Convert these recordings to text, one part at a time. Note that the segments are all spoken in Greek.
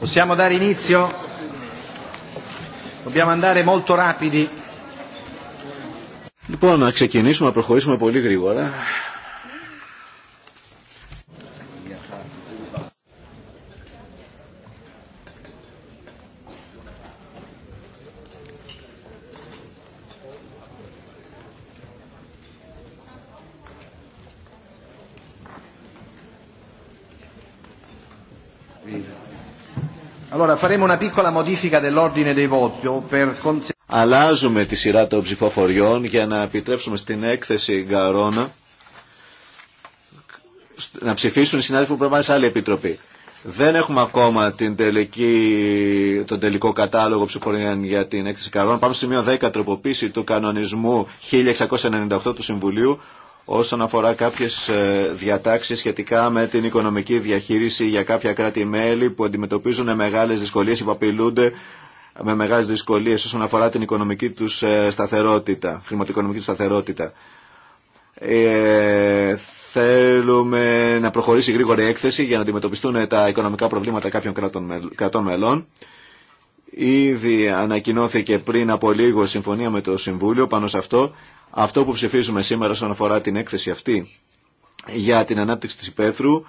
Possiamo dare inizio? Dobbiamo andare molto rapidi. Λοιπόν, να ξεκινήσουμε, να προχωρήσουμε πολύ γρήγορα. Αλλάζουμε τη σειρά των ψηφοφοριών για να επιτρέψουμε στην έκθεση Γκαρόνα να ψηφίσουν οι συνάδελφοι που πρέπει σε άλλη επιτροπή. Δεν έχουμε ακόμα τον τελικό κατάλογο ψηφοφοριών για την έκθεση Καρών. Πάμε στο σημείο 10 τροποποίηση του κανονισμού 1698 του Συμβουλίου όσον αφορά κάποιες ε, διατάξεις σχετικά με την οικονομική διαχείριση για κάποια κράτη-μέλη που αντιμετωπίζουν μεγάλες δυσκολίες ή που απειλούνται με μεγάλες δυσκολίες όσον αφορά την οικονομική τους ε, σταθερότητα, χρηματοοικονομική τους σταθερότητα. Ε, θέλουμε να προχωρήσει γρήγορη έκθεση για να αντιμετωπιστούν τα οικονομικά προβλήματα κάποιων κρατών μελών. Ήδη ανακοινώθηκε πριν από λίγο συμφωνία με το Συμβούλιο πάνω σε αυτό. Αυτό που ψηφίζουμε σήμερα σχετικά αφορά την έκθεση αυτή για την ανάπτυξη της υπαίθρου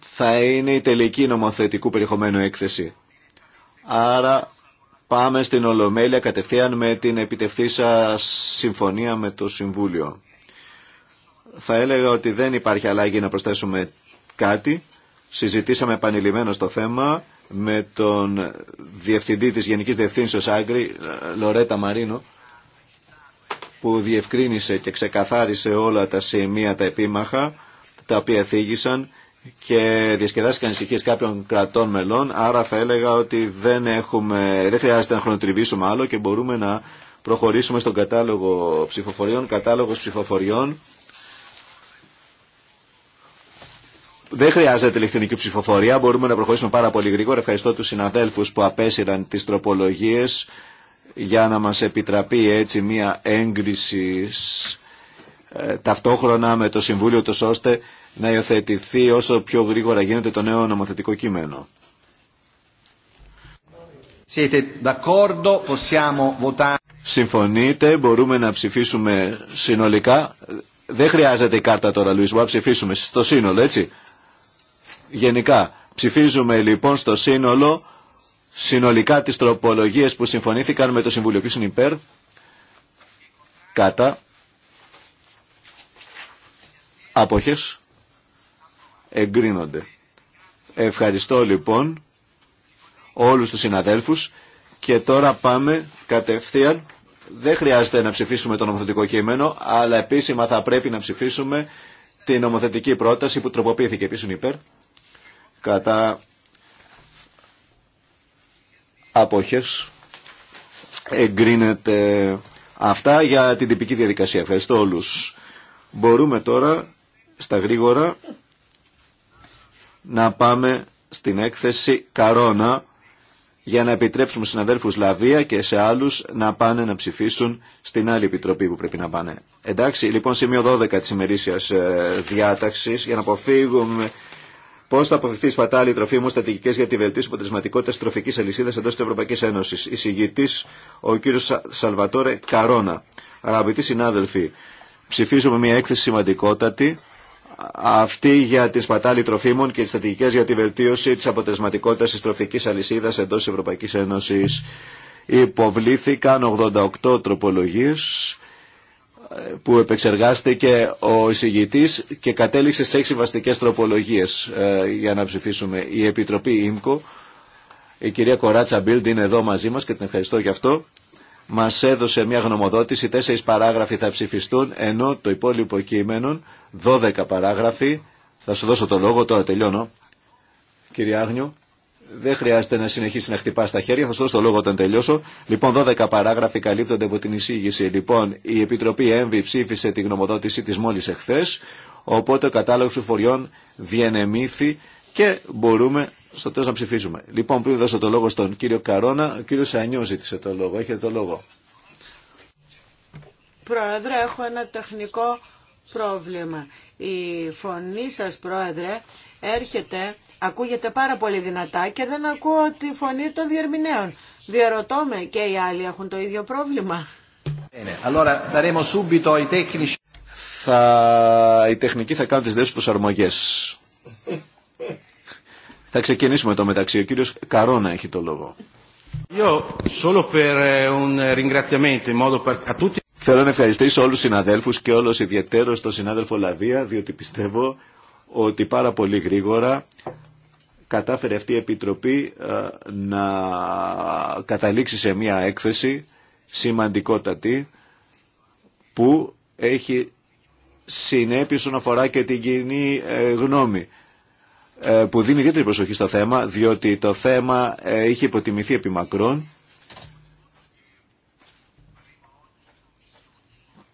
θα είναι η τελική νομοθετικού περιεχομένου έκθεση. Άρα πάμε στην Ολομέλεια κατευθείαν με την επιτευθύσα συμφωνία με το Συμβούλιο. Θα έλεγα ότι δεν υπάρχει αλλαγή να προσθέσουμε κάτι. Συζητήσαμε επανειλημμένο το θέμα με τον Διευθυντή της Γενικής Διευθύνσεως Άγκρη, Λορέτα Μαρίνο, που διευκρίνησε και ξεκαθάρισε όλα τα σημεία τα επίμαχα τα οποία θίγησαν και διασκεδάστηκαν ανησυχίε κάποιων κρατών μελών. Άρα θα έλεγα ότι δεν, έχουμε, δεν χρειάζεται να χρονοτριβήσουμε άλλο και μπορούμε να προχωρήσουμε στον κατάλογο ψηφοφοριών. Κατάλογος ψηφοφοριών. Δεν χρειάζεται ηλεκτρονική ψηφοφορία. Μπορούμε να προχωρήσουμε πάρα πολύ γρήγορα. Ευχαριστώ τους συναδέλφους που απέσυραν τις τροπολογίες για να μας επιτραπεί έτσι μία έγκριση ε, ταυτόχρονα με το Συμβούλιο του ώστε να υιοθετηθεί όσο πιο γρήγορα γίνεται το νέο νομοθετικό κείμενο. Συμφωνείτε, μπορούμε να ψηφίσουμε συνολικά. Δεν χρειάζεται η κάρτα τώρα, Λουίς, να ψηφίσουμε στο σύνολο, έτσι. Γενικά, ψηφίζουμε λοιπόν στο σύνολο συνολικά τις τροπολογίες που συμφωνήθηκαν με το Συμβούλιο. Ποιος υπέρ, κατά, άποχες, εγκρίνονται. Ευχαριστώ λοιπόν όλους τους συναδέλφους και τώρα πάμε κατευθείαν. Δεν χρειάζεται να ψηφίσουμε το νομοθετικό κείμενο, αλλά επίσημα θα πρέπει να ψηφίσουμε την νομοθετική πρόταση που τροποποιήθηκε επίσης υπέρ. Κατά αποχές εγκρίνεται αυτά για την τυπική διαδικασία. Ευχαριστώ όλους. Μπορούμε τώρα στα γρήγορα να πάμε στην έκθεση Καρόνα για να επιτρέψουμε στους συναδέλφους Λαδία και σε άλλους να πάνε να ψηφίσουν στην άλλη επιτροπή που πρέπει να πάνε. Εντάξει, λοιπόν, σημείο 12 της ημερήσιας ε, διάταξης για να αποφύγουμε Πώ θα αποφευθεί η σπατάλη τροφίμων στατικέ για τη βελτίωση αποτελεσματικότητα τη τροφική αλυσίδα εντό τη Ευρωπαϊκή Ένωση. Εισηγητή ο κ. Σαλβατόρε Καρόνα. Αγαπητοί συνάδελφοι, ψηφίζουμε μια έκθεση σημαντικότατη αυτή για τη σπατάλη τροφίμων και τι στατικέ για τη βελτίωση τη αποτελεσματικότητα τη τροφική αλυσίδα εντό τη Ευρωπαϊκή Ένωση. Υποβλήθηκαν 88 τροπολογίες που επεξεργάστηκε ο εισηγητής και κατέληξε σε έξι βαστικές τροπολογίες ε, για να ψηφίσουμε. Η Επιτροπή ΙΜΚΟ, η κυρία Κοράτσα Μπίλντ είναι εδώ μαζί μας και την ευχαριστώ γι' αυτό. Μας έδωσε μια γνωμοδότηση, τέσσερις παράγραφοι θα ψηφιστούν, ενώ το υπόλοιπο κείμενο, δώδεκα παράγραφοι, θα σου δώσω το λόγο, τώρα τελειώνω, κυρία Άγνιο, δεν χρειάζεται να συνεχίσει να χτυπά τα χέρια. Θα σα δώσω το λόγο όταν τελειώσω. Λοιπόν, 12 παράγραφοι καλύπτονται από την εισήγηση. Λοιπόν, η Επιτροπή ΕΜΒΗ ψήφισε τη γνωμοδότησή τη μόλι εχθέ. Οπότε ο κατάλογο ψηφοριών διενεμήθη και μπορούμε στο τέλο να ψηφίσουμε. Λοιπόν, πριν δώσω το λόγο στον κύριο Καρόνα, ο κύριο Σανιού ζήτησε το λόγο. Έχετε το λόγο. Πρόεδρε, έχω ένα τεχνικό πρόβλημα. Η φωνή σα Πρόεδρε, έρχεται, ακούγεται πάρα πολύ δυνατά και δεν ακούω τη φωνή των διερμηνέων. Διαρωτώ με και οι άλλοι έχουν το ίδιο πρόβλημα. Θα... Οι τεχνικοί θα κάνουν τις δέσεις προσαρμογές. θα ξεκινήσουμε το μεταξύ. Ο κύριος Καρόνα έχει το λόγο. Θέλω να ευχαριστήσω όλους τους συναδέλφους και όλος ιδιαίτερος τον συνάδελφο Λαβία, διότι πιστεύω ότι πάρα πολύ γρήγορα κατάφερε αυτή η Επιτροπή ε, να καταλήξει σε μια έκθεση σημαντικότατη που έχει συνέπειε όσον αφορά και την κοινή ε, γνώμη ε, που δίνει ιδιαίτερη προσοχή στο θέμα διότι το θέμα είχε υποτιμηθεί επί μακρόν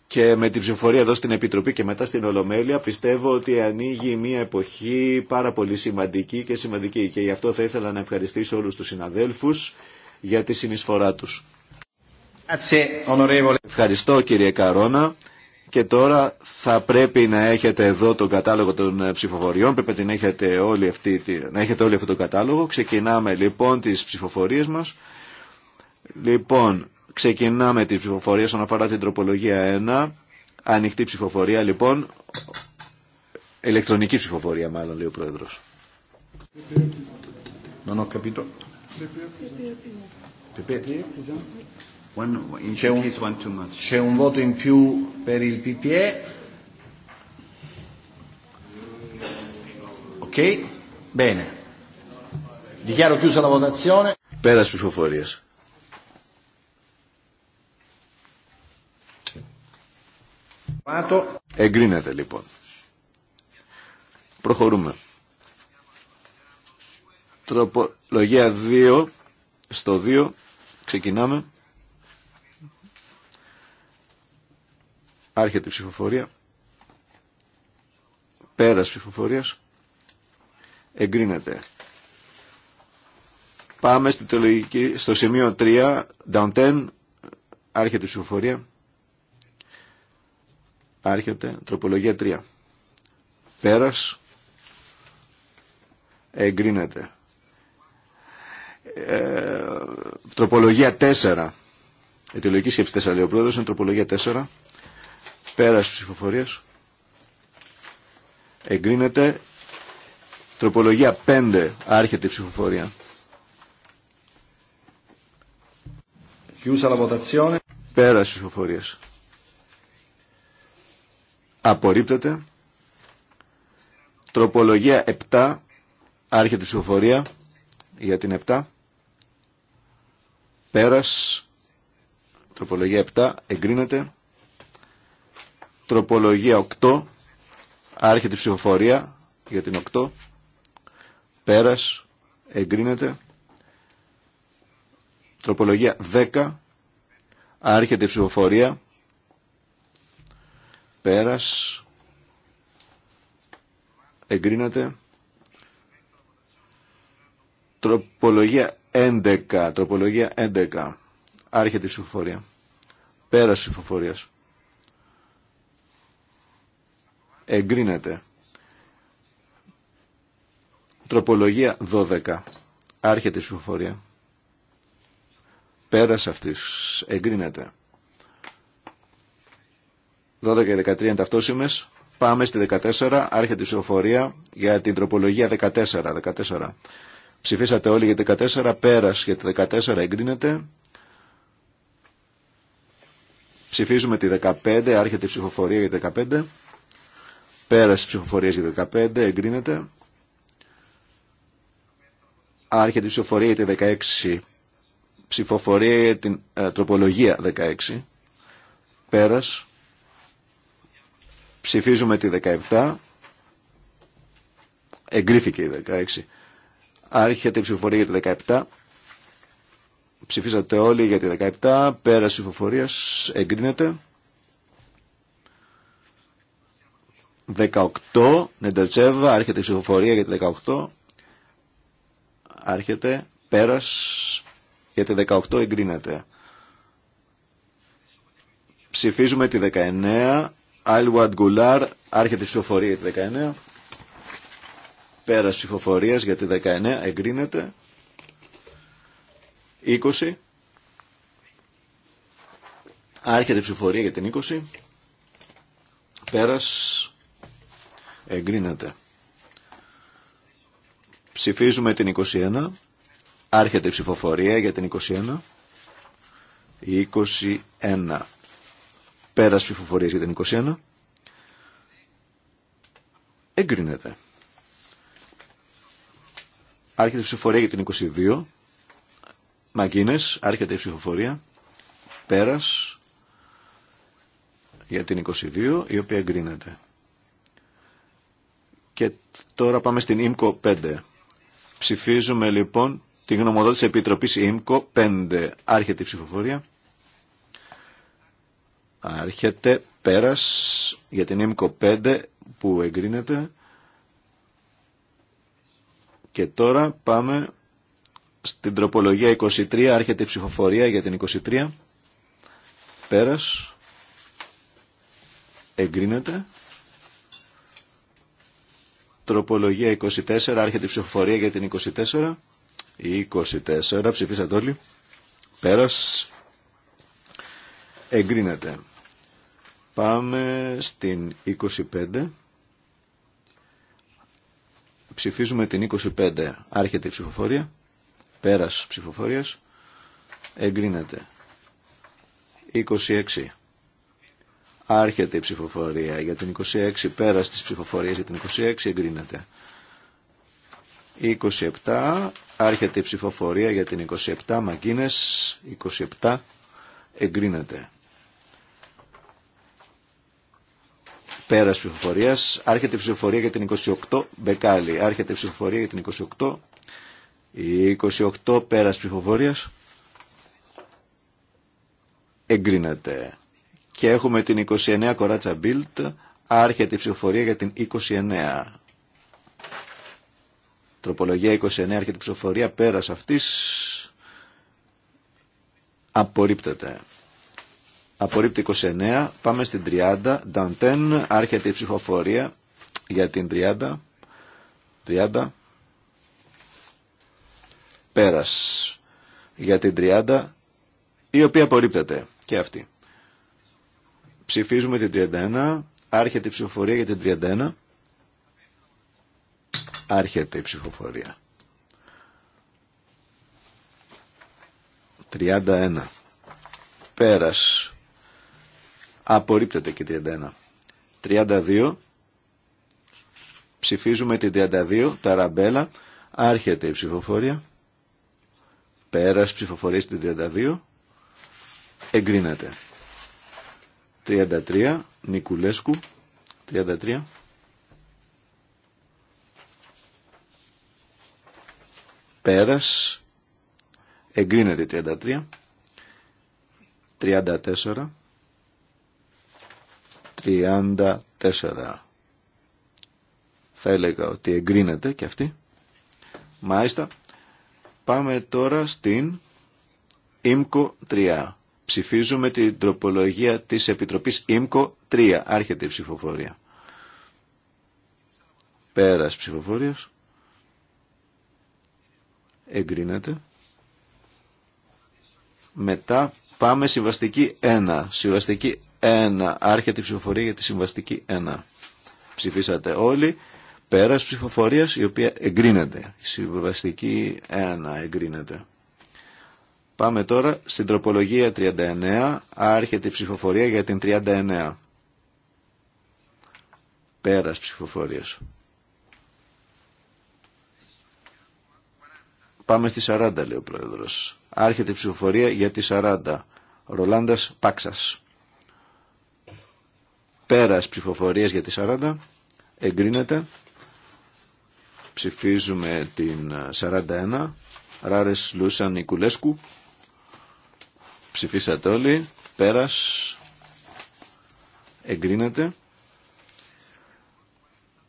Και με την ψηφοφορία εδώ στην Επιτροπή και μετά στην Ολομέλεια πιστεύω ότι ανοίγει μια εποχή πάρα πολύ σημαντική και σημαντική και γι' αυτό θα ήθελα να ευχαριστήσω όλους τους συναδέλφους για τη συνεισφορά τους. Ευχαριστώ κύριε Καρόνα και τώρα θα πρέπει να έχετε εδώ τον κατάλογο των ψηφοφοριών, πρέπει να έχετε όλη αυτή, να έχετε όλη αυτό το κατάλογο. Ξεκινάμε λοιπόν τις ψηφοφορίες μας. Λοιπόν, Ξεκινάμε τη ψηφοφορία όσον αφορά την τροπολογία 1. Ανοιχτή ψηφοφορία λοιπόν. Ελεκτρονική ψηφοφορία μάλλον λέει ο Πρόεδρος. Non ho C'è un, voto in più per il e. Ok? Bene. Dichiaro la votazione. ψηφοφορία. Εγκρίνεται λοιπόν. Προχωρούμε. Τροπολογία 2. Στο 2 ξεκινάμε. Άρχεται η ψηφοφορία. Πέρας ψηφοφορίας. Εγκρίνεται. Πάμε στο σημείο 3. Down Άρχεται η ψηφοφορία. Άρχεται. Τροπολογία 3. Πέρας. Εγκρίνεται. Ε, τροπολογία 4. Αιτιολογική σκέψη 4. Λέει ο πρόεδρος είναι τροπολογία 4. Πέρας ψηφοφορίας. Εγκρίνεται. Τροπολογία 5. Άρχεται η ψηφοφορία. Chiusa la votazione. Απορρίπτεται. Τροπολογία 7. Άρχεται η ψηφοφορία για την 7. Πέρας. Τροπολογία 7. Εγκρίνεται. Τροπολογία 8. Άρχεται η ψηφοφορία για την 8. Πέρας. Εγκρίνεται. Τροπολογία 10. Άρχεται η ψηφοφορία Πέρας. Εγκρίνεται. Τροπολογία 11. Τροπολογία 11. Άρχεται η ψηφοφορία. Πέρας της ψηφοφορίας. Εγκρίνεται. Τροπολογία 12. Άρχεται η ψηφοφορία. Πέρας αυτής. Εγκρίνεται. 12 και 13 είναι ταυτόσιμες. Πάμε στη 14, άρχεται η ψηφοφορία για την τροπολογία 14. 14. Ψηφίσατε όλοι για 14, πέρας για τη 14 εγκρίνεται. Ψηφίζουμε τη 15, άρχεται η ψηφοφορία για την 15. Πέρας ψηφοφορία για 15 εγκρίνεται. Άρχεται η ψηφοφορία για 16. Ψηφοφορία για την ε, τροπολογία 16. Πέρας Ψηφίζουμε τη 17. Εγκρίθηκε η 16. Άρχεται η ψηφοφορία για τη 17. Ψηφίσατε όλοι για τη 17. Πέρα ψηφοφορία εγκρίνεται. 18. Νεντατσέβα. Άρχεται η ψηφοφορία για τη 18. Άρχεται. πέρας Για τη 18 εγκρίνεται. Ψηφίζουμε τη 19. Άλουαντ Γκουλάρ, άρχεται η ψηφοφορία για τη 19. Πέρας ψηφοφορίας για τη 19, εγκρίνεται. 20. Άρχεται η ψηφοφορία για την 20. Πέρας εγκρίνεται. Ψηφίζουμε την 21. Άρχεται η ψηφοφορία για την 21. 21. Πέρας ψηφοφορίας για την 21. Εγκρίνεται. Άρχεται η ψηφοφορία για την 22. Μαγκίνες, άρχεται η ψηφοφορία. Πέρας για την 22, η οποία εγκρίνεται. Και τώρα πάμε στην ΙΜΚΟ 5. Ψηφίζουμε λοιπόν τη γνωμοδότηση Επιτροπής ΙΜΚΟ 5. Άρχεται η ψηφοφορία. Άρχεται πέρας για την ΕΜΚΟ 5 που εγκρίνεται. Και τώρα πάμε στην τροπολογία 23. Άρχεται η ψηφοφορία για την 23. Πέρας. Εγκρίνεται. Τροπολογία 24. Άρχεται η ψηφοφορία για την 24. Η 24. Ψηφίσατε όλοι. Πέρας εγκρίνεται. Πάμε στην 25. Ψηφίζουμε την 25. Άρχεται η ψηφοφορία. Πέρας ψηφοφορίας. Εγκρίνεται. 26. Άρχεται η ψηφοφορία για την 26. Πέρας της ψηφοφορίας για την 26. Εγκρίνεται. 27. Άρχεται η ψηφοφορία για την 27. Μαγκίνες. 27. Εγκρίνεται. Πέρας ψηφοφορία. Άρχεται η ψηφοφορία για την 28. Μπεκάλι. Άρχεται η ψηφοφορία για την 28. Η 28 πέρας ψηφοφορία. Εγκρίνεται. Και έχουμε την 29 κοράτσα Μπίλτ. Άρχεται η ψηφοφορία για την 29. Τροπολογία 29 άρχεται η ψηφοφορία πέρας αυτής απορρίπτεται. Απορρίπτει 29. Πάμε στην 30. Νταντέν. Άρχεται η ψηφοφορία για την 30. 30. Πέρας. Για την 30. Η οποία απορρίπτεται. Και αυτή. Ψηφίζουμε την 31. Άρχεται η ψηφοφορία για την 31. Άρχεται η ψηφοφορία. 31. Πέρας Απορρίπτεται και 31. 32. Ψηφίζουμε την 32. Ταραμπέλα. Άρχεται η ψηφοφορία. Πέρας ψηφοφορία στην 32. Εγκρίνεται. 33. Νικουλέσκου. 33. Πέρας εγκρίνεται 33, 34, 34. Θα έλεγα ότι εγκρίνεται και αυτή. Μάλιστα. Πάμε τώρα στην ΙΜΚΟ 3. Ψηφίζουμε την τροπολογία της Επιτροπής ΙΜΚΟ 3. Άρχεται η ψηφοφορία. Πέρας ψηφοφορίας. Εγκρίνεται. Μετά πάμε συμβαστική 1. Συμβαστική 1. Άρχεται η ψηφοφορία για τη συμβαστική 1. Ψηφίσατε όλοι. Πέρας ψηφοφορίας η οποία εγκρίνεται. Η συμβαστική 1 εγκρίνεται. Πάμε τώρα στην τροπολογία 39. Άρχεται η ψηφοφορία για την 39. Πέρας ψηφοφορίας. Πάμε στη 40 λέει ο Πρόεδρος. Άρχεται η ψηφοφορία για τη 40. Ρολάντας Πάξας. Πέρας ψηφοφορίας για τη 40. Εγκρίνεται. Ψηφίζουμε την 41. Ράρες Λούσαν Νικουλέσκου. Ψηφίσατε όλοι. Πέρας. Εγκρίνεται.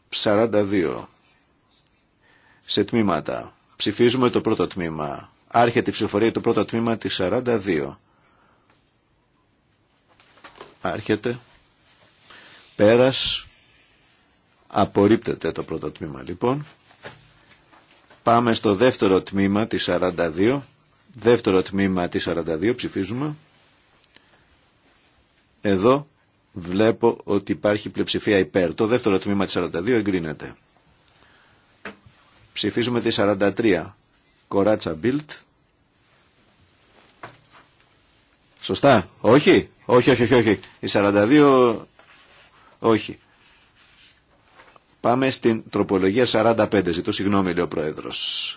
42. Σε τμήματα. Ψηφίζουμε το πρώτο τμήμα. Άρχεται η ψηφοφορία το πρώτο τμήμα τη 42. Άρχεται. Πέρας. Απορρίπτεται το πρώτο τμήμα λοιπόν. Πάμε στο δεύτερο τμήμα της 42. Δεύτερο τμήμα της 42 ψηφίζουμε. Εδώ βλέπω ότι υπάρχει πλειοψηφία υπέρ. Το δεύτερο τμήμα της 42 εγκρίνεται. Ψηφίζουμε τη 43. Κοράτσα Μπίλτ. Σωστά. Όχι. Όχι, όχι, όχι. όχι. Η 42 όχι. Πάμε στην τροπολογία 45. Ζητώ συγγνώμη, λέει ο Πρόεδρος.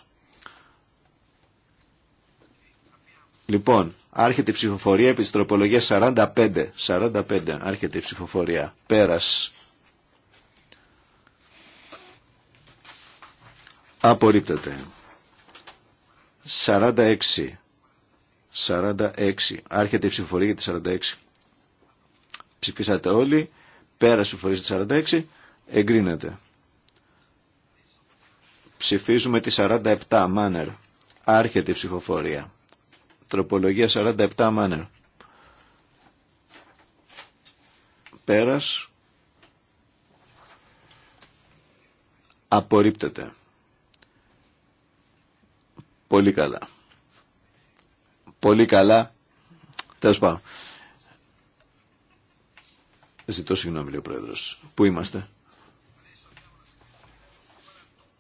Λοιπόν, άρχεται η ψηφοφορία επί της τροπολογίας 45. 45, άρχεται η ψηφοφορία. Πέρας. Απορρίπτεται. 46. 46. Άρχεται η ψηφοφορία για τη 46. Ψηφίσατε όλοι. Πέρασε φορή τη 46, εγκρίνεται. Ψηφίζουμε τη 47, μάνερ. Άρχεται η ψηφοφορία. Τροπολογία 47, μάνερ. Πέρας. Απορρίπτεται. Πολύ καλά. Πολύ καλά. Τέλος πάω. Ζητώ συγγνώμη, λέει ο Πού είμαστε?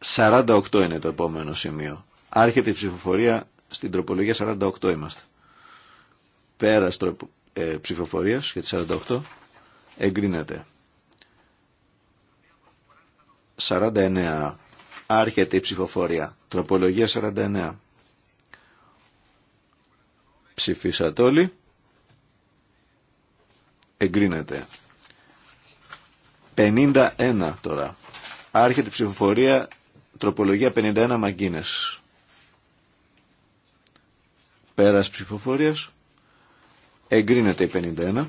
48 είναι το επόμενο σημείο. Άρχεται η ψηφοφορία στην τροπολογία 48 είμαστε. πέρα τροπο, ε, ψηφοφορίας για τη 48 εγκρίνεται. 49. Άρχεται η ψηφοφορία. Τροπολογία 49. Ψηφίσατε όλοι. Εγκρίνεται. 51 τώρα. Άρχεται η ψηφοφορία τροπολογία 51 Μαγκίνες. Πέρας ψηφοφορίας. Εγκρίνεται η 51.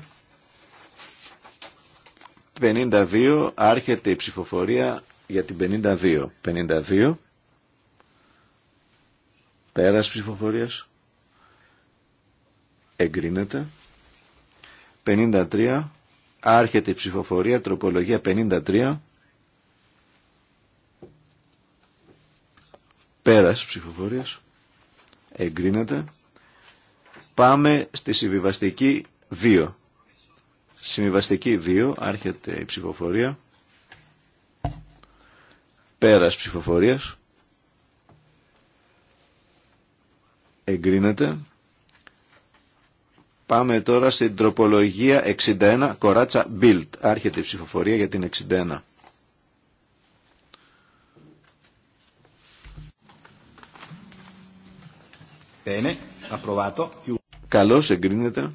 52 άρχεται η ψηφοφορία για την 52. 52. Πέρας ψηφοφορίας. Εγκρίνεται. 53 Άρχεται η ψηφοφορία, τροπολογία 53. Πέρας ψηφοφορίας. Εγκρίνεται. Πάμε στη συμβιβαστική 2. Συμβιβαστική 2, άρχεται η ψηφοφορία. Πέρας ψηφοφορίας. Εγκρίνεται. Πάμε τώρα στην τροπολογία 61, κοράτσα Μπιλτ. Άρχεται η ψηφοφορία για την 61. Bene, approvato. Καλώς εγκρίνεται.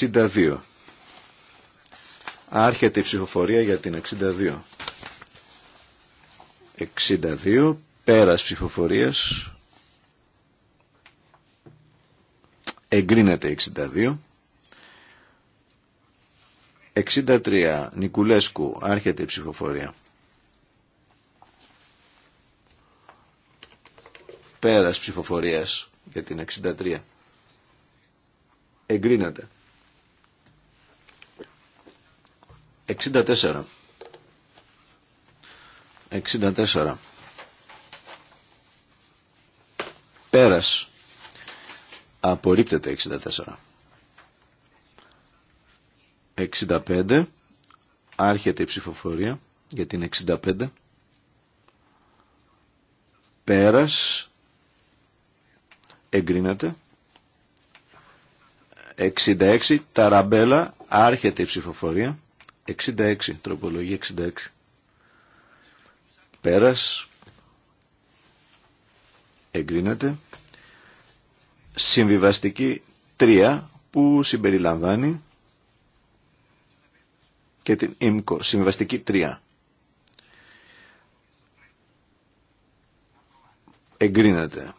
62. Άρχεται η ψηφοφορία για την 62. 62, πέρας ψηφοφορίας. Εγκρίνεται 62. 63. Νικουλέσκου. Άρχεται η ψηφοφορία. Πέρας ψηφοφορίας για την 63. Εγκρίνεται. 64. 64. Πέρας Απορρίπτεται 64. 65. Άρχεται η ψηφοφορία για την 65. Πέρας. Εγκρίνεται. 66. Ταραμπέλα. Άρχεται η ψηφοφορία. 66. Τροπολογία 66. Πέρας. Εγκρίνεται συμβιβαστική 3 που συμπεριλαμβάνει και την ΙΜΚΟ, συμβιβαστική 3. Εγκρίνεται.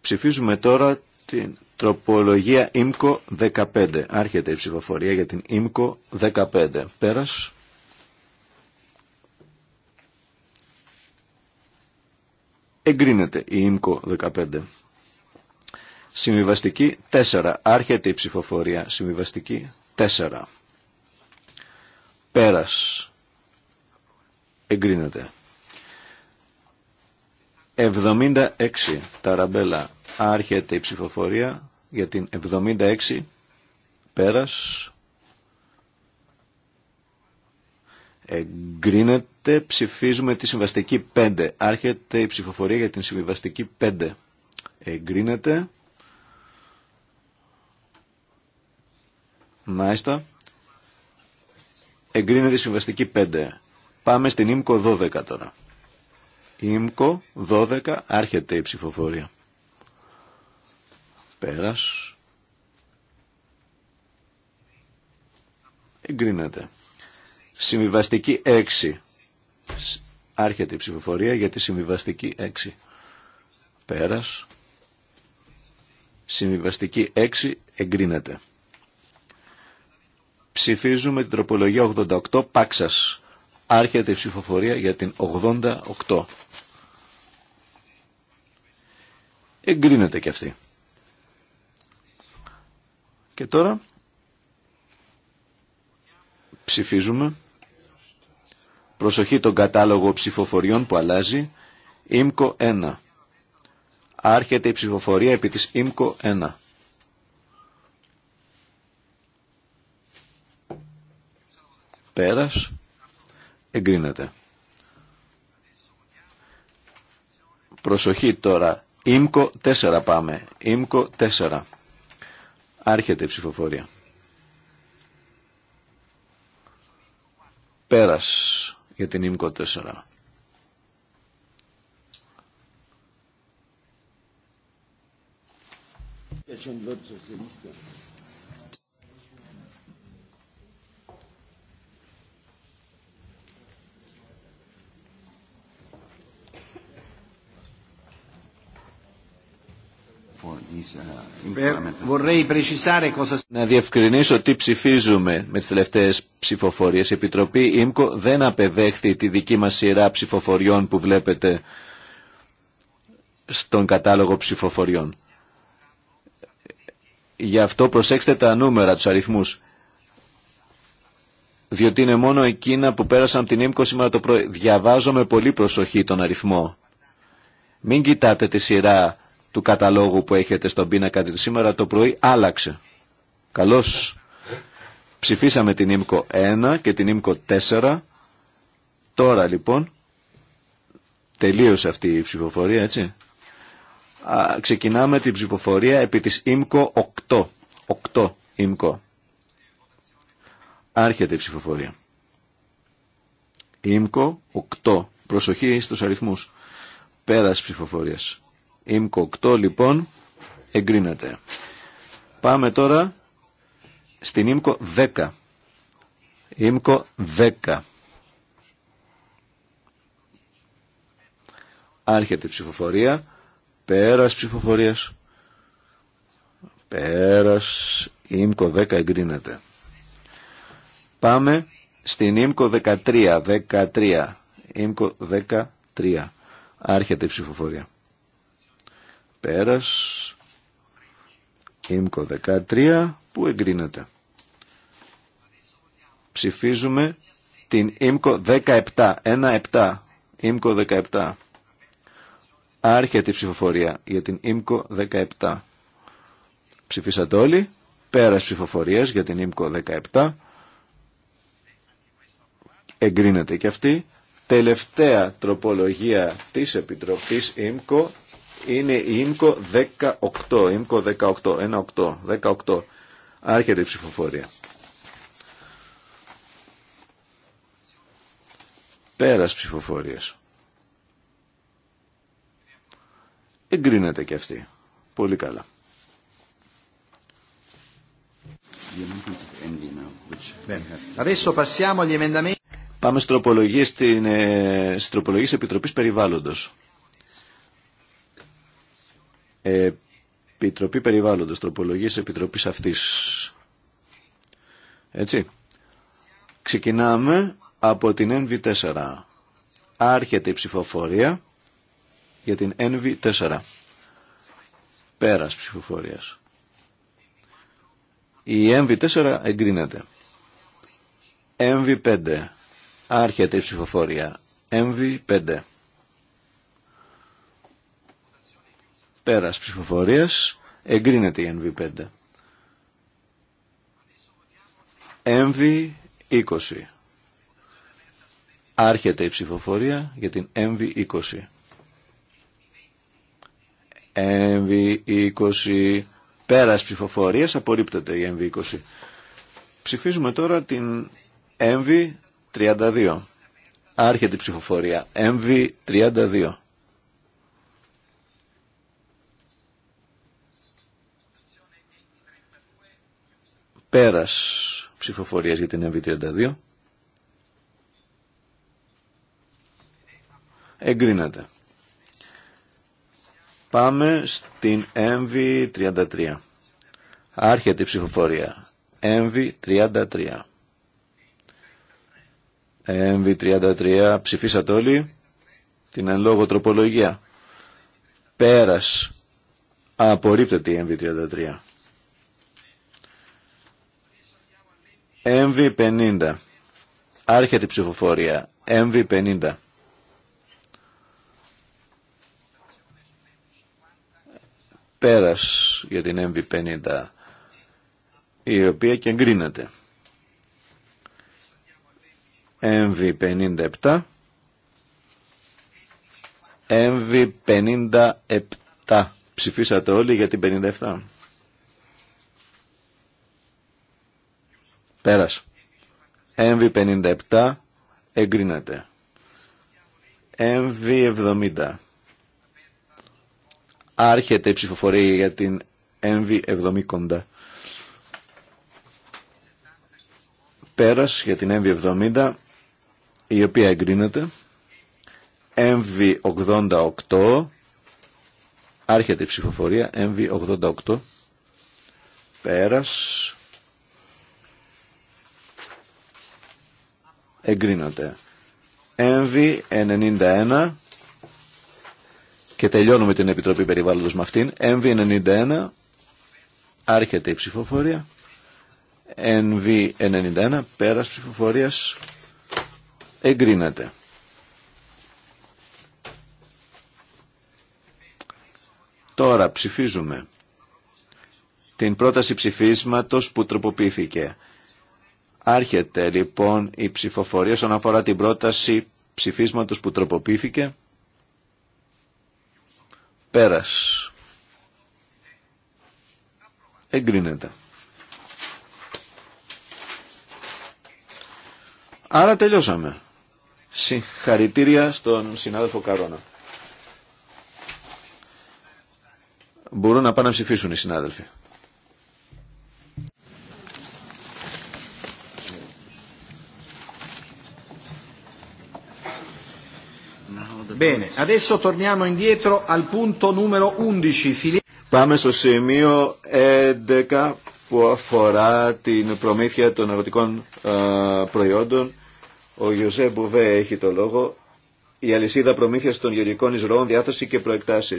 Ψηφίζουμε τώρα την τροπολογία ΙΜΚΟ 15. Άρχεται η ψηφοφορία για την ΙΜΚΟ 15. Πέρας. Εγκρίνεται η ΙΜΚΟ 15. Συμβιβαστική 4. Άρχεται η ψηφοφορία. Συμβιβαστική 4. Πέρας. Εγκρίνεται. 76. Ταραμπέλα. Άρχεται η ψηφοφορία για την 76. Πέρας. Εγκρίνεται, ψηφίζουμε τη συμβαστική 5. Άρχεται η ψηφοφορία για την συμβαστική 5. Εγκρίνεται. Μάλιστα. Εγκρίνεται η συμβαστική 5. Πάμε στην ΙΜΚΟ 12 τώρα. ΙΜΚΟ 12 άρχεται η ψηφοφορία. Πέρας. Εγκρίνεται. Συμβιβαστική 6. Άρχεται η ψηφοφορία για τη συμβιβαστική 6. Πέρας. Συμβιβαστική 6 εγκρίνεται. Ψηφίζουμε την τροπολογία 88 Πάξας. Άρχεται η ψηφοφορία για την 88. Εγκρίνεται και αυτή. Και τώρα ψηφίζουμε Προσοχή τον κατάλογο ψηφοφοριών που αλλάζει. ΙΜΚΟ 1. Άρχεται η ψηφοφορία επί της ΙΜΚΟ 1. Πέρας. Εγκρίνεται. Προσοχή τώρα. ΙΜΚΟ 4 πάμε. ΙΜΚΟ 4. Άρχεται η ψηφοφορία. Πέρας για την ΙΜΚΟ 4. Uh, ε, Να διευκρινίσω τι ψηφίζουμε με τις τελευταίες ψηφοφορίες. Η Επιτροπή ΙΜΚΟ δεν απεδέχθη τη δική μας σειρά ψηφοφοριών που βλέπετε στον κατάλογο ψηφοφοριών. Γι' αυτό προσέξτε τα νούμερα, τους αριθμούς. Διότι είναι μόνο εκείνα που πέρασαν από την ΙΜΚΟ σήμερα το πρωί. Διαβάζω με πολύ προσοχή τον αριθμό. Μην κοιτάτε τη σειρά του καταλόγου που έχετε στον πίνακα σήμερα το πρωί άλλαξε. Καλώς ψηφίσαμε την ΙΜΚΟ 1 και την ΙΜΚΟ 4. Τώρα λοιπόν τελείωσε αυτή η ψηφοφορία έτσι. Α, ξεκινάμε την ψηφοφορία επί της ΙΜΚΟ 8. 8 ΙΜΚΟ. Άρχεται η ψηφοφορία. ΙΜΚΟ 8. Προσοχή στους αριθμούς. Πέρας ψηφοφορίας. ΙΜΚΟ 8 λοιπόν εγκρίνεται. Πάμε τώρα στην ΙΜΚΟ 10. ΙΜΚΟ 10. Άρχεται η ψηφοφορία. Πέρας ψηφοφορίας. Πέρας. Η 10 εγκρίνεται. Πάμε στην ΙΜΚΟ 13. 13. ΙΜΚΟ 13. Άρχεται η ψηφοφορία πέρας ΙΜΚΟ 13 που εγκρίνεται. Ψηφίζουμε την ΙΜΚΟ 17, 1-7, ΙΜΚΟ 17. Άρχεται η ψηφοφορία για την ΙΜΚΟ 17. Ψηφίσατε όλοι, πέρας ψηφοφορίας για την ΙΜΚΟ 17. Εγκρίνεται και αυτή. Τελευταία τροπολογία της Επιτροπής ΙΜΚΟ είναι η ΙΜΚΟ 18. ΙΜΚΟ 18, 1-8, 18. Άρχεται η ψηφοφορία. Πέρας ψηφοφορίες. Εγκρίνεται και αυτή. Πολύ καλά. Πάμε στροπολογίε στην, ε, τροπολογία Επιτροπή Επιτροπής Περιβάλλοντος. Επιτροπή Περιβάλλοντος, τροπολογίες Επιτροπής αυτής. Έτσι. Ξεκινάμε από την NV4. Άρχεται η ψηφοφορία για την NV4. Πέρας ψηφοφορίας. Η NV4 εγκρίνεται. NV5. Άρχεται η ψηφοφορία. NV5. Πέρας ψηφοφορίας εγκρίνεται η NV5. nv 20 Άρχεται η ψηφοφορία για την nv 20 NV20. Πέρας ψηφοφορίας απορρίπτεται η nv 20 Ψηφίζουμε τώρα την nv 32 Άρχεται η ψηφοφορία. MV32. Πέρας ψηφοφορίας για την MV32. Εγκρίνεται. Πάμε στην MV33. Άρχεται η ψηφοφορία. MV33. MV33. Ψηφίσατε όλοι την εν λόγω τροπολογία. Πέρας. Απορρίπτεται η MV33. MV50. Άρχεται η ψηφοφορία. MV50. Πέρας για την MV50 η οποία και εγκρίνεται. MV57 MV57 ψηφίσατε όλοι για την 57 περας εμβι MV57 εγκρινεται εμβι MV70. Άρχεται η ψηφοφορία για την εμβι 70 κοντά. Πέρας για την εμβι 70 η οποία εγκρίνεται. MV88 άρχεται η ψηφοφορία MV88 πέρας εγκρίνονται. Έμβη 91 και τελειώνουμε την Επιτροπή Περιβάλλοντος με αυτήν. Έμβη 91 άρχεται η ψηφοφορία. Έμβη 91 πέρας ψηφοφορίας εγκρίνεται. Τώρα ψηφίζουμε την πρόταση ψηφίσματος που τροποποιήθηκε. Άρχεται λοιπόν η ψηφοφορία όσον αφορά την πρόταση ψηφίσματος που τροποποιήθηκε. Πέρας. Εγκρίνεται. Άρα τελειώσαμε. Συγχαρητήρια στον συνάδελφο Καρόνα. Μπορούν να πάνε να ψηφίσουν οι συνάδελφοι. Πάμε στο σημείο 11 που αφορά την προμήθεια των ερωτικών ε, προϊόντων. Ο Ιωσέ Μπουβέ έχει το λόγο. Η αλυσίδα προμήθεια των γεωργικών εισρώων, διάθεση και προεκτάσει.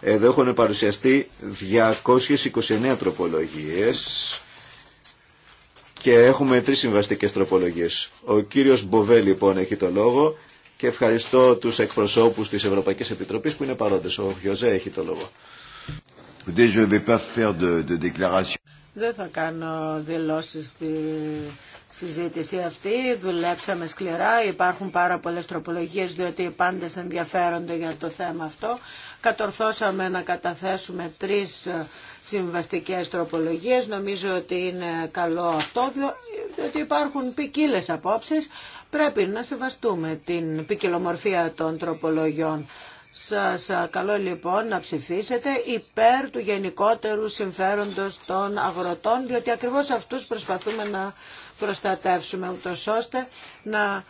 Εδώ έχουν παρουσιαστεί 229 τροπολογίε και έχουμε τρει συμβαστικέ τροπολογίε. Ο κύριο Μποβέ λοιπόν έχει το λόγο και ευχαριστώ τους εκπροσώπους της Ευρωπαϊκής Επιτροπής που είναι παρόντες. Ο Γιωζέ έχει το λόγο. Δεν θα κάνω δηλώσει στη συζήτηση αυτή. Δουλέψαμε σκληρά. Υπάρχουν πάρα πολλές τροπολογίες διότι οι πάντες ενδιαφέρονται για το θέμα αυτό. Κατορθώσαμε να καταθέσουμε τρεις συμβαστικές τροπολογίες. Νομίζω ότι είναι καλό αυτό διότι υπάρχουν ποικίλε απόψεις Πρέπει να σεβαστούμε την ποικιλομορφία των τροπολογιών. Σας καλώ λοιπόν να ψηφίσετε υπέρ του γενικότερου συμφέροντος των αγροτών, διότι ακριβώς αυτούς προσπαθούμε να προστατεύσουμε, ούτως ώστε να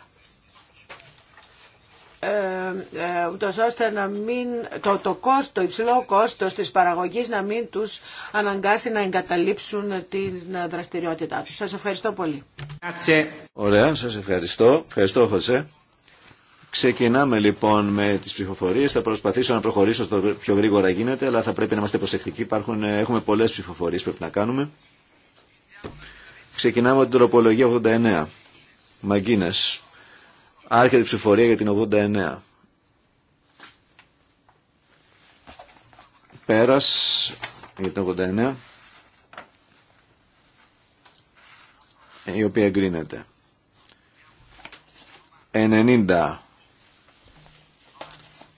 ε, ε, ούτως ώστε να μην, το, το, κόστο, το υψηλό κόστος της παραγωγής να μην τους αναγκάσει να εγκαταλείψουν την δραστηριότητά τους. Σας ευχαριστώ πολύ. Ωραία, σας ευχαριστώ. Ευχαριστώ, Χωσέ. Ξεκινάμε λοιπόν με τις ψηφοφορίες. Θα προσπαθήσω να προχωρήσω στο πιο γρήγορα γίνεται, αλλά θα πρέπει να είμαστε προσεκτικοί. Υπάρχουν, ε, έχουμε πολλές ψηφοφορίες πρέπει να κάνουμε. Ξεκινάμε με την τροπολογία 89. Μαγκίνες. Άρχεται η ψηφορία για την 89. Πέρας για την 89. η οποία εγκρίνεται. 90.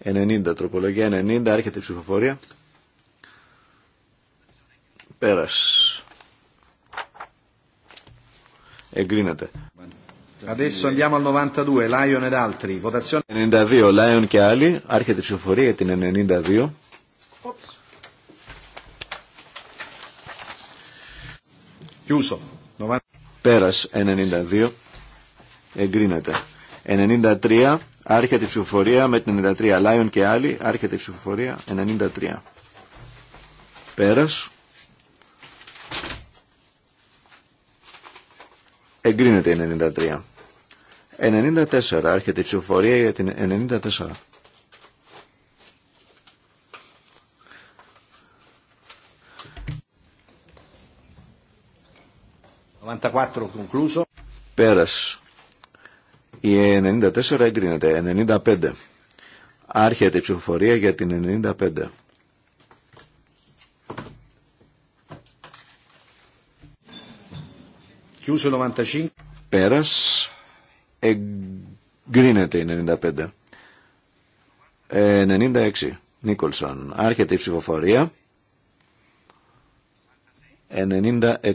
90, τροπολογία 90, άρχεται η ψηφοφορία. Πέρας. Εγκρίνεται. Adesso andiamo al 92, Lion ed altri. Votazione 92, Lion και άλλοι. Άρχεται η ψηφοφορία για την 92. Ops. Chiuso. 90... Πέρας 92. Εγκρίνεται. 93. Άρχεται η ψηφοφορία με την 93. Lion και άλλοι. Άρχεται η ψηφοφορία 93. Πέρας. Εγκρίνεται η 93. 94. Άρχεται η ψηφοφορία για την 94. Πέρας. Η 94 εγκρίνεται. 95. Άρχεται η ψηφοφορία για την 95. 95. Πέρας. Εγκρίνεται η 95. 96. Ε, Νίκολσον. Άρχεται η ψηφοφορία. 96.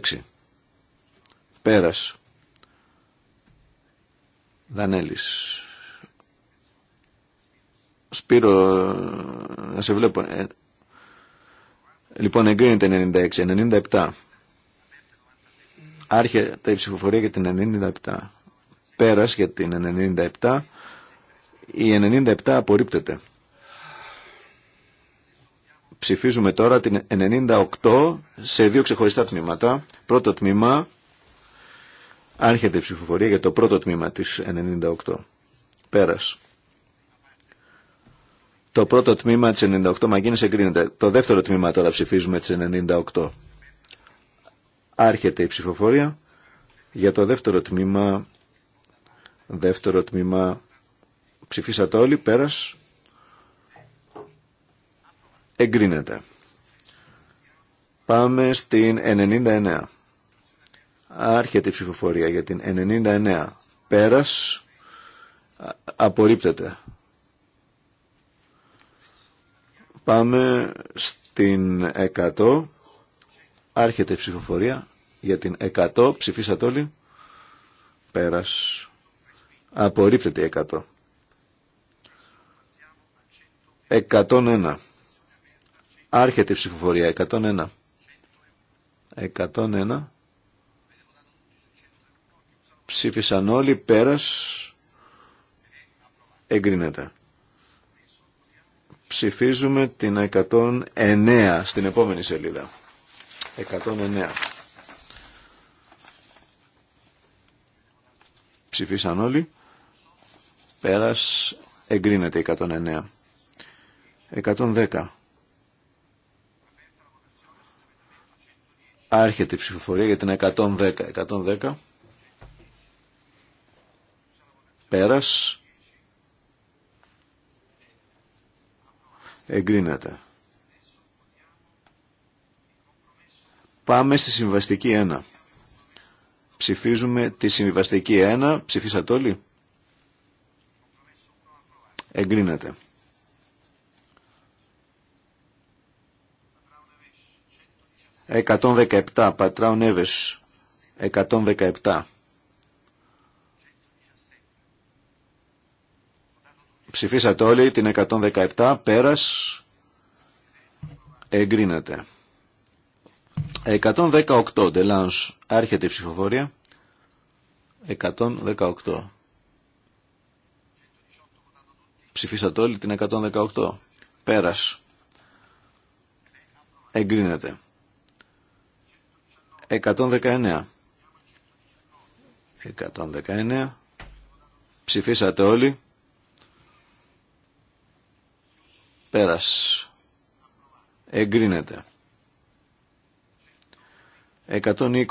Πέρας. Δανέλης. Σπύρο, να σε βλέπω. Ε, λοιπόν, εγκρίνεται 96. 97. Άρχεται η ψηφοφορία για την 97 πέρας για την 97. Η 97 απορρίπτεται. Ψηφίζουμε τώρα την 98 σε δύο ξεχωριστά τμήματα. Πρώτο τμήμα, άρχεται η ψηφοφορία για το πρώτο τμήμα της 98. Πέρας. Το πρώτο τμήμα της 98 μαγκίνης εγκρίνεται. Το δεύτερο τμήμα τώρα ψηφίζουμε της 98. Άρχεται η ψηφοφορία για το δεύτερο τμήμα Δεύτερο τμήμα ψηφίσατε όλοι, πέρας. Εγκρίνεται. Πάμε στην 99. Άρχεται η ψηφοφορία για την 99. Πέρας απορρίπτεται. Πάμε στην 100. Άρχεται η ψηφοφορία για την 100. Ψηφίσατε όλοι. Πέρας Απορρίπτεται 100. 101. Άρχεται η ψηφοφορία. 101. 101. Ψήφισαν όλοι. Πέρας. Εγκρίνεται. Ψηφίζουμε την 109 στην επόμενη σελίδα. 109. Ψηφίσαν όλοι. Πέρας εγκρίνεται 109. 110. Άρχεται η ψηφοφορία για την 110. 110. Πέρας. Εγκρίνεται. Πάμε στη συμβαστική 1. Ψηφίζουμε τη συμβαστική 1. Ψηφίσατε όλοι εγκρίνεται. 117 Πατράου 117 Ψηφίσατε όλοι την 117 πέρας εγκρίνεται 118 Τελάνος. άρχεται η ψηφοφορία 118 Ψηφίσατε όλοι την 118. Πέρας. Εγκρίνεται. 119. 119. Ψηφίσατε όλοι. Πέρας. Εγκρίνεται. 120.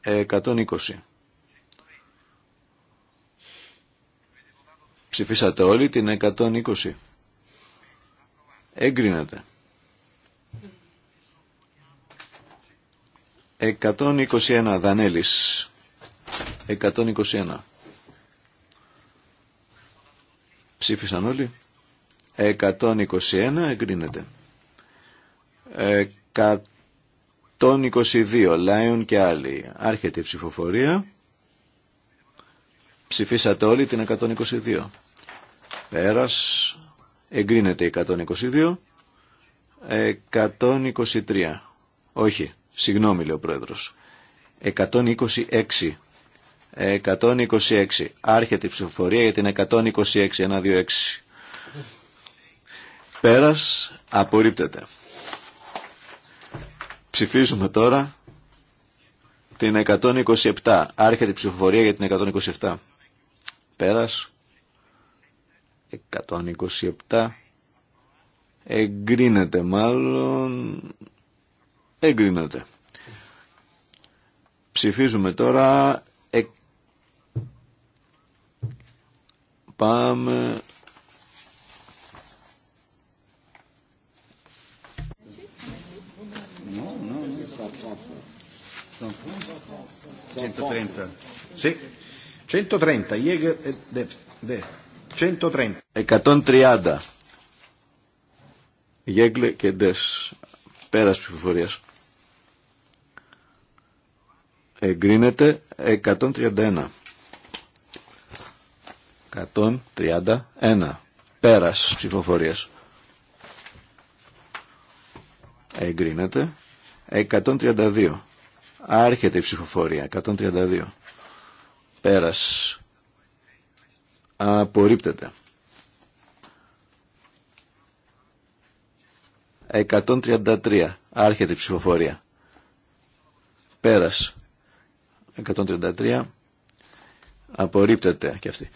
120. Ψηφίσατε όλοι την 120. Εγκρίνεται. 121 Δανέλης. 121. Ψήφισαν όλοι. 121 εγκρίνεται. 122 Λάιον και άλλοι. Άρχεται η ψηφοφορία. Ψηφίσατε όλοι την 122. Πέρας. Εγκρίνεται η 122. 123. Όχι. Συγγνώμη λέει ο πρόεδρος. 126. 126. Άρχεται η ψηφοφορία για την 126. 1, 2, 6. Πέρας. Απορρίπτεται. Ψηφίζουμε τώρα την 127. Άρχεται η ψηφοφορία για την 127. Πέρας. 127. Εγκρίνεται μάλλον. Εγκρίνεται. Ψηφίζουμε τώρα. Ε... Πάμε. 130. 130. 130. Γέγκλε και Ντες. Πέρας ψηφοφορίας. Εγκρίνεται 131. 131. Πέρας ψηφοφορίας. Εγκρίνεται 132. Άρχεται η ψηφοφορία. 132. Πέρας. Απορρίπτεται. 133. Άρχεται η ψηφοφορία. Πέρας. 133. Απορρίπτεται και αυτή.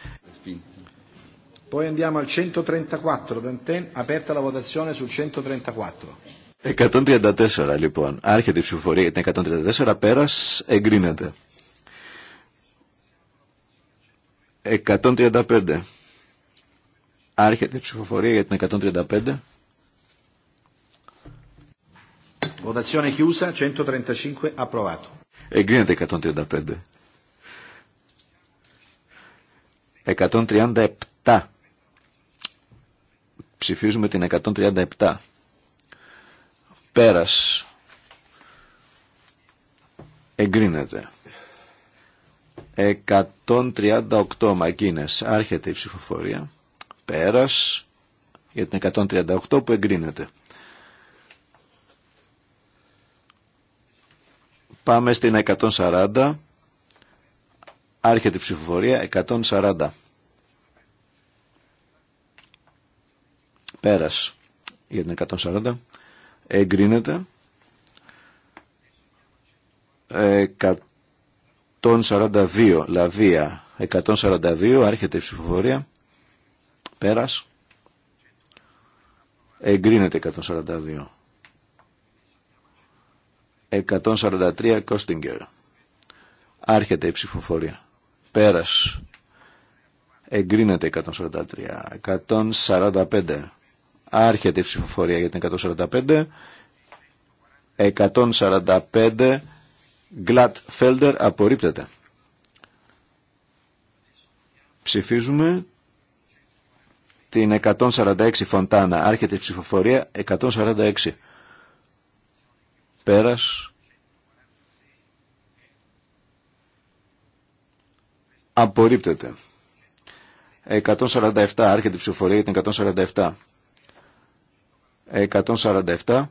Poi andiamo al 134, Dantin, aperta la votazione sul 134. 134 λοιπόν. Άρχεται η ψηφοφορία για 134, πέρας εγκρίνεται. 135. Άρχεται η ψηφοφορία για την 135. Votazione chiusa, 135 approvato. Εγκρίνεται 135. 137. Ψηφίζουμε την 137. Πέρας. Εγκρίνεται. 138 Μακίνες. Άρχεται η ψηφοφορία. Πέρας για την 138 που εγκρίνεται. Πάμε στην 140. Άρχεται η ψηφοφορία. 140. Πέρας για την 140. Εγκρίνεται. 142, Λαβία, 142, άρχεται η ψηφοφορία, πέρας, εγκρίνεται 142. 143 Κόστιγκερ. Άρχεται η ψηφοφορία. Πέρας. Εγκρίνεται 143. 145. Άρχεται η ψηφοφορία για την 145. 145 Γκλατφέλντερ απορρίπτεται. Ψηφίζουμε την 146 Φοντάνα. Άρχεται η ψηφοφορία 146. Πέρας. Απορρίπτεται. 147. Άρχεται η ψηφοφορία για την 147. 147.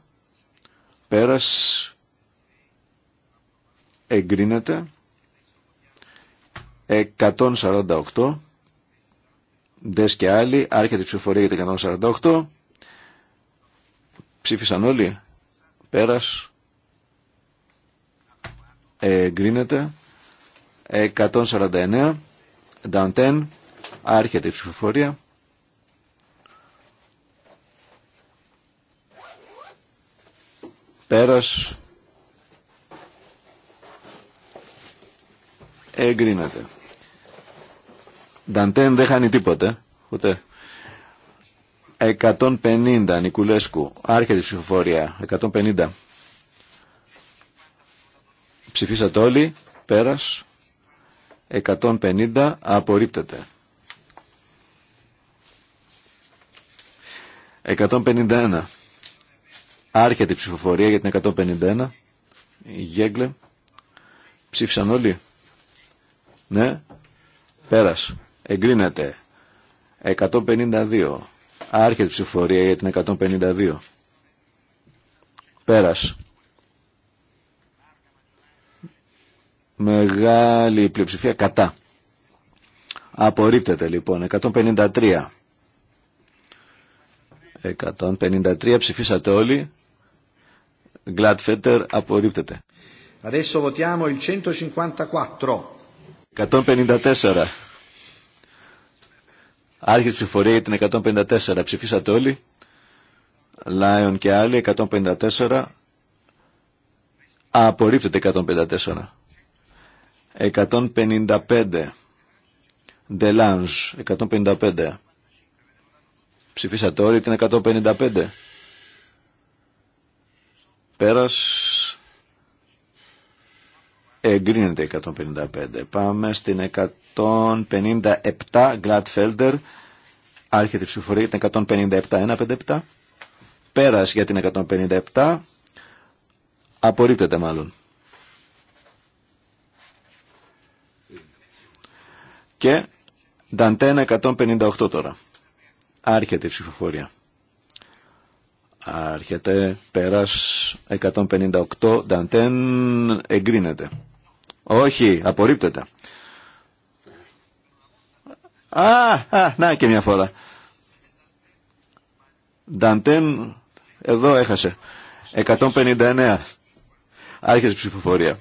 Πέρας εγκρίνεται 148 Δες και άλλοι, άρχεται η ψηφοφορία για τα 148 ψήφισαν όλοι πέρας εγκρίνεται 149 down 10 άρχεται η ψηφοφορία πέρας εγκρίνεται. Νταντέν δεν χάνει τίποτε. ούτε. 150 Νικουλέσκου, άρχεται η ψηφοφορία, 150. Ψηφίσατε όλοι, πέρας, 150 απορρίπτεται. 151. Άρχεται η ψηφοφορία για την 151. Γέγκλε. Ψήφισαν όλοι. Ναι. Πέρας. Εγκρίνεται. 152. Άρχεται ψηφορία για την 152. Πέρας. Μεγάλη πλειοψηφία κατά. Απορρίπτεται λοιπόν. 153. 153 ψηφίσατε όλοι. Γκλάτφέτερ απορρίπτεται. Adesso votiamo il 154. 154. η ψηφορία για την 154. Ψηφίσατε όλοι. Λάιον και άλλοι. 154. Απορρίφτεται 154. 155. Ντελάνζ. 155. Ψηφίσατε όλοι την 155. Πέρας Εγκρίνεται 155. Πάμε στην 157 Gladfelder. Άρχεται η ψηφορία την 157. 157. Πέρας για την 157. Απορρίπτεται μάλλον. Και Νταντένα 158 τώρα. Άρχεται η ψηφοφορία. Άρχεται πέρας 158. Δαντέν εγκρίνεται. Όχι, απορρίπτεται. Α, α, να και μια φορά. Νταντέν, εδώ έχασε. 159. Άρχισε ψηφοφορία.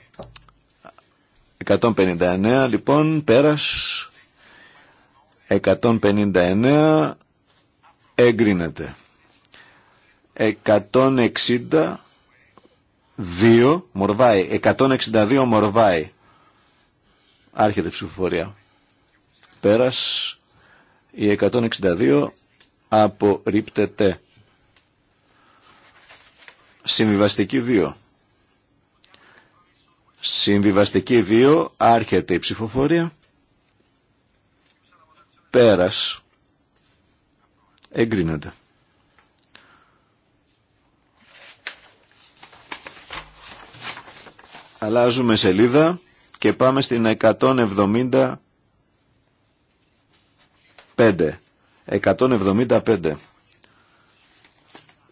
159, λοιπόν, πέρας. 159 εγκρίνεται. 162 μορβάει. 162 μορβάει. Άρχεται η ψηφοφορία. Πέρας η 162 απορρίπτεται. Συμβιβαστική 2. Συμβιβαστική 2 άρχεται η ψηφοφορία. Πέρας. Εγκρίνεται. Αλλάζουμε σελίδα και πάμε στην 175. 175.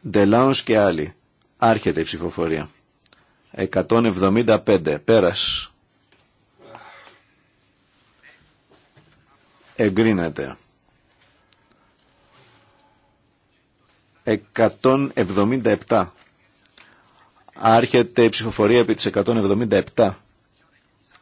Ντελάουνς και άλλοι. Άρχεται η ψηφοφορία. 175. Πέρας. Εγκρίνεται. 177. Άρχεται η ψηφοφορία επί της 177.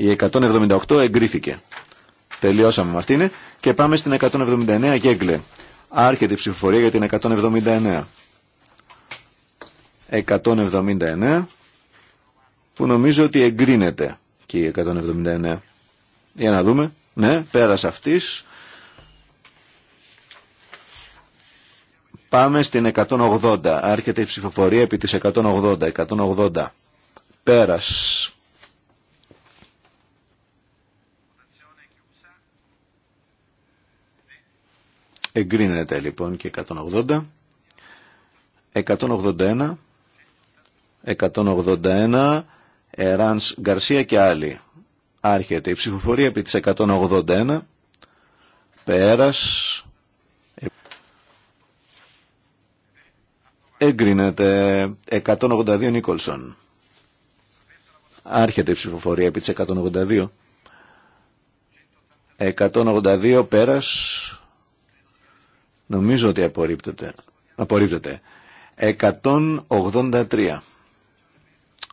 Η 178 εγκρίθηκε. Τελειώσαμε με αυτήν και πάμε στην 179 γέγκλε. Άρχεται η ψηφοφορία για την 179. 179 που νομίζω ότι εγκρίνεται και η 179. Για να δούμε. Ναι, πέρασε αυτή. Πάμε στην 180. Άρχεται η ψηφοφορία επί της 180. 180. πέρασε. Εγκρίνεται λοιπόν και 180. 181. 181. Εράνς Γκαρσία και άλλοι. Άρχεται η ψηφοφορία επί της 181. Πέρας. Εγκρίνεται 182 Νίκολσον. Άρχεται η ψηφοφορία επί της 182. 182 πέρας. Νομίζω ότι απορρίπτεται. απορρίπτεται. 183.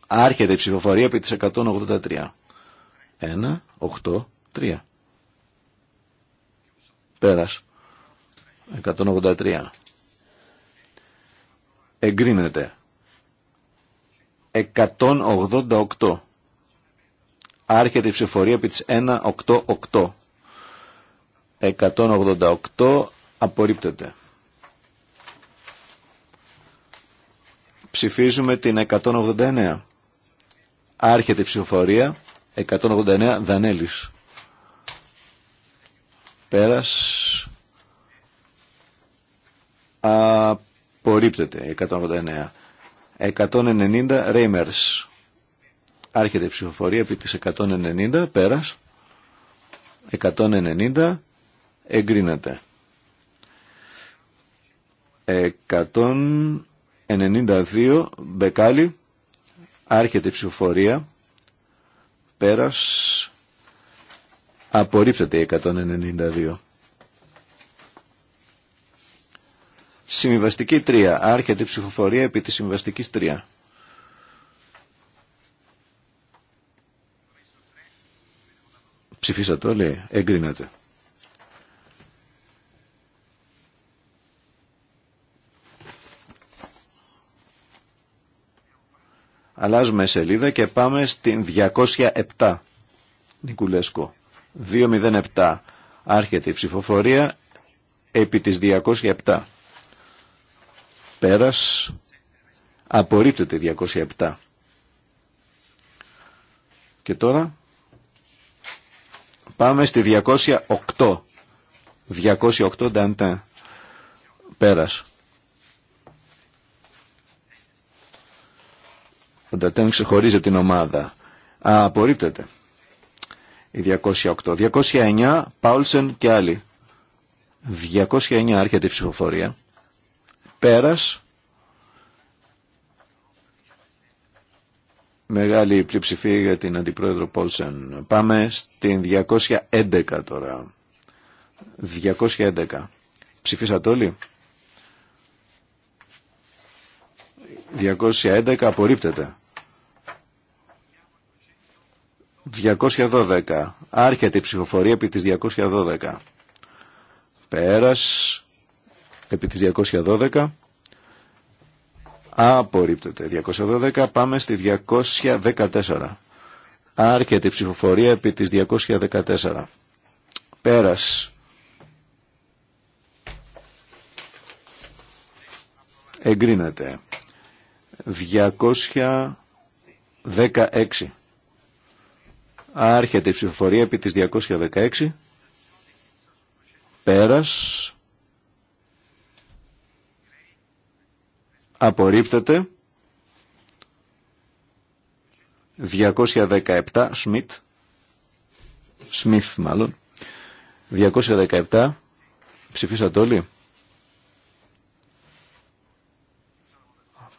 Άρχεται η ψηφοφορία επί της 183. 1, 8, 3. Πέρας. 183. Εγκρίνεται. 188. Άρχεται η ψηφοφορία επί της 188. 188 Απορρίπτεται. Ψηφίζουμε την 189. Άρχεται η ψηφοφορία. 189 Δανέλης. Πέρας. Απορρίπτεται 189. 190 Ρέιμερς. Άρχεται η ψηφοφορία επί της 190. Πέρας. 190 εγκρίνεται. 192 μπεκάλι άρχεται η ψηφοφορία πέρας Απορρίψατε 192 Συμβιβαστική 3 άρχεται η ψηφοφορία επί της συμβιβαστικής 3 Ψηφίσατε όλοι, εγκρίνατε. Αλλάζουμε σελίδα και πάμε στην 207. Νικουλέσκο. 207. Άρχεται η ψηφοφορία επί της 207. Πέρας. Απορρίπτεται 207. Και τώρα πάμε στη 208. 208 Νταντά. Πέρας. ο Ντατέν ξεχωρίζει από την ομάδα. Α, απορρίπτεται. Η 208. 209, Πάουλσεν και άλλοι. 209 άρχεται η ψηφοφορία. Πέρας. Μεγάλη πλειοψηφία για την Αντιπρόεδρο Πόλσεν. Πάμε στην 211 τώρα. 211. Ψηφίσατε όλοι. 211 απορρίπτεται. 212. Άρχεται η ψηφοφορία επί της 212. Πέρας επί της 212. Απορρίπτεται. 212. Πάμε στη 214. Άρχεται η ψηφοφορία επί της 214. Πέρας. Εγκρίνεται. 216. Άρχεται η ψηφοφορία επί της 216. Πέρας. Απορρίπτεται. 217 Σμιτ. Σμιθ μάλλον. 217. Ψηφίσατε όλοι.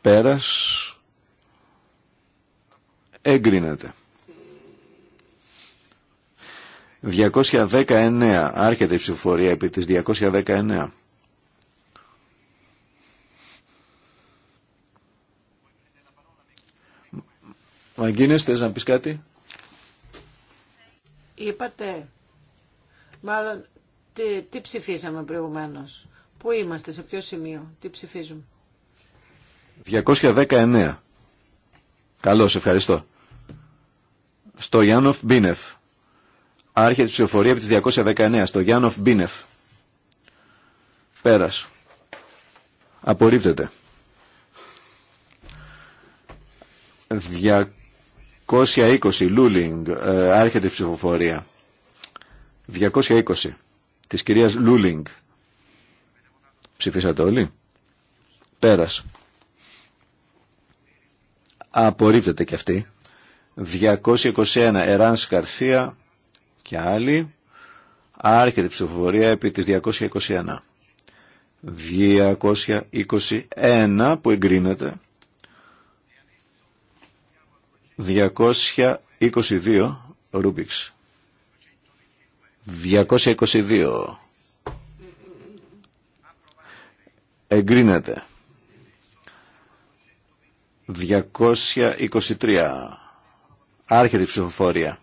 Πέρας. Εγκρίνεται. 219. Άρχεται η ψηφοφορία επί της 219. Μαγκίνες, θες να πεις κάτι? Είπατε, μάλλον, τι, ψηφίσαμε προηγουμένως. Πού είμαστε, σε ποιο σημείο, τι ψηφίζουμε. 219. Καλώς, ευχαριστώ. Στο Γιάννοφ Μπίνεφ. Άρχεται η ψηφοφορία από τις 219 στο Γιάννοφ Μπίνεφ. Πέρας. Απορρίπτεται. 220 Λούλινγκ. Ε, άρχεται η ψηφοφορία. 220 της κυρίας Λούλινγκ. Ψηφίσατε όλοι. Πέρας. Απορρίπτεται και αυτή. 221 Εράν Σκαρθία και άλλη Άρχεται η ψηφοφορία επί της 221. 221 που εγκρίνεται. 222 Ρούμπιξ. 222 εγκρίνεται. 223 άρχεται η ψηφοφορία.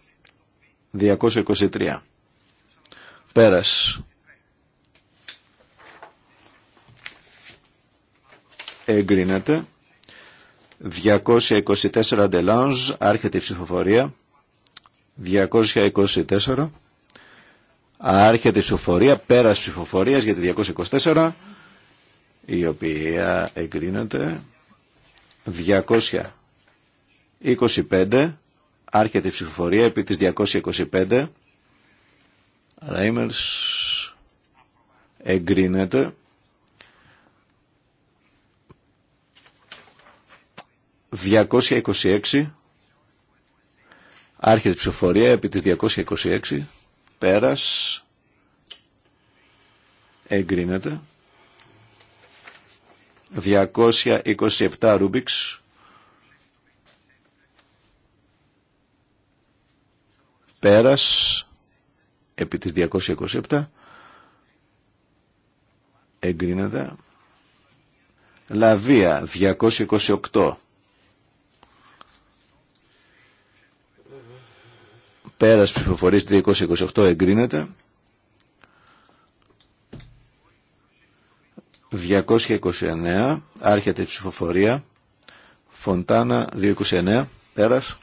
223. Πέρας. Εγκρίνεται. 224 Ντελάνζ, άρχεται η ψηφοφορία. 224. Άρχεται η ψηφοφορία, πέρας ψηφοφορίας για τη 224, η οποία εγκρίνεται 225 Άρχεται η ψηφοφορία επί της 225. Reimers εγκρίνεται. 226. Άρχεται η ψηφοφορία επί της 226. Πέρας. Εγκρίνεται. 227 Ρούμπιξ. Πέρας επί της 227 εγκρίνεται. Λαβία 228 πέρας ψηφοφορία, 228 εγκρίνεται. 229 άρχεται η ψηφοφορία. Φοντάνα 229 πέρας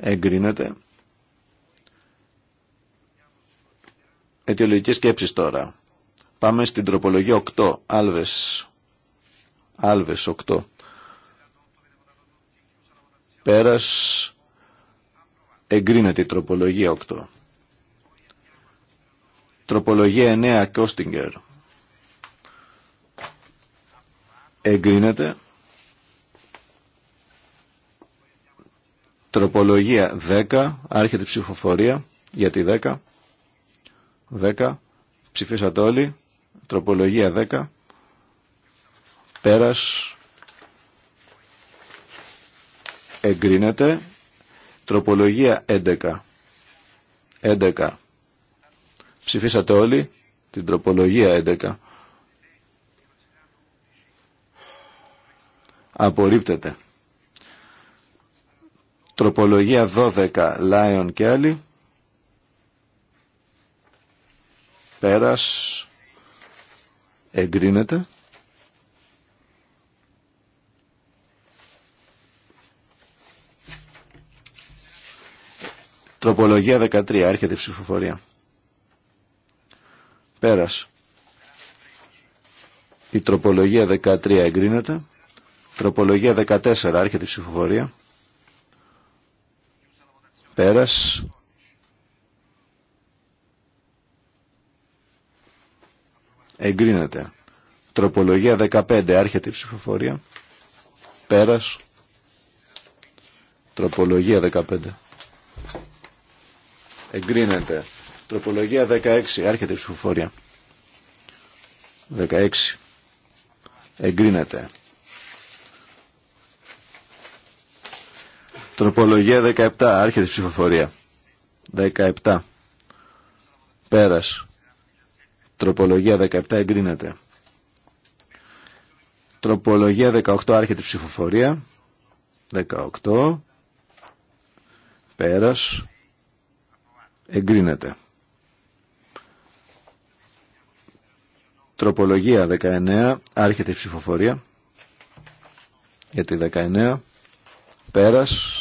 εγκρίνεται. Αιτιολογικές σκέψεις τώρα. Πάμε στην τροπολογία 8, Άλβες. Άλβες 8. Πέρας εγκρίνεται η τροπολογία 8. Τροπολογία 9, Κόστιγκερ. Εγκρίνεται. Τροπολογία 10, άρχεται η ψηφοφορία για τη 10. 10, ψηφίσατε όλοι. Τροπολογία 10, πέρας, εγκρίνεται. Τροπολογία 11, 11. Ψηφίσατε όλοι την τροπολογία 11. Απορρίπτεται. Τροπολογία 12, Λάιον και άλλοι. Πέρας εγκρίνεται. Τροπολογία 13, έρχεται η ψηφοφορία. Πέρας. Η τροπολογία 13 εγκρίνεται. Τροπολογία 14, έρχεται η ψηφοφορία. Πέρας. Εγκρίνεται. Τροπολογία 15. Άρχεται η ψηφοφορία. Πέρας. Τροπολογία 15. Εγκρίνεται. Τροπολογία 16. Άρχεται η ψηφοφορία. 16. Εγκρίνεται. Τροπολογία 17. Άρχεται η ψηφοφορία. 17. Πέρας. Τροπολογία 17 εγκρίνεται. Τροπολογία 18 άρχεται η ψηφοφορία. 18. Πέρας. Εγκρίνεται. Τροπολογία 19 άρχεται η ψηφοφορία. Γιατί 19. Πέρας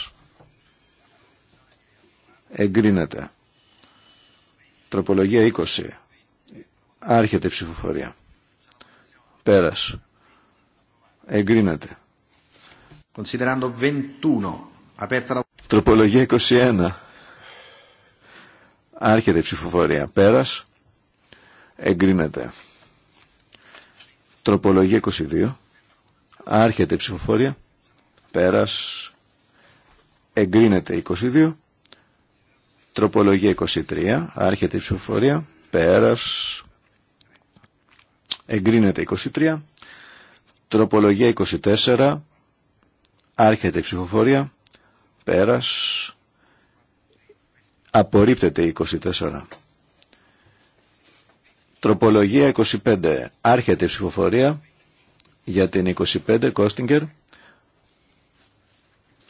εγκρίνεται. Τροπολογία 20. Άρχεται η ψηφοφορία. Πέρας. Εγκρίνεται. Considerando 21. Τροπολογία 21. Άρχεται η ψηφοφορία. Πέρας. Εγκρίνεται. Τροπολογία 22. Άρχεται η ψηφοφορία. Πέρας. Εγκρίνεται 22. Τροπολογία 23, άρχεται η ψηφοφορία, πέρας, εγκρίνεται 23. Τροπολογία 24, άρχεται η ψηφοφορία, πέρας, απορρίπτεται 24. Τροπολογία 25, άρχεται η ψηφοφορία για την 25, Κόστιγκερ,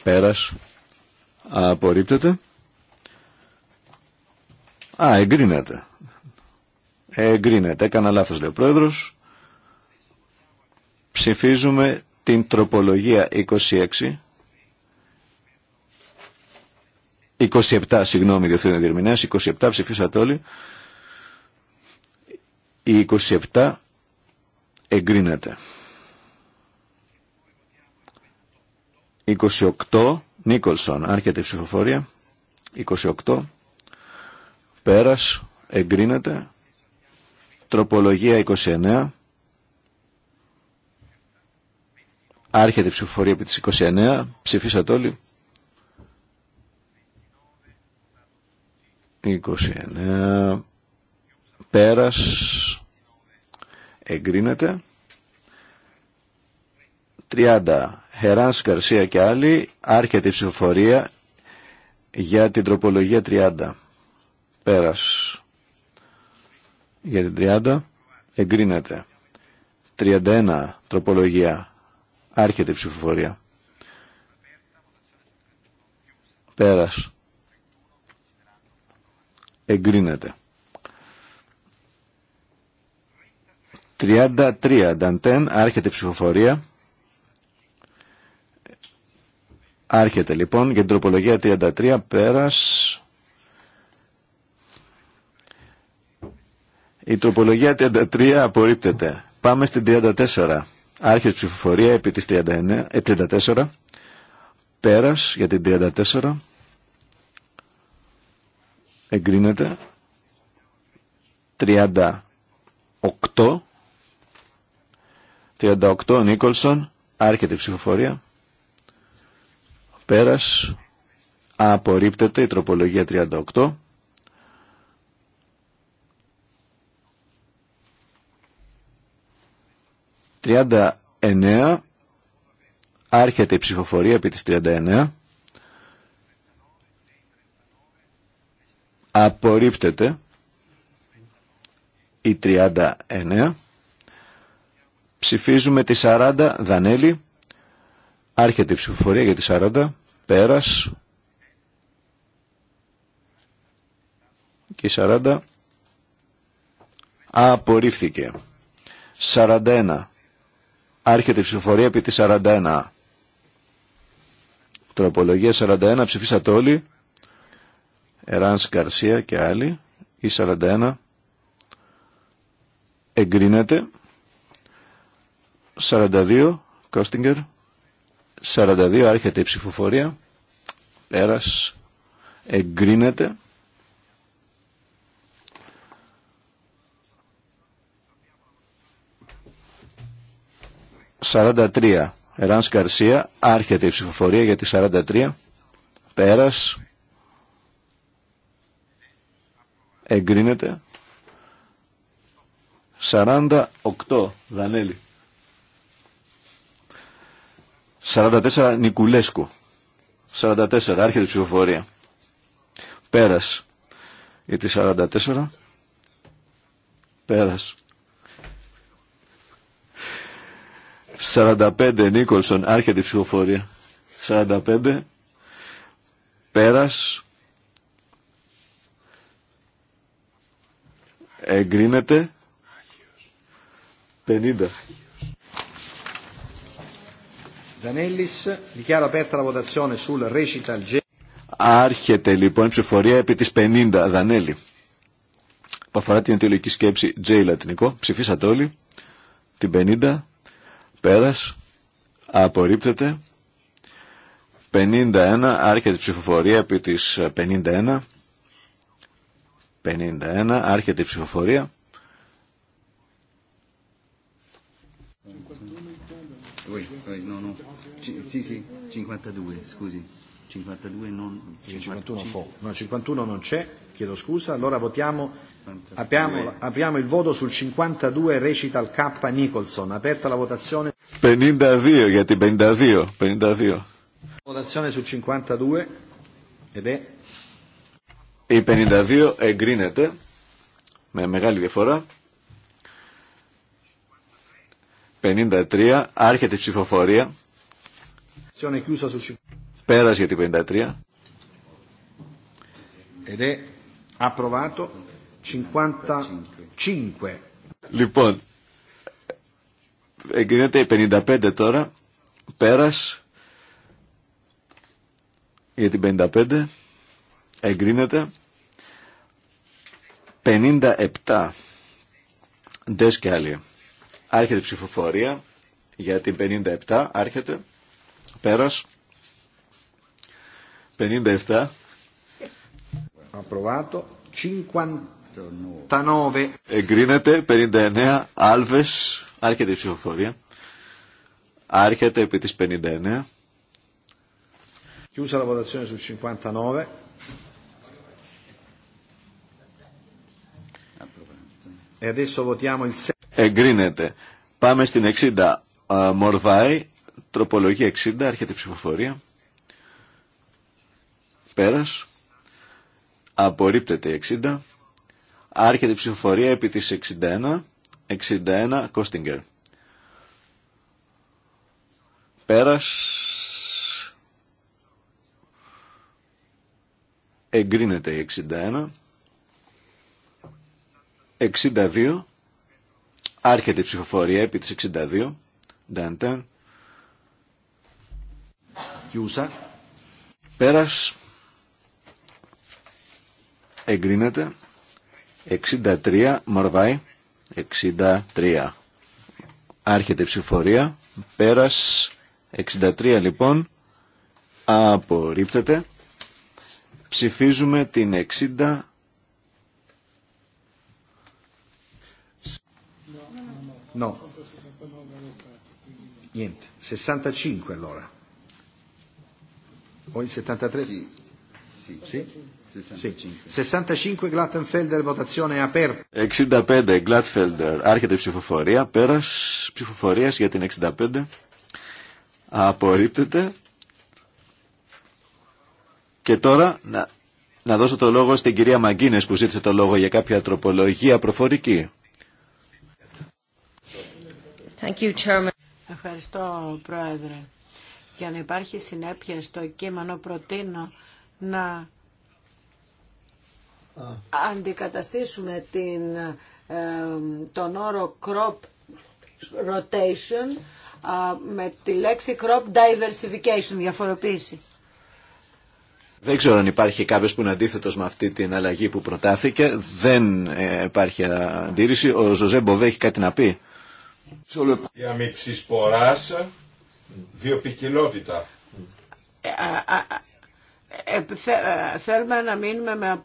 πέρας, απορρίπτεται. Α, εγκρίνεται. Εγκρίνεται. Έκανα λάθος, λέει ο Πρόεδρος. Ψηφίζουμε την τροπολογία 26. 27, συγγνώμη, διευθύνω διερμηνέας. 27 ψηφίσατε όλοι. Η 27 εγκρίνεται. 28, Νίκολσον, άρχεται η ψηφοφορία. 28. Πέρας εγκρίνεται. Τροπολογία 29. Άρχεται η ψηφοφορία επί της 29. Ψηφίσατε όλοι. 29. Πέρας εγκρίνεται. 30. Χεράνς Καρσία και άλλοι. Άρχεται η ψηφοφορία για την τροπολογία 30. Πέρας. Για την 30 εγκρίνεται. 31 τροπολογία. Άρχεται η ψηφοφορία. Πέρας. Εγκρίνεται. 33 Νταντέν, άρχεται η ψηφοφορία. Άρχεται λοιπόν για την τροπολογία 33, πέρας Η τροπολογία 33 απορρίπτεται. Πάμε στην 34. Άρχεται ψηφοφορία επί της 39, 34. Ε, Πέρας για την 34. Εγκρίνεται. 38. 38 Νίκολσον. Άρχεται η ψηφοφορία. Πέρας. Απορρίπτεται η τροπολογία 38. 39 άρχεται η ψηφοφορία επί της 39 απορρίπτεται η 39 ψηφίζουμε τη 40 Δανέλη άρχεται η ψηφοφορία για τη 40 πέρας και η 40 απορρίφθηκε 41 Άρχεται η ψηφοφορία επί τη 41. Τροπολογία 41. Ψηφίσατε όλοι. Εράν Καρσία και άλλοι. Η 41 εγκρίνεται. 42. Κόστιγκερ. 42. Άρχεται η ψηφοφορία. Πέρας εγκρίνεται. 43. Εράνς Καρσία. Άρχεται η ψηφοφορία για τη 43. Πέρας. Εγκρίνεται. 48. Δανέλη. 44. Νικουλέσκου. 44. Άρχεται η ψηφοφορία. Πέρας. Για τη 44. Πέρας. 45 Νίκολσον, άρχεται η ψηφοφορία. 45, πέρας, εγκρίνεται, 50. Δανέλης, dichiaro aperta la votazione sul recital G. Άρχεται λοιπόν η ψηφορία επί της 50, Δανέλη. Που αφορά την αιτιολογική σκέψη J λατινικό. Ψηφίσατε όλοι. Την 50 Πέρας. Απορρίπτεται. 51. Άρχεται η ψηφοφορία επί της 51. Ε, 51. Άρχεται η ψηφοφορία. Oui, oui, non, non. Sì, sì, 52, scusi. 52 non... 51 non c'è. Chiedo scusa, allora votiamo, apriamo, apriamo il voto sul 52 recital K Nicholson, aperta la votazione. 52, γιατί 52, 52. Votazione sul 52 ed è... Η 52 εγκρίνεται με μεγάλη διαφορά. 53, άρχεται η ψηφοφορία. Πέρας για την 53. Ed è Approvato 55. Λοιπόν, εγκρίνεται 55 τώρα. πέρα. για την 55 εγκρίνεται 57 ντες και άλλοι άρχεται ψηφοφορία για την 57 άρχεται πέρας 57 Approvato. 59. Εγκρίνεται 59 άλβες. Άρχεται η ψηφοφορία. Άρχεται επί της 59. Chiusa la votazione sul 59. E Εγκρίνεται. Πάμε στην 60. Ε, Μορβάη. Τροπολογία 60. Άρχεται η ψηφοφορία. Πέρας. Απορρίπτεται η 60. Άρχεται η ψηφοφορία επί της 61. 61 Κόστιγκερ. Πέρας. Εγκρίνεται η 61. 62. Άρχεται η ψηφοφορία επί της 62. Νταντέν. Κιούσα, Πέρας εγκρίνεται 63 Μορβάη 63 άρχεται η ψηφορία πέρας 63 λοιπόν απορρίπτεται ψηφίζουμε την 60 No. Niente. 65 allora. O il 73? Sì. sì. 65 Gladfelder. 65 άρχεται η ψηφοφορία, πέρας ψηφοφορίας για την 65. Απορρίπτεται. Και τώρα να, δώσω το λόγο στην κυρία Μαγκίνες που ζήτησε το λόγο για κάποια τροπολογία προφορική. Ευχαριστώ, Πρόεδρε. Για να υπάρχει συνέπεια στο κείμενο προτείνω να αντικαταστήσουμε την, ε, τον όρο crop rotation ε, με τη λέξη crop diversification, διαφοροποίηση. Δεν ξέρω αν υπάρχει κάποιος που είναι αντίθετος με αυτή την αλλαγή που προτάθηκε. Δεν ε, υπάρχει αντίρρηση. Ο Ζωζέ Μποβέ έχει κάτι να πει. Η αμυψή βιοπικιλότητα. Ε, ε, ε, θέλουμε να μείνουμε με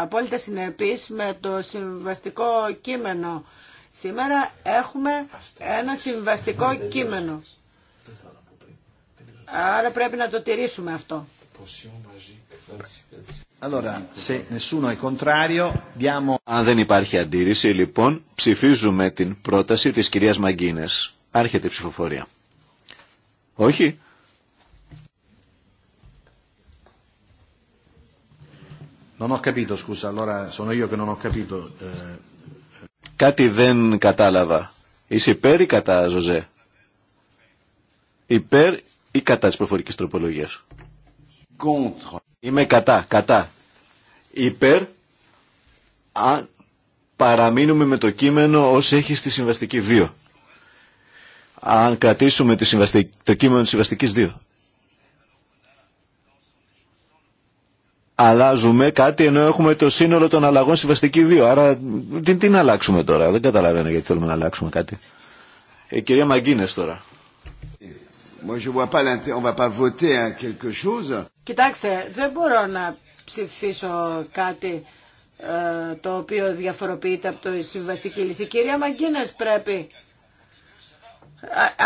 απόλυτα συνεπείς με το συμβαστικό κείμενο. Σήμερα έχουμε ένα συμβαστικό κείμενο. Άρα πρέπει να το τηρήσουμε αυτό. Αν δεν υπάρχει αντίρρηση, λοιπόν, ψηφίζουμε την πρόταση της κυρίας Μαγκίνες. Άρχεται η ψηφοφορία. Όχι. Non ho capito, scusa, allora sono io che non ho capito. Eh. Κάτι δεν κατάλαβα. Είσαι υπέρ ή κατά, Ζωζέ. Υπέρ ή κατά της προφορικής τροπολογίας. Contre. Είμαι κατά, κατά. Υπέρ, αν παραμείνουμε με το κείμενο ως έχει στη συμβαστική 2. Αν κρατήσουμε το κείμενο της συμβαστικής 2. αλλάζουμε κάτι ενώ έχουμε το σύνολο των αλλαγών συμβαστική 2. Άρα τι, τι να αλλάξουμε τώρα. Δεν καταλαβαίνω γιατί θέλουμε να αλλάξουμε κάτι. Η ε, κυρία Μαγκίνες τώρα. Κοιτάξτε, δεν μπορώ να ψηφίσω κάτι ε, το οποίο διαφοροποιείται από το συμβαστική λύση. Η κυρία Μαγκίνες πρέπει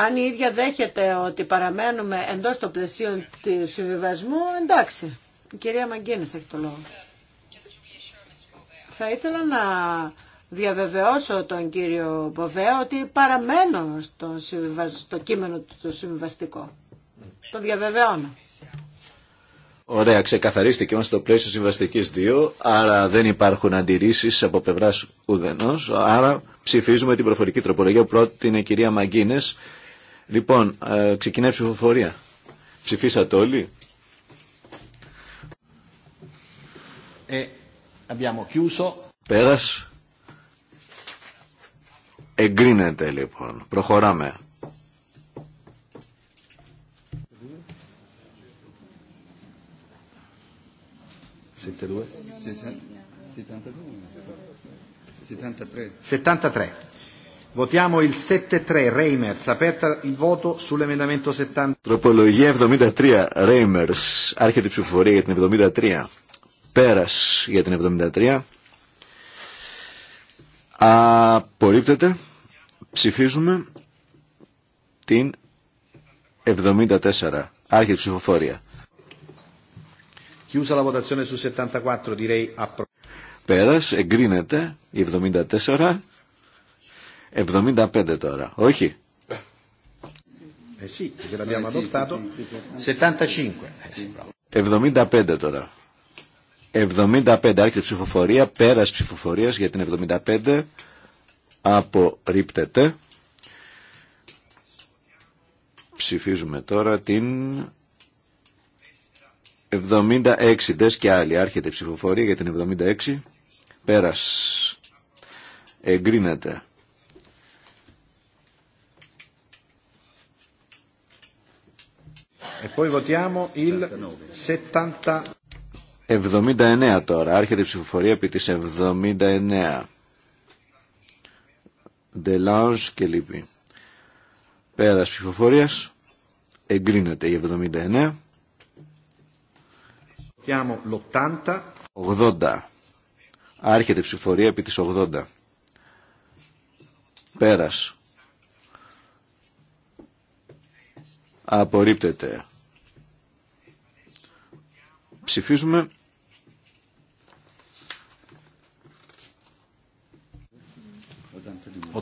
αν η ίδια δέχεται ότι παραμένουμε εντός των πλαισίων του συμβιβασμού, εντάξει. Η κυρία Μαγκίνης έχει το λόγο. Θα ήθελα να διαβεβαιώσω τον κύριο Μποβέ ότι παραμένω στο, κείμενο του το συμβαστικό. Το διαβεβαιώνω. Ωραία, ξεκαθαρίστηκε μας το πλαίσιο συμβαστικής 2, άρα δεν υπάρχουν αντιρρήσεις από πλευρά ουδένος, Άρα ψηφίζουμε την προφορική τροπολογία που είναι η κυρία Μαγκίνε. Λοιπόν, ε, ξεκινάει η ψηφοφορία. Ψηφίσατε όλοι. Abbiamo chiuso. Peras. Εγκρίνεται λοιπόν. Προχωράμε. Votiamo il 73 Reimers, aperta il voto sull'emendamento 70. Τροπολογία 73 Reimers, άρχεται η ψηφοφορία για την 73 πέρας για την 73 απορρίπτεται ψηφίζουμε την 74 άρχιε ψηφοφορία Chiusa la votazione su 74 direi Πέρας εγκρίνεται η 74 75 τώρα όχι Eh sì, 75 eh τώρα 75 άρχεται ψηφοφορία, πέρας ψηφοφορίας για την 75 απορρίπτεται. Ψηφίζουμε τώρα την 76 δες και άλλη. Άρχεται ψηφοφορία για την 76. Πέρας. Εγκρίνεται. E poi votiamo il 70. 79 τώρα. Άρχεται η ψηφοφορία επί της 79. Ντελάος και λύπη. Πέρας ψηφοφορίας. Εγκρίνεται η 79. 80. 80. Άρχεται η ψηφοφορία επί της 80. Πέρας. Απορρίπτεται. Ψηφίζουμε.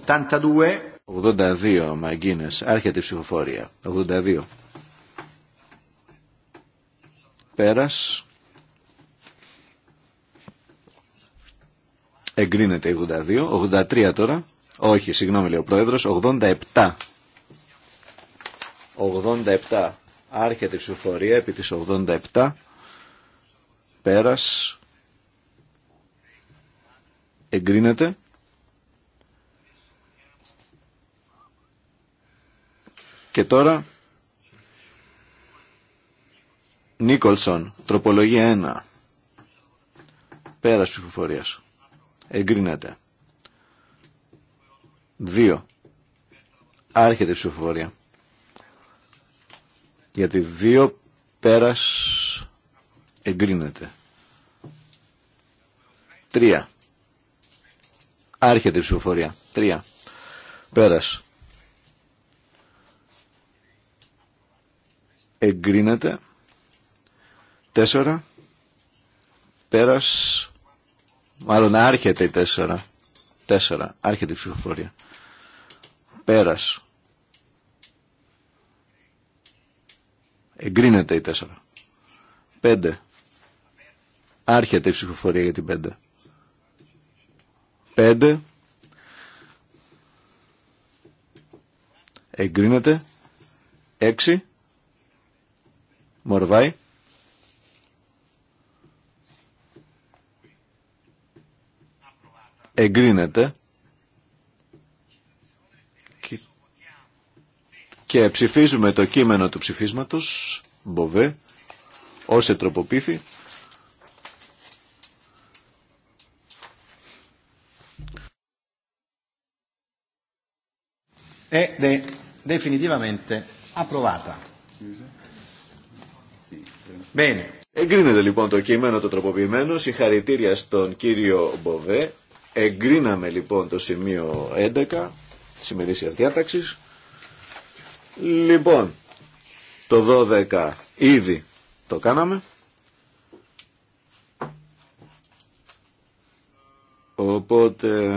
82, 82 μαγκίνε, άρχεται η ψηφοφορία. 82. Πέρας. Εγκρίνεται 82. 83 τώρα. Όχι, συγγνώμη λέει ο Πρόεδρο 87. 87. Άρχεται η ψηφοφορία επί της 87. Πέρας. Εγκρίνεται. Και τώρα Νίκολσον, τροπολογία 1. Πέρας ψηφοφορίας. Εγκρίνεται. 2. Άρχεται ψηφοφορία. Γιατί 2 πέρας εγκρίνεται. 3. Άρχεται η ψηφοφορία. τρία Πέρας. Εγκρίνεται. τέσσερα Πέρας. Μάλλον άρχεται η τέσσερα τέσσερα Άρχεται η ψηφοφορία. Πέρας. Εγκρίνεται η τέσσερα 5. Άρχεται η ψηφοφορία για την 5. 5. Εγκρίνεται. 6. Μορβάει. Εγκρίνεται. Και ψηφίζουμε το κείμενο του ψηφίσματος, Μποβέ, ως τροποποιήθη ed è definitivamente approvata. Bene. Εγκρίνεται λοιπόν το κείμενο το τροποποιημένο. Συγχαρητήρια στον κύριο Μποβέ. Εγκρίναμε λοιπόν το σημείο 11 της ημερήσιας διάταξης. Λοιπόν, το 12 ήδη το κάναμε. Οπότε...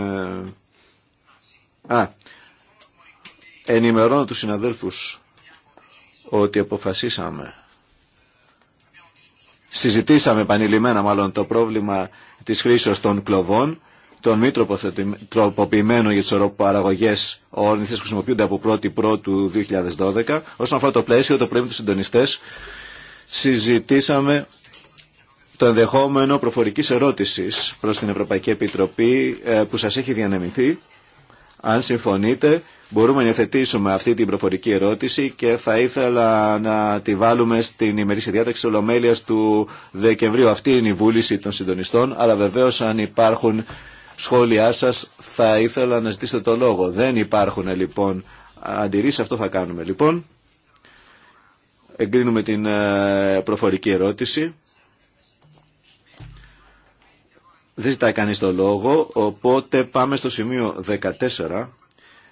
Α, Ενημερώνω τους συναδέλφους ότι αποφασίσαμε, συζητήσαμε επανειλημμένα μάλλον το πρόβλημα της χρήσης των κλοβών, των μη τροποποιημένων για τις οροπαραγωγές όρνηθες χρησιμοποιούνται από 1η Πρώτου 2012. Όσον αφορά το πλαίσιο, το πρόβλημα του συντονιστές, συζητήσαμε το ενδεχόμενο προφορικής ερώτησης προς την Ευρωπαϊκή Επιτροπή ε, που σας έχει διανεμηθεί. Αν συμφωνείτε, μπορούμε να υιοθετήσουμε αυτή την προφορική ερώτηση και θα ήθελα να τη βάλουμε στην ημερήσια διάταξη ολομέλεια Ολομέλειας του Δεκεμβρίου. Αυτή είναι η βούληση των συντονιστών, αλλά βεβαίω αν υπάρχουν σχόλιά σας θα ήθελα να ζητήσετε το λόγο. Δεν υπάρχουν λοιπόν αντιρρήσεις, αυτό θα κάνουμε λοιπόν. Εγκρίνουμε την ε, προφορική ερώτηση. Δεν ζητάει κανείς το λόγο, οπότε πάμε στο σημείο 14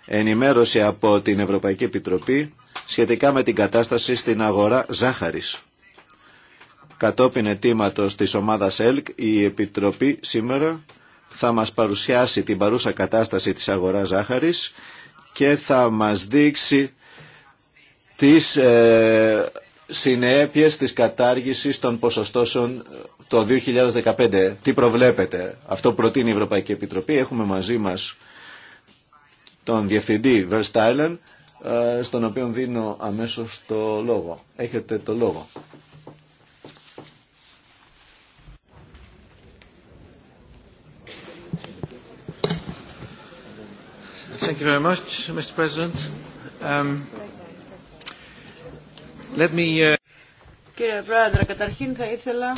ενημέρωση από την Ευρωπαϊκή Επιτροπή σχετικά με την κατάσταση στην αγορά ζάχαρης. Κατόπιν ετήματος της ομάδας ΕΛΚ, η Επιτροπή σήμερα θα μας παρουσιάσει την παρούσα κατάσταση της αγοράς ζάχαρης και θα μας δείξει τις ε, συνέπειες της κατάργησης των ποσοστώσεων το 2015. Τι προβλέπετε. Αυτό προτείνει η Ευρωπαϊκή Επιτροπή. Έχουμε μαζί μας τον Διευθυντή Verstylen, ε, στον οποίο δίνω αμέσως το λόγο. Έχετε το λόγο. Thank you very much, Mr. President. Um, let me... Uh, Κύριε Πρόεδρε, καταρχήν θα ήθελα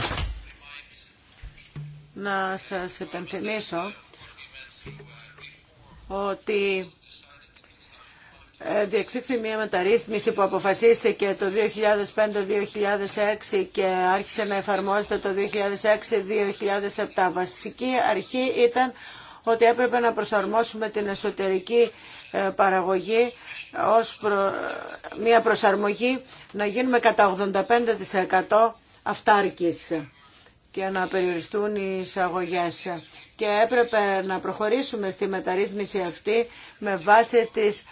να σας επενθυμίσω ότι ε, διεξήχθη μια μεταρρύθμιση που αποφασίστηκε το 2005-2006 και άρχισε να εφαρμόζεται το 2006-2007. Βασική αρχή ήταν ότι έπρεπε να προσαρμόσουμε την εσωτερική ε, παραγωγή ως μια προσαρμογή να γίνουμε κατά 85% αυτάρκης και να περιοριστούν οι εισαγωγές. Και έπρεπε να προχωρήσουμε στη μεταρρύθμιση αυτή με βάση τις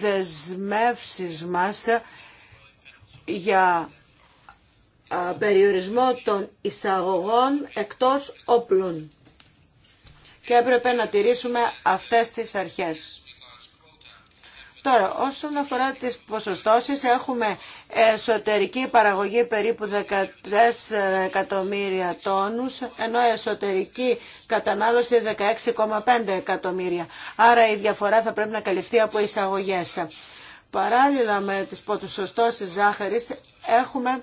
δεσμεύσεις μας για περιορισμό των εισαγωγών εκτός όπλων. Και έπρεπε να τηρήσουμε αυτές τις αρχές. Τώρα, όσον αφορά τις ποσοστώσεις, έχουμε εσωτερική παραγωγή περίπου 14 εκατομμύρια τόνους, ενώ εσωτερική κατανάλωση 16,5 εκατομμύρια. Άρα η διαφορά θα πρέπει να καλυφθεί από εισαγωγές. Παράλληλα με τις ποσοστώσεις ζάχαρης, έχουμε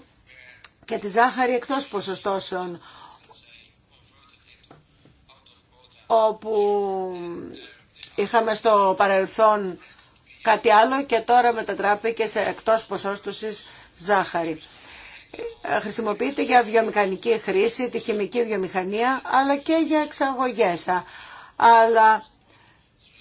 και τη ζάχαρη εκτός ποσοστώσεων, όπου είχαμε στο παρελθόν κάτι άλλο και τώρα μετατράπηκε σε εκτός ποσόστοσης ζάχαρη. Ε, χρησιμοποιείται για βιομηχανική χρήση, τη χημική βιομηχανία, αλλά και για εξαγωγές. Αλλά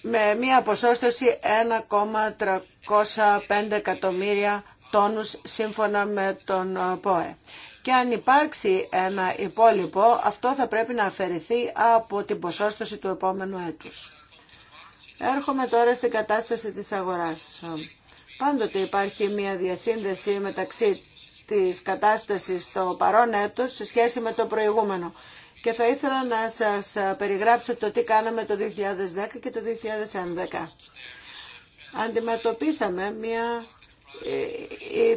με μία ποσόστοση 1,305 εκατομμύρια τόνους σύμφωνα με τον ε, ΠΟΕ. Και αν υπάρξει ένα υπόλοιπο, αυτό θα πρέπει να αφαιρεθεί από την ποσόστοση του επόμενου έτους. Έρχομαι τώρα στην κατάσταση της αγοράς. Πάντοτε υπάρχει μια διασύνδεση μεταξύ της κατάστασης στο παρόν έτος σε σχέση με το προηγούμενο. Και θα ήθελα να σας περιγράψω το τι κάναμε το 2010 και το 2011. Αντιμετωπίσαμε μια, ε,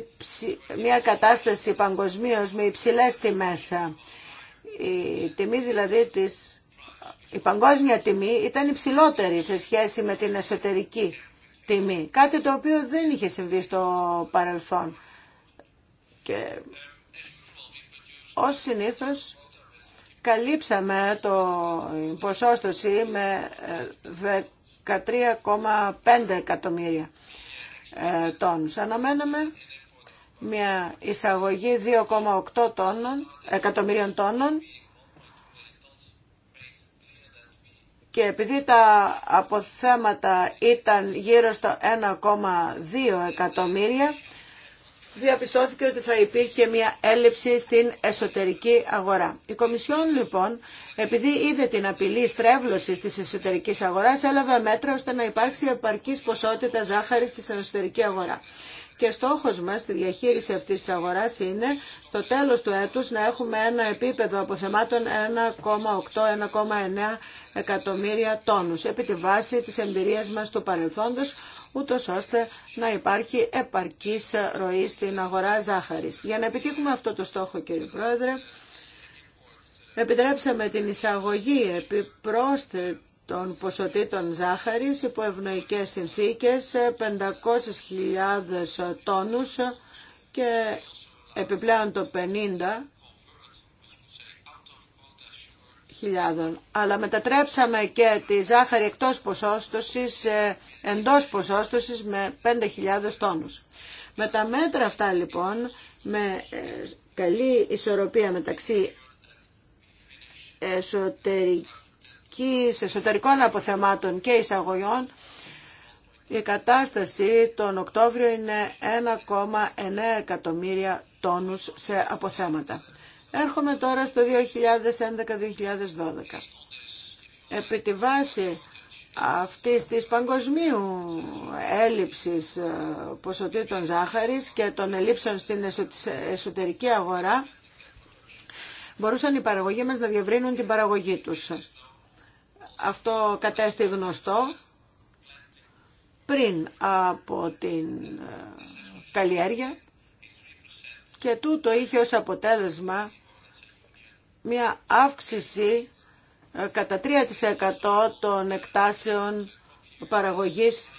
μια κατάσταση παγκοσμίως με υψηλές τιμές. Η τιμή δηλαδή της η παγκόσμια τιμή ήταν υψηλότερη σε σχέση με την εσωτερική τιμή. Κάτι το οποίο δεν είχε συμβεί στο παρελθόν. Και ως συνήθως καλύψαμε το ποσόστοση με 13,5 ε, εκατομμύρια ε, τόνους. Αναμέναμε μια εισαγωγή 2,8 τόνων, εκατομμύριων τόνων και επειδή τα αποθέματα ήταν γύρω στο 1,2 εκατομμύρια, διαπιστώθηκε ότι θα υπήρχε μια έλλειψη στην εσωτερική αγορά. Η Κομισιόν λοιπόν, επειδή είδε την απειλή στρέβλωσης της εσωτερικής αγοράς, έλαβε μέτρα ώστε να υπάρξει επαρκής ποσότητα ζάχαρης στην εσωτερική αγορά και στόχος μας στη διαχείριση αυτής της αγοράς είναι στο τέλος του έτους να έχουμε ένα επίπεδο αποθεμάτων 1,8-1,9 εκατομμύρια τόνους επί τη βάση της εμπειρίας μας του παρελθόντος ούτως ώστε να υπάρχει επαρκής ροή στην αγορά ζάχαρης. Για να επιτύχουμε αυτό το στόχο κύριε Πρόεδρε, επιτρέψαμε την εισαγωγή επιπρόσθετη των ποσοτήτων ζάχαρης υπό ευνοϊκές συνθήκες 500.000 ε, ε, τόνους ε, και επιπλέον το 50.000. Αλλά μετατρέψαμε και τη ζάχαρη εκτός ποσόστοσης, εντός ποσόστοσης με 5.000 τόνους. Με τα μέτρα αυτά λοιπόν, με καλή ισορροπία μεταξύ εσωτερική σε εσωτερικών αποθεμάτων και εισαγωγών, η κατάσταση τον Οκτώβριο είναι 1,9 εκατομμύρια τόνους σε αποθέματα. Έρχομαι τώρα στο 2011-2012. Επί τη βάση αυτής της παγκοσμίου έλλειψης ε, ποσοτήτων ζάχαρης και των ελλείψεων στην εσωτερική αγορά, μπορούσαν οι παραγωγοί μας να διευρύνουν την παραγωγή τους. Αυτό κατέστη γνωστό πριν από την ε, καλλιέργεια και τούτο είχε ως αποτέλεσμα μια αύξηση ε, κατά 3% των εκτάσεων παραγωγής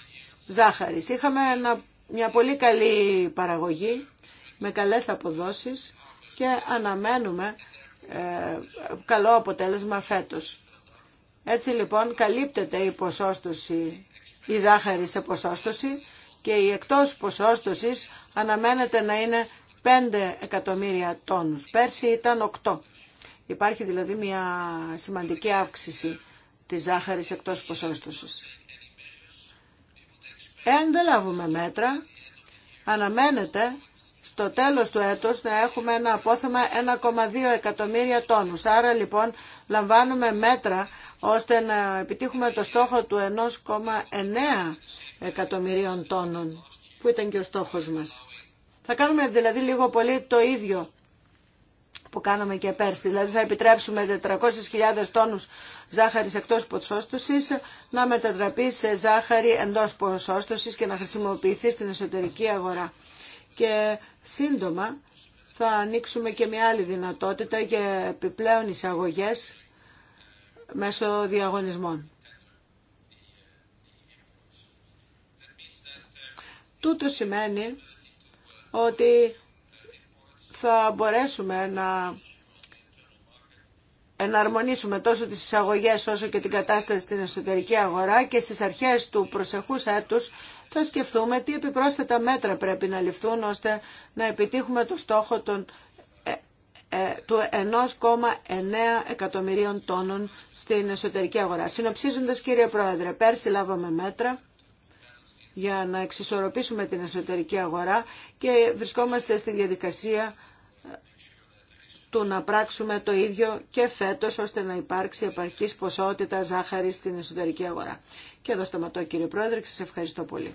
ζάχαρης. Είχαμε μια πολύ καλή παραγωγή με καλές αποδόσεις και αναμένουμε ε, καλό αποτέλεσμα φέτος. Έτσι λοιπόν καλύπτεται η ποσόστοση, η ζάχαρη σε ποσόστοση και η εκτός ποσόστοσης αναμένεται να είναι 5 εκατομμύρια τόνους. Πέρσι ήταν 8. Υπάρχει δηλαδή μια σημαντική αύξηση της ζάχαρης εκτός ποσόστοσης. Εάν δεν λάβουμε μέτρα, αναμένεται στο τέλος του έτους να έχουμε ένα απόθεμα 1,2 εκατομμύρια τόνους. Άρα λοιπόν λαμβάνουμε μέτρα ώστε να επιτύχουμε το στόχο του 1,9 εκατομμυρίων τόνων, που ήταν και ο στόχος μας. Θα κάνουμε δηλαδή λίγο πολύ το ίδιο που κάναμε και πέρσι. Δηλαδή θα επιτρέψουμε 400.000 τόνους ζάχαρης εκτός ποσόστοσης να μετατραπεί σε ζάχαρη εντός ποσόστοσης και να χρησιμοποιηθεί στην εσωτερική αγορά. Και σύντομα θα ανοίξουμε και μια άλλη δυνατότητα για επιπλέον εισαγωγές μέσω διαγωνισμών. Τούτο σημαίνει ότι θα μπορέσουμε να εναρμονίσουμε τόσο τις εισαγωγές όσο και την κατάσταση στην εσωτερική αγορά και στις αρχές του προσεχούς έτους θα σκεφτούμε τι επιπρόσθετα μέτρα πρέπει να ληφθούν ώστε να επιτύχουμε το στόχο των ε, του 1,9 εκατομμυρίων τόνων στην εσωτερική αγορά. Συνοψίζοντας, κύριε Πρόεδρε, πέρσι λάβαμε μέτρα για να εξισορροπήσουμε την εσωτερική αγορά και βρισκόμαστε στη διαδικασία ε, του να πράξουμε το ίδιο και φέτος ώστε να υπάρξει επαρκής ποσότητα ζάχαρης στην εσωτερική αγορά. Και εδώ σταματώ κύριε Πρόεδρε και σας ευχαριστώ πολύ.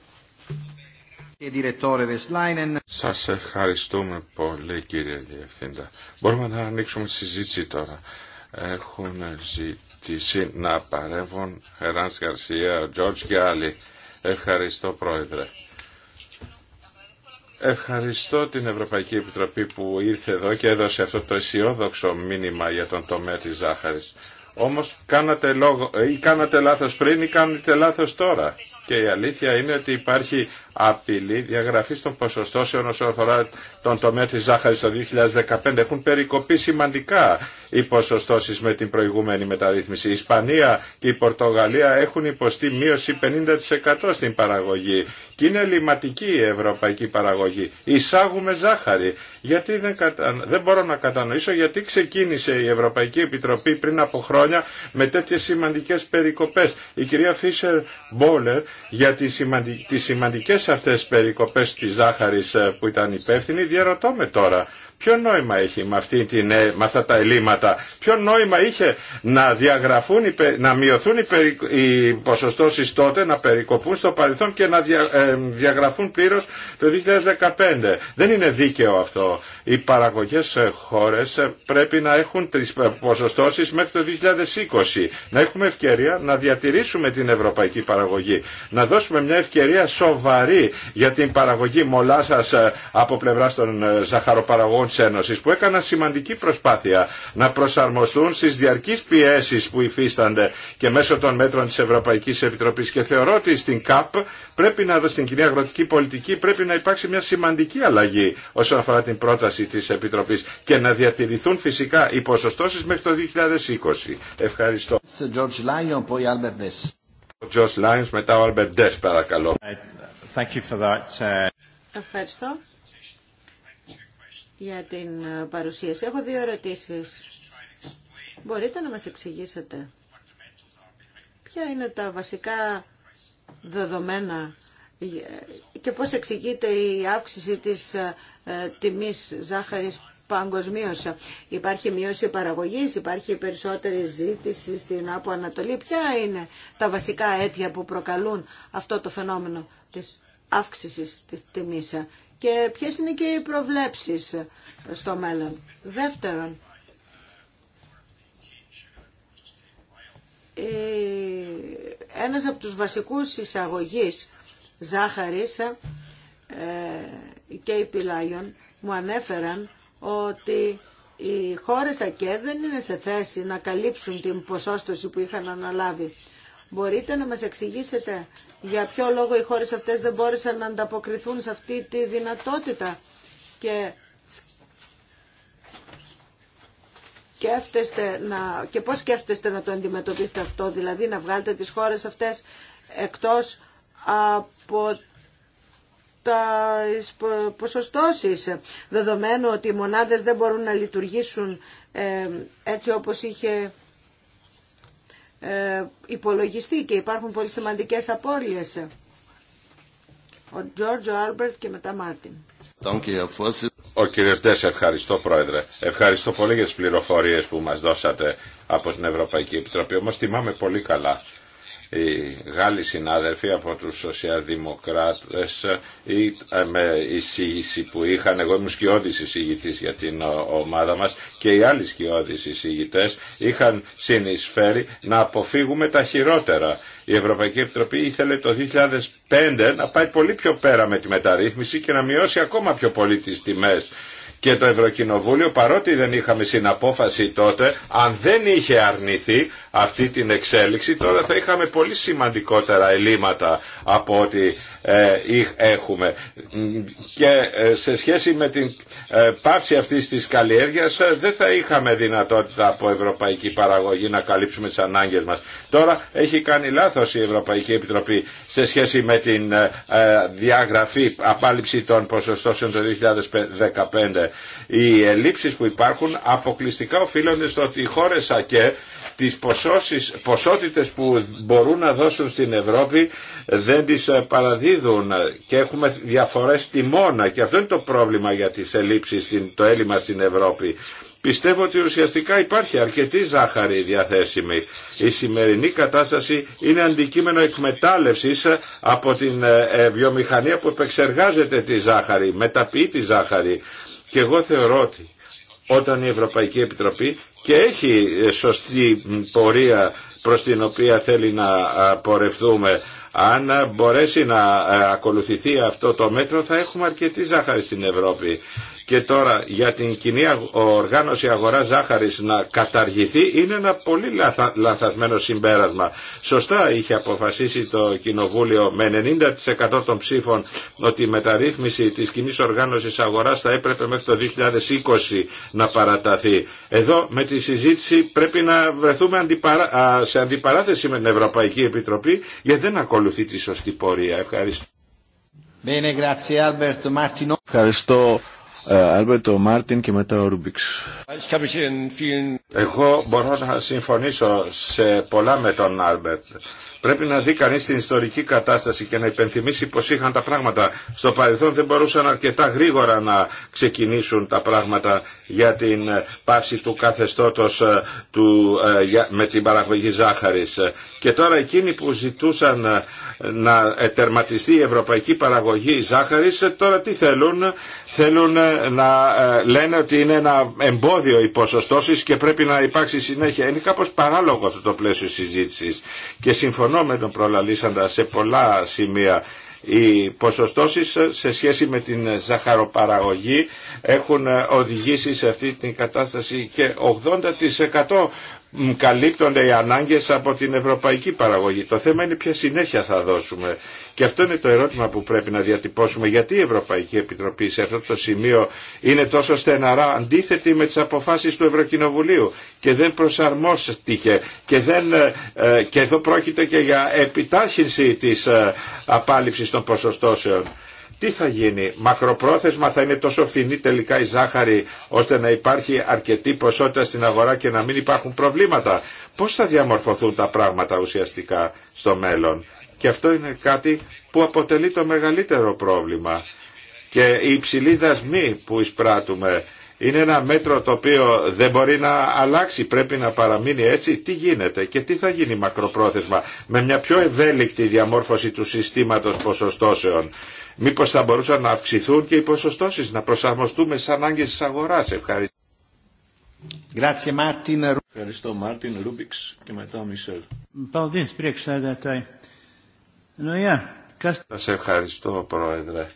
Σας ευχαριστούμε πολύ κύριε Διευθύντα. Μπορούμε να ανοίξουμε συζήτηση τώρα. Έχουν ζητήσει να παρεύουν Εράνς Γαρσία, Τζορτζ και άλλοι. Ευχαριστώ πρόεδρε. Ευχαριστώ την Ευρωπαϊκή Επιτροπή που ήρθε εδώ και έδωσε αυτό το αισιόδοξο μήνυμα για τον τομέα της ζάχαρης. Όμως κάνατε, λόγο, ε, ή κάνατε λάθος πριν ή κάνετε λάθος τώρα. Και η αλήθεια είναι ότι υπάρχει απειλή διαγραφής των ποσοστώσεων όσον αφορά τον τομέα της ζάχαρης το 2015. Έχουν περικοπεί σημαντικά οι ποσοστώσεις με την προηγούμενη μεταρρύθμιση. Η Ισπανία και η Πορτογαλία έχουν υποστεί μείωση 50% στην παραγωγή. Και είναι ελληματική η ευρωπαϊκή παραγωγή. Εισάγουμε ζάχαρη γιατί δεν, μπορώ να κατανοήσω γιατί ξεκίνησε η Ευρωπαϊκή Επιτροπή πριν από χρόνια με τέτοιες σημαντικές περικοπές. Η κυρία Φίσερ Μπόλερ για τι σημαντικέ τις σημαντικές αυτές περικοπές της ζάχαρης ε, που ήταν υπεύθυνη διαρωτώ με τώρα Ποιο νόημα έχει με, αυτή την, ε, με αυτά τα ελλείμματα, ποιο νόημα είχε να διαγραφούν, να μειωθούν οι, περι, ποσοστώσεις τότε, να περικοπούν στο παρελθόν και να ε, διαγραφούν πλήρως το 2015. Δεν είναι δίκαιο αυτό. Οι παραγωγές χώρες πρέπει να έχουν τις ποσοστώσεις μέχρι το 2020. Να έχουμε ευκαιρία να διατηρήσουμε την ευρωπαϊκή παραγωγή. Να δώσουμε μια ευκαιρία σοβαρή για την παραγωγή μολάσας ε, από πλευρά των ζαχαροπαραγωγών της Ένωσης που έκαναν σημαντική προσπάθεια να προσαρμοστούν στις διαρκείς πιέσεις που υφίστανται και μέσω των μέτρων της Ευρωπαϊκής Επιτροπής και θεωρώ ότι στην ΚΑΠ πρέπει να δω στην κοινή αγροτική πολιτική πρέπει να υπάρξει μια σημαντική αλλαγή όσον αφορά την πρόταση της Επιτροπής και να διατηρηθούν φυσικά οι ποσοστώσεις μέχρι το 2020. Ευχαριστώ. Ευχαριστώ για την ε, παρουσίαση. Έχω δύο ερωτήσεις. Μπορείτε να μας εξηγήσετε ποια είναι τα βασικά δεδομένα ε, και πώς εξηγείται η αύξηση της ε, τιμής ζάχαρης παγκοσμίως. Υπάρχει μείωση παραγωγή, υπάρχει περισσότερη ζήτηση στην Άπο Ανατολή. Ποια είναι τα βασικά αίτια που προκαλούν αυτό το φαινόμενο της αύξησης της τιμής και ποιες είναι και οι προβλέψεις στο μέλλον. Δεύτερον, ένας από τους βασικούς εισαγωγείς ζάχαρης ε, και οι πιλάγιον μου ανέφεραν ότι οι χώρες ΑΚΕ δεν είναι σε θέση να καλύψουν την ποσόστοση που είχαν αναλάβει. Μπορείτε να μας εξηγήσετε για ποιο λόγο οι χώρες αυτές δεν μπόρεσαν να ανταποκριθούν σε αυτή τη δυνατότητα και σκέφτεστε να, και πώς σκέφτεστε να το αντιμετωπίσετε αυτό, δηλαδή να βγάλετε τις χώρες αυτές εκτός από τα ποσοστώσεις, δεδομένου ότι οι μονάδες δεν μπορούν να λειτουργήσουν ε, έτσι όπως είχε ε, υπολογιστεί και υπάρχουν πολύ σημαντικές απώλειες. Ο Τζόρτζο Άλμπερτ και μετά Μάρτιν. Ο κύριος Ντές, ευχαριστώ πρόεδρε. Ευχαριστώ πολύ για τις πληροφορίες που μας δώσατε από την Ευρωπαϊκή Επιτροπή. Όμως θυμάμαι πολύ καλά οι Γάλλοι συνάδελφοι από τους σοσιαλδημοκράτες ή ε, με εισήγηση που είχαν, εγώ ήμουν σκιώδης εισηγητής για την ε, ομάδα μας και οι άλλοι σκιώδης εισηγητές είχαν συνεισφέρει να αποφύγουμε τα χειρότερα. Η Ευρωπαϊκή Επιτροπή ήθελε το 2005 να πάει πολύ πιο πέρα με τη μεταρρύθμιση και να μειώσει ακόμα πιο πολύ τις τιμές και το Ευρωκοινοβούλιο παρότι δεν είχαμε συναπόφαση τότε αν δεν είχε αρνηθεί αυτή την εξέλιξη τώρα θα είχαμε πολύ σημαντικότερα ελλείμματα από ό,τι ε, έχουμε και ε, σε σχέση με την ε, πάυση αυτής της καλλιέργειας δεν θα είχαμε δυνατότητα από ευρωπαϊκή παραγωγή να καλύψουμε τις ανάγκες μας. Τώρα έχει κάνει λάθος η Ευρωπαϊκή Επιτροπή σε σχέση με την διαγραφή απάλληψη των ποσοστώσεων το 2015 οι ελλείψεις που υπάρχουν αποκλειστικά οφείλονται στο ότι οι χώρες ΑΚΕ τις ποσώσεις, ποσότητες που μπορούν να δώσουν στην Ευρώπη δεν τις ε, παραδίδουν και έχουμε διαφορές μόνα και αυτό είναι το πρόβλημα για τις ελλείψεις, το έλλειμμα στην Ευρώπη. Πιστεύω ότι ουσιαστικά υπάρχει αρκετή ζάχαρη διαθέσιμη. Η σημερινή κατάσταση είναι αντικείμενο εκμετάλλευσης ε, από την ε, βιομηχανία που επεξεργάζεται τη ζάχαρη, μεταποιεί τη ζάχαρη. Και εγώ θεωρώ ότι όταν η Ευρωπαϊκή Επιτροπή και έχει ε, σωστή πορεία προς την οποία θέλει να πορευτούμε, αν μπορέσει να ε, ακολουθηθεί αυτό το μέτρο θα έχουμε αρκετή ζάχαρη στην Ευρώπη και τώρα για την κοινή οργάνωση αγορά ζάχαρης να καταργηθεί είναι ένα πολύ λαθα, λανθασμένο συμπέρασμα. Σωστά είχε αποφασίσει το Κοινοβούλιο με 90% των ψήφων ότι η μεταρρύθμιση της κοινή οργάνωσης αγοράς θα έπρεπε μέχρι το 2020 να παραταθεί. Εδώ με τη συζήτηση πρέπει να βρεθούμε σε αντιπαράθεση με την Ευρωπαϊκή Επιτροπή γιατί δεν ακολουθεί τη σωστή πορεία. Ευχαριστώ. Bene, grazie Albert Martino. Ευχαριστώ ε, Μάρτιν και μετά ο Ρούμπιξ. Εγώ μπορώ να συμφωνήσω σε πολλά με τον Άλμπερτ. Πρέπει να δει κανεί την ιστορική κατάσταση και να υπενθυμίσει πώ είχαν τα πράγματα. Στο παρελθόν δεν μπορούσαν αρκετά γρήγορα να ξεκινήσουν τα πράγματα για την πάυση του καθεστώτος ε, του, ε, με την παραγωγή ζάχαρης και τώρα εκείνοι που ζητούσαν ε, να τερματιστεί η ευρωπαϊκή παραγωγή ζάχαρης, ε, τώρα τι θέλουν, θέλουν ε, να λένε ότι είναι ένα εμπόδιο οι ποσοστώσεις και πρέπει να υπάρξει συνέχεια. Είναι κάπως παράλογο αυτό το πλαίσιο συζήτησης και συμφωνώ με τον προλαλήσαντα σε πολλά σημεία οι ποσοστώσεις σε σχέση με την ζαχαροπαραγωγή έχουν οδηγήσει σε αυτή την κατάσταση και 80% καλύπτονται οι ανάγκες από την ευρωπαϊκή παραγωγή. Το θέμα είναι ποια συνέχεια θα δώσουμε. Και αυτό είναι το ερώτημα που πρέπει να διατυπώσουμε. Γιατί η Ευρωπαϊκή Επιτροπή σε αυτό το σημείο είναι τόσο στεναρά αντίθετη με τις αποφάσεις του Ευρωκοινοβουλίου και δεν προσαρμόστηκε και, δεν, ε, ε, και εδώ πρόκειται και για επιτάχυνση της ε, απάλληψης των ποσοστώσεων τι θα γίνει, μακροπρόθεσμα θα είναι τόσο φθηνή τελικά η ζάχαρη ώστε να υπάρχει αρκετή ποσότητα στην αγορά και να μην υπάρχουν προβλήματα. Πώς θα διαμορφωθούν τα πράγματα ουσιαστικά στο μέλλον. Και αυτό είναι κάτι που αποτελεί το μεγαλύτερο πρόβλημα. Και η υψηλοί δασμοί που εισπράττουμε είναι ένα μέτρο το οποίο δεν μπορεί να αλλάξει, πρέπει να παραμείνει έτσι. Τι γίνεται και τι θα γίνει μακροπρόθεσμα με μια πιο ευέλικτη διαμόρφωση του συστήματος ποσοστώσεων. Μήπως θα μπορούσαν να αυξηθούν και οι ποσοστώσεις, να προσαρμοστούμε στις ανάγκες της αγοράς. Ευχαριστώ. Ευχαριστώ Μάρτιν Ρούμπιξ και μετά Μισελ. Σας ευχαριστώ Πρόεδρε.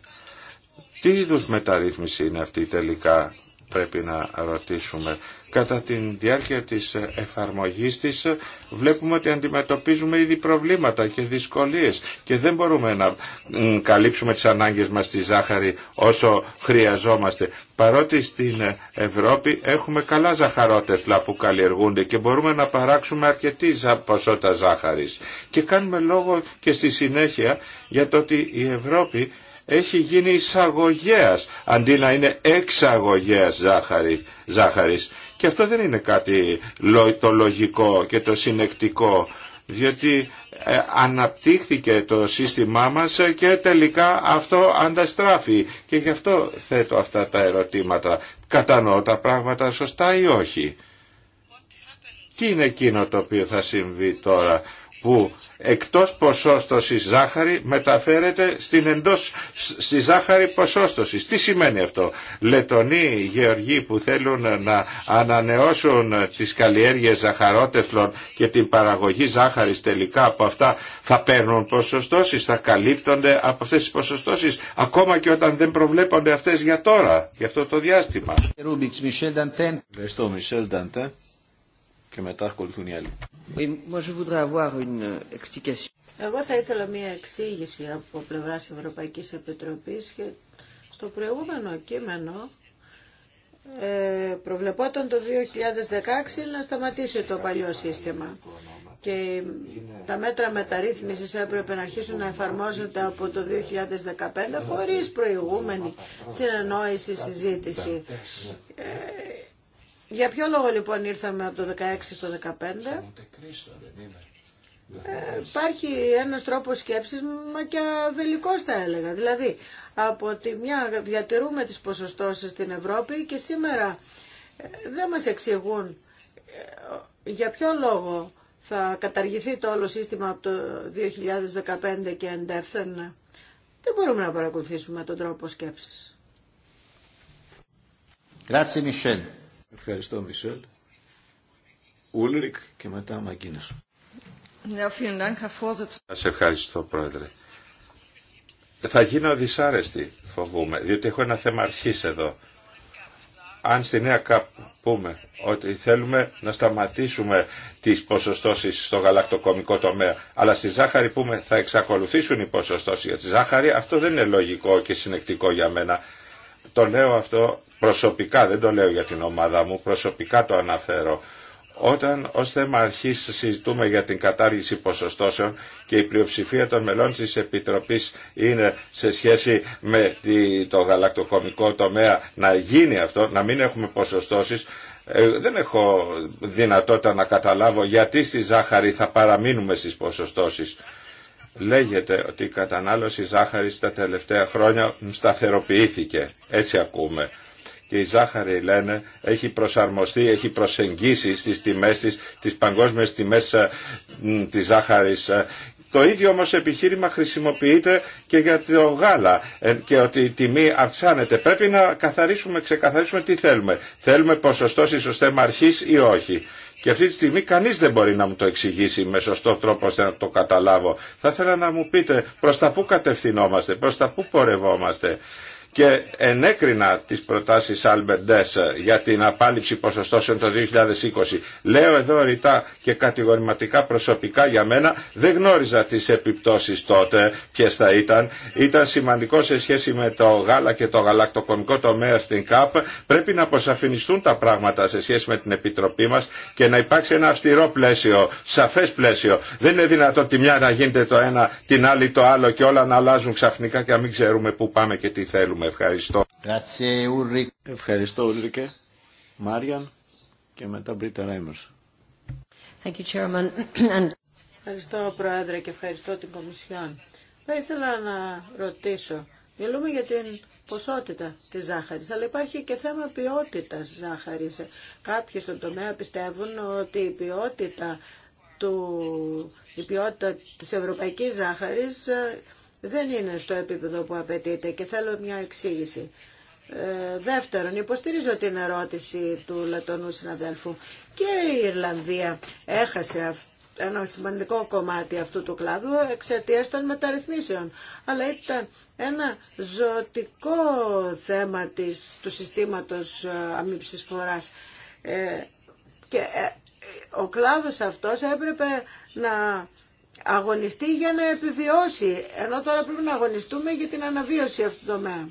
Τι είδου μεταρρύθμιση είναι αυτή τελικά πρέπει να ρωτήσουμε κατά τη διάρκεια της εφαρμογής της βλέπουμε ότι αντιμετωπίζουμε ήδη προβλήματα και δυσκολίες και δεν μπορούμε να καλύψουμε τις ανάγκες μας στη ζάχαρη όσο χρειαζόμαστε. Παρότι στην Ευρώπη έχουμε καλά ζαχαρότεφλα που καλλιεργούνται και μπορούμε να παράξουμε αρκετή ποσότητα ζάχαρης. Και κάνουμε λόγο και στη συνέχεια για το ότι η Ευρώπη έχει γίνει εισαγωγέας αντί να είναι εξαγωγέας ζάχαρη, ζάχαρης. Και αυτό δεν είναι κάτι το λογικό και το συνεκτικό, διότι ε, αναπτύχθηκε το σύστημά μας και τελικά αυτό ανταστράφει. Και γι' αυτό θέτω αυτά τα ερωτήματα. Κατανοώ τα πράγματα σωστά ή όχι. Τι είναι εκείνο το οποίο θα συμβεί τώρα που εκτός ποσόστοσης ζάχαρη μεταφέρεται στην εντός, στη ζάχαρη ποσόστοση. Τι σημαίνει αυτό. Λετονοί γεωργοί που θέλουν να ανανεώσουν τις καλλιέργειες ζαχαρότεφλων και την παραγωγή ζάχαρης τελικά από αυτά θα παίρνουν ποσοστώσεις, θα καλύπτονται από αυτές τις ποσοστώσεις ακόμα και όταν δεν προβλέπονται αυτές για τώρα, για αυτό το διάστημα και μετά ακολουθούν οι άλλοι. Εγώ θα ήθελα μία εξήγηση από πλευρά Ευρωπαϊκή Επιτροπή και στο προηγούμενο κείμενο ε, προβλεπόταν το 2016 να σταματήσει το παλιό σύστημα και τα μέτρα μεταρρύθμισης έπρεπε να αρχίσουν να εφαρμόζονται από το 2015 χωρίς προηγούμενη συνεννόηση, συζήτηση. Ε, για ποιο λόγο λοιπόν ήρθαμε από το 16 στο 15. Ε, υπάρχει ένας τρόπος σκέψης αβελικός θα έλεγα. Δηλαδή από τη μια διατηρούμε τις ποσοστώσεις στην Ευρώπη και σήμερα ε, δεν μας εξηγούν ε, για ποιο λόγο θα καταργηθεί το όλο σύστημα από το 2015 και εντεύθεν. Δεν μπορούμε να παρακολουθήσουμε τον τρόπο σκέψης. Grazie Ευχαριστώ, Μισελ. Ούλρικ και μετά Μαγκίνα. Σα ευχαριστώ, Πρόεδρε. Θα γίνω δυσάρεστη, φοβούμαι, διότι έχω ένα θέμα αρχή εδώ. Αν στη νέα ΚΑΠ πούμε ότι θέλουμε να σταματήσουμε τις ποσοστώσεις στο γαλακτοκομικό τομέα, αλλά στη ζάχαρη πούμε θα εξακολουθήσουν οι ποσοστώσεις για τη ζάχαρη, αυτό δεν είναι λογικό και συνεκτικό για μένα. Το λέω αυτό προσωπικά, δεν το λέω για την ομάδα μου, προσωπικά το αναφέρω. Όταν ω θέμα αρχή συζητούμε για την κατάργηση ποσοστώσεων και η πλειοψηφία των μελών τη Επιτροπή είναι σε σχέση με το γαλακτοκομικό τομέα να γίνει αυτό, να μην έχουμε ποσοστώσει, ε, δεν έχω δυνατότητα να καταλάβω γιατί στη ζάχαρη θα παραμείνουμε στις ποσοστώσει λέγεται ότι η κατανάλωση ζάχαρης τα τελευταία χρόνια σταθεροποιήθηκε. Έτσι ακούμε. Και η ζάχαρη, λένε, έχει προσαρμοστεί, έχει προσεγγίσει στις τιμές της, τις παγκόσμιες τιμές ε, της ζάχαρης ε. το ίδιο όμως επιχείρημα χρησιμοποιείται και για το γάλα ε, και ότι η τιμή αυξάνεται. Πρέπει να καθαρίσουμε, ξεκαθαρίσουμε τι θέλουμε. Θέλουμε ποσοστό ισοστέμα αρχής ή όχι. Και αυτή τη στιγμή κανείς δεν μπορεί να μου το εξηγήσει με σωστό τρόπο ώστε να το καταλάβω. Θα ήθελα να μου πείτε προς τα πού κατευθυνόμαστε, προς τα πού πορευόμαστε και ενέκρινα τις προτάσεις Albert Dess για την απάλληψη ποσοστώσεων το 2020. Λέω εδώ ρητά και κατηγορηματικά προσωπικά για μένα δεν γνώριζα τις επιπτώσεις τότε ποιε θα ήταν. Ήταν σημαντικό σε σχέση με το γάλα και το γαλακτοκομικό τομέα στην ΚΑΠ. Πρέπει να αποσαφινιστούν τα πράγματα σε σχέση με την Επιτροπή μας και να υπάρξει ένα αυστηρό πλαίσιο, σαφές πλαίσιο. Δεν είναι δυνατόν τη μια να γίνεται το ένα, την άλλη το άλλο και όλα να αλλάζουν ξαφνικά και να μην ξέρουμε πού πάμε και τι θέλουμε. Ευχαριστώ. Ευχαριστώ, Ούλρικε. Μάριαν και μετά Μπρίτα Ράιμερς. Ευχαριστώ, Πρόεδρε, και ευχαριστώ την Κομισιόν. Θα ήθελα να ρωτήσω. Μιλούμε για την ποσότητα της ζάχαρης, αλλά υπάρχει και θέμα ποιότητας ζάχαρης. Κάποιοι στον τομέα πιστεύουν ότι η ποιότητα, του, η ποιότητα της ευρωπαϊκής ζάχαρης δεν είναι στο επίπεδο που απαιτείται και θέλω μια εξήγηση. Ε, δεύτερον, υποστηρίζω την ερώτηση του Λατωνού συναδέλφου και η Ιρλανδία έχασε ένα σημαντικό κομμάτι αυτού του κλάδου εξαιτία των μεταρρυθμίσεων. Αλλά ήταν ένα ζωτικό θέμα της, του συστήματος ε, αμύψης φοράς. Ε, και ε, ο κλάδος αυτός έπρεπε να αγωνιστεί για να επιβιώσει, ενώ τώρα πρέπει να αγωνιστούμε για την αναβίωση αυτού του τομέα.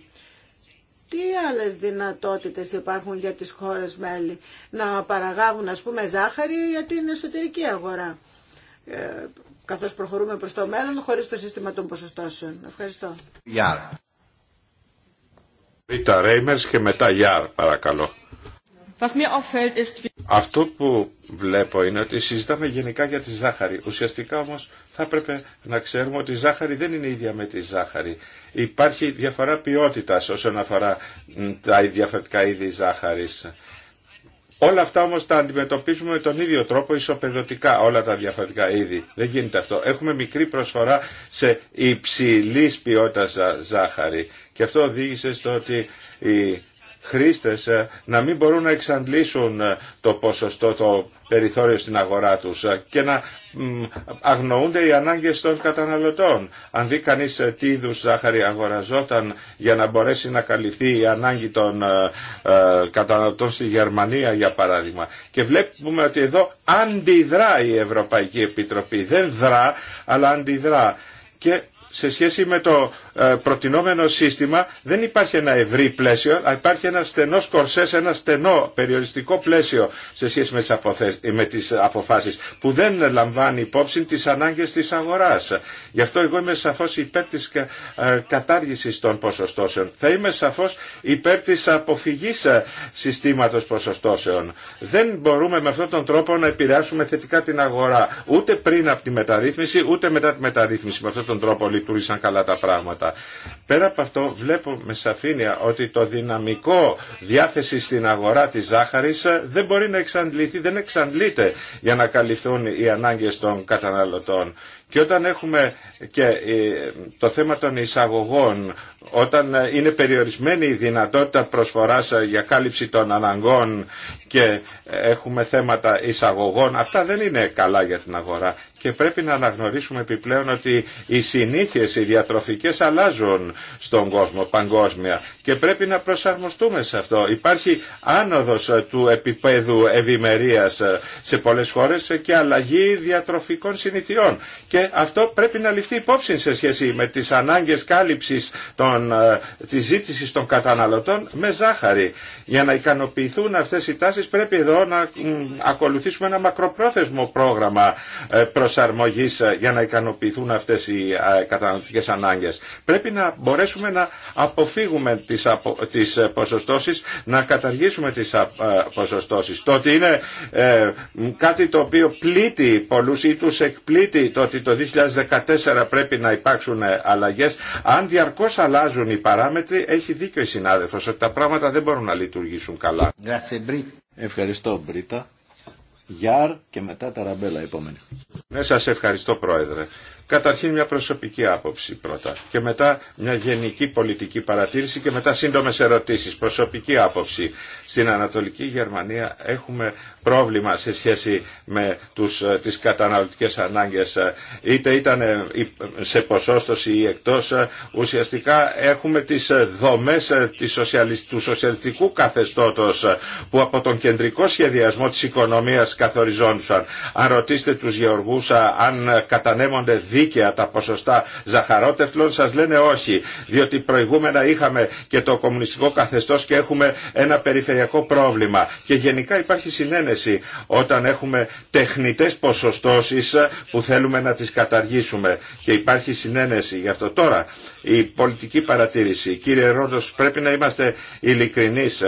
Τι άλλες δυνατότητες υπάρχουν για τις χώρες μέλη να παραγάγουν ας πούμε ζάχαρη για την εσωτερική αγορά ε, καθώς προχωρούμε προς το μέλλον χωρίς το σύστημα των ποσοστώσεων. Ευχαριστώ. Ρίτα Ρέιμερς και μετά Γιάρ παρακαλώ. Αυτό που βλέπω είναι ότι συζητάμε γενικά για τη ζάχαρη. Ουσιαστικά όμως θα έπρεπε να ξέρουμε ότι η ζάχαρη δεν είναι ίδια με τη ζάχαρη. Υπάρχει διαφορά ποιότητας όσον αφορά τα διαφορετικά είδη ζάχαρης. Όλα αυτά όμως τα αντιμετωπίζουμε με τον ίδιο τρόπο ισοπεδωτικά όλα τα διαφορετικά είδη. Δεν γίνεται αυτό. Έχουμε μικρή προσφορά σε υψηλής ποιότητας ζάχαρη. Και αυτό οδήγησε στο ότι η χρήστες ε, να μην μπορούν να εξαντλήσουν ε, το ποσοστό, το περιθώριο στην αγορά τους ε, και να αγνοούνται οι ανάγκες των καταναλωτών. Αν δει κανεί τι είδου ζάχαρη αγοραζόταν για να μπορέσει να καλυφθεί η ανάγκη των καταναλωτών στη Γερμανία για παράδειγμα. Και βλέπουμε ότι εδώ αντιδρά η Ευρωπαϊκή Επιτροπή. Δεν δρά, αλλά αντιδρά. Και σε σχέση με το ε, προτινόμενο σύστημα δεν υπάρχει ένα ευρύ πλαίσιο, αλλά υπάρχει ένα στενό κορσέ, ένα στενό περιοριστικό πλαίσιο σε σχέση με τις, αποθέσεις, ε, με αποφάσεις που δεν λαμβάνει υπόψη τις ανάγκες της αγοράς. Γι' αυτό εγώ είμαι σαφώς υπέρ της ε, κατάργησης των ποσοστώσεων. Θα είμαι σαφώς υπέρ της αποφυγής συστήματος ποσοστώσεων. Δεν μπορούμε με αυτόν τον τρόπο να επηρεάσουμε θετικά την αγορά. Ούτε πριν από τη μεταρρύθμιση, ούτε μετά τη μεταρρύθμιση. Με αυτόν τον τρόπο λειτουργήσαν καλά τα πράγματα. Πέρα από αυτό βλέπω με σαφήνεια ότι το δυναμικό διάθεση στην αγορά της ζάχαρης ε, δεν μπορεί να εξαντληθεί, δεν εξαντλείται για να καλυφθούν οι ανάγκες των καταναλωτών. Και όταν έχουμε και ε, το θέμα των εισαγωγών, όταν ε, είναι περιορισμένη η δυνατότητα προσφοράς για κάλυψη των αναγκών και έχουμε θέματα εισαγωγών, αυτά δεν είναι καλά για την αγορά και πρέπει να αναγνωρίσουμε επιπλέον ότι οι συνήθειες οι διατροφικές αλλάζουν στον κόσμο παγκόσμια και πρέπει να προσαρμοστούμε σε αυτό. Υπάρχει άνοδος του επίπεδου ευημερίας σε πολλές χώρες και αλλαγή διατροφικών συνηθιών και αυτό πρέπει να ληφθεί υπόψη σε σχέση με τις ανάγκες κάλυψης των, ε, της ζήτησης των καταναλωτών με ζάχαρη. Για να ικανοποιηθούν αυτές οι τάσεις πρέπει εδώ να ακολουθήσουμε ένα μακροπρόθεσμο πρόγραμμα ε, προσαρμογής ε, για να ικανοποιηθούν αυτές οι καταναλωτικές ανάγκες. Πρέπει να μπορέσουμε να αποφύγουμε τις, απο, τις ποσοστώσεις, να καταργήσουμε τις ποσοστώσεις. Το ότι είναι κάτι το οποίο πλήττει πολλούς ή τους εκπλήττει το ότι το 2014 πρέπει να υπάρξουν ε, αλλαγές. Αν διαρκώς αλλάζουν οι παράμετροι, έχει δίκιο η συνάδελφος ότι τα πράγματα δεν μπορούν να λειτουργήσουν καλά. Ευχαριστώ Μπρίτα. Γιάρ και μετά τα ραμπέλα επόμενη. Ναι, σας ευχαριστώ Πρόεδρε. Καταρχήν μια προσωπική άποψη πρώτα και μετά μια γενική πολιτική παρατήρηση και μετά σύντομες ερωτήσεις. Προσωπική άποψη. Στην Ανατολική Γερμανία έχουμε πρόβλημα σε σχέση με τους, ε, τις καταναλωτικές ανάγκες είτε ήταν ε, σε ποσόστοση ή εκτός ε, ουσιαστικά έχουμε τις δομές του σοσιαλιστικού καθεστώτος που από τον κεντρικό σχεδιασμό της οικονομίας καθοριζόντουσαν. Αν ρωτήσετε τους γεωργούς αν κατανέμονται δίκαια τα ποσοστά ζαχαρότευτλων σας λένε όχι διότι προηγούμενα είχαμε και το κομμουνιστικό καθεστώς και έχουμε ένα περιφερειακό πρόβλημα και γενικά υπάρχει συνένεση όταν έχουμε τεχνητές ποσοστώσεις που θέλουμε να τις καταργήσουμε και υπάρχει συνένεση γι' αυτό τώρα η πολιτική παρατήρηση κύριε Ρόντος πρέπει να είμαστε ειλικρινείς